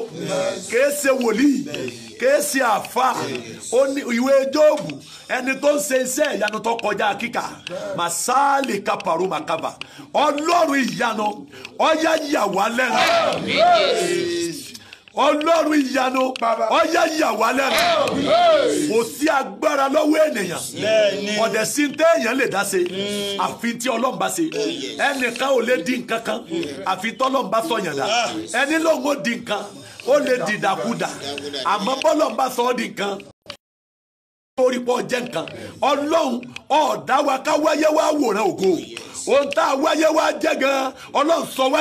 kì í ṣe wòlíì kéésì àfa ó ní ìwé jóòbù ẹni tó ń ṣe iṣẹ́ ìyanu tó kọjá kíkà màsáàlì kaparu makaba ọlọ́run ìyanu ọyá yàwá lẹ́nu ọlọ́run ìyanu ọyá yàwá lẹ́nu kò sí agbára lọ́wọ́ ènìyàn ọ̀dẹ̀ sí ń tẹ́ èèyàn lè dá ṣe àfi tí ọlọ́run bá ṣe ẹnìkan ò lè dín nǹkan kan àfi tọ́lọ́run bá sọ̀yàn dá ẹni lóun ó dín nǹkan. ó lè dìdàkudà àmọ́ bọ́lọ̀ bá sọ ọ́ di nǹkan torí pọ̀ jẹ́ nǹkan ọlọ́run ọ̀dá wa ká wáyé wá wòran ògo ohun tá a wáyé wá jẹ́ gan ọlọ́run sọ wá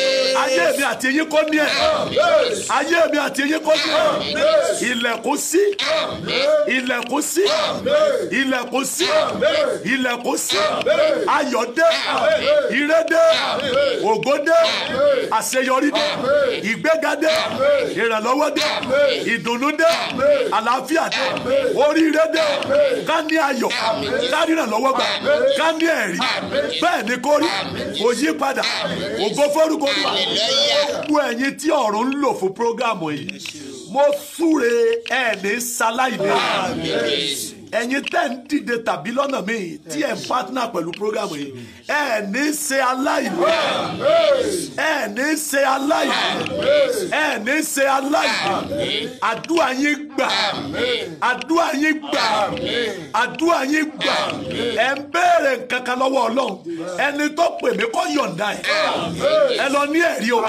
ayé mi àti eyín kọ́ ní ẹ̀ ayé mi àti eyín kọ́ ní ẹ̀ ilẹ̀kùn sí ilẹ̀kùn sí ilẹ̀kùn sí ilẹ̀kùn sí ayọ̀ dé ire dé ògo dé àṣeyọrí dé ìgbéga dé ìrànlọ́wọ́ dé ìdùnnú dé àlàáfíà dé oríire dé ká ní ayọ̀ ká ní gbà ká ní ẹ̀rí bẹ́ẹ̀ ni kò rí kò yí padà ògo fórúkọ Olúwa gbogbo ẹ̀yin tí ọ̀run ń lò fún prógámù yìí mo súre ẹ̀ ní sáláìlẹ́yìn ẹ̀yin tẹ́ ń dìde tàbí lọ́nà míì tí ẹ̀ ń partner pẹ̀lú programu yìí ẹ̀ ní ṣe aláìní ẹ̀ ní ṣe aláìní ẹ̀ ní ṣe aláìní àdúrà yín gbà àdúrà yín gbà àdúrà yín gbà ẹ̀ ń béèrè nǹkan kan lọ́wọ́ ọlọ́run ẹni tó pè mí kó yọ̀ǹda ẹ̀ ẹ lọ ní ẹ̀rí o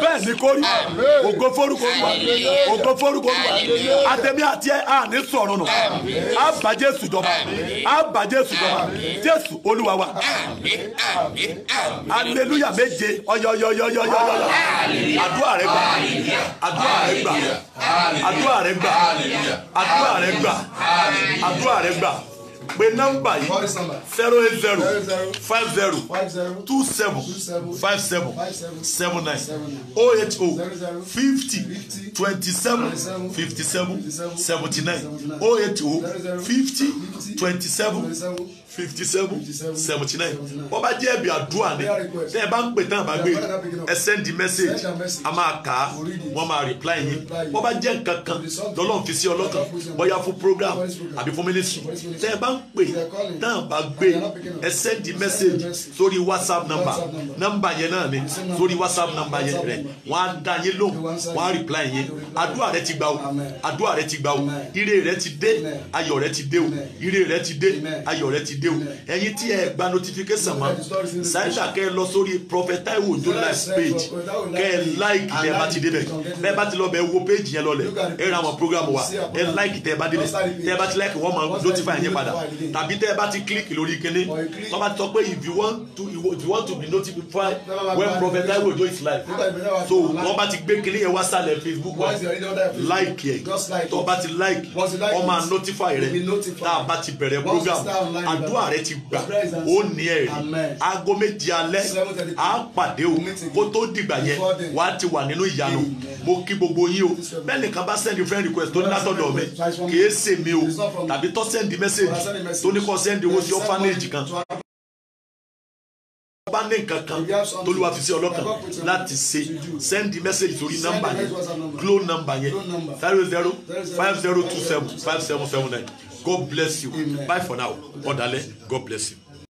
bẹ́ẹ̀ ni kò rí ògo forúkọ Olúwa ògo forúkọ Olúwa àtẹ̀mí àti ẹ̀ àní sọ̀rọ̀ nù bá jésù dọ̀bà á bá jésù dọ̀bà jésù olúwa wa aleluya méje ọyọyọyọyọyọ àdúrà rẹ gbà àdúrà rẹ gbà àdúrà rẹ gbà àdúrà rẹ gbà àdúrà rẹ gbà pé nọ́mbà yìí zero eight zero five zero two seven five seven seven nine o oh eight oh. o fifty twenty seven fifty seven seventy nine o eight oh. o fifty twenty seven fifty seven seventy nine bó bá jẹ́ ẹ̀bì àdúrà ni tẹ́ ẹ bá ń pè tán àbágbé ẹ send the message a máa kà á wọ́n máa reply yín bó bá jẹ́ nǹkan kan lọ́lọ́run fi sí ọlọ́kan bóyá fún program àbí fún ministry tẹ́ ẹ bá ń pè tán àbágbé ẹ send the message sórí whatsapp number number yẹn náà ni sórí whatsapp number yẹn rẹ wọ́n á dá yín lóhùn wọ́n á reply yín àdúrà rẹ ti gbà o àdúrà rẹ ti gbà o ire rẹ ti dé ayọ̀ rẹ ti dé o ire rẹ ti dé ayọ̀ rẹ ti dé dìde o ẹ̀yin tí ẹ gba notification mọ́ ṣáìṣà kẹ́ ẹ lọ sórí Prophet Taiwo Ojo live page kẹ́ like tẹ́ ẹ bá ti débẹ̀ bẹ́ẹ̀ bá ti lọ bẹ̀ wo page yẹn lọlẹ̀ ẹ ra àwọn program wa ẹ like tẹ́ ẹ bá débẹ̀ tẹ́ bá ti like wọ́n máa notify yẹn padà tàbí tẹ́ bá ti click lórí kíní wọ́n bá ti sọ pé if you want to if you want to be notified when Prophet Taiwo Ojo is live so wọ́n bá ti gbé kíní yẹn wá sálẹ̀ Facebook wa like yẹn tó bá ti like wọ́n máa notify rẹ̀ tá a bá ti bẹ̀rẹ̀ program àdúrà àdúrà rẹ ti gbà ó ní ẹ̀rí aago méje alẹ́ á pàdé o kó tó dìgbà yẹn wàá ti wà nínú ìyanu mo kí gbogbo yín o bẹ́ẹ̀ nìkan bá send friend request tó ní látọ̀dọ̀ mi kìí ṣe mi o tàbí tó send message tó ní kó send owó sí orphanage kan bá ní nǹkan kan tolúwa fi sí ọlọ́kan láti ṣe send message sórí nọ́mbà yẹn glow nọ́mbà yẹn zero zero five zero two seven five seven seven nine. God bless you. Amen. Bye for now. Odale, God bless you.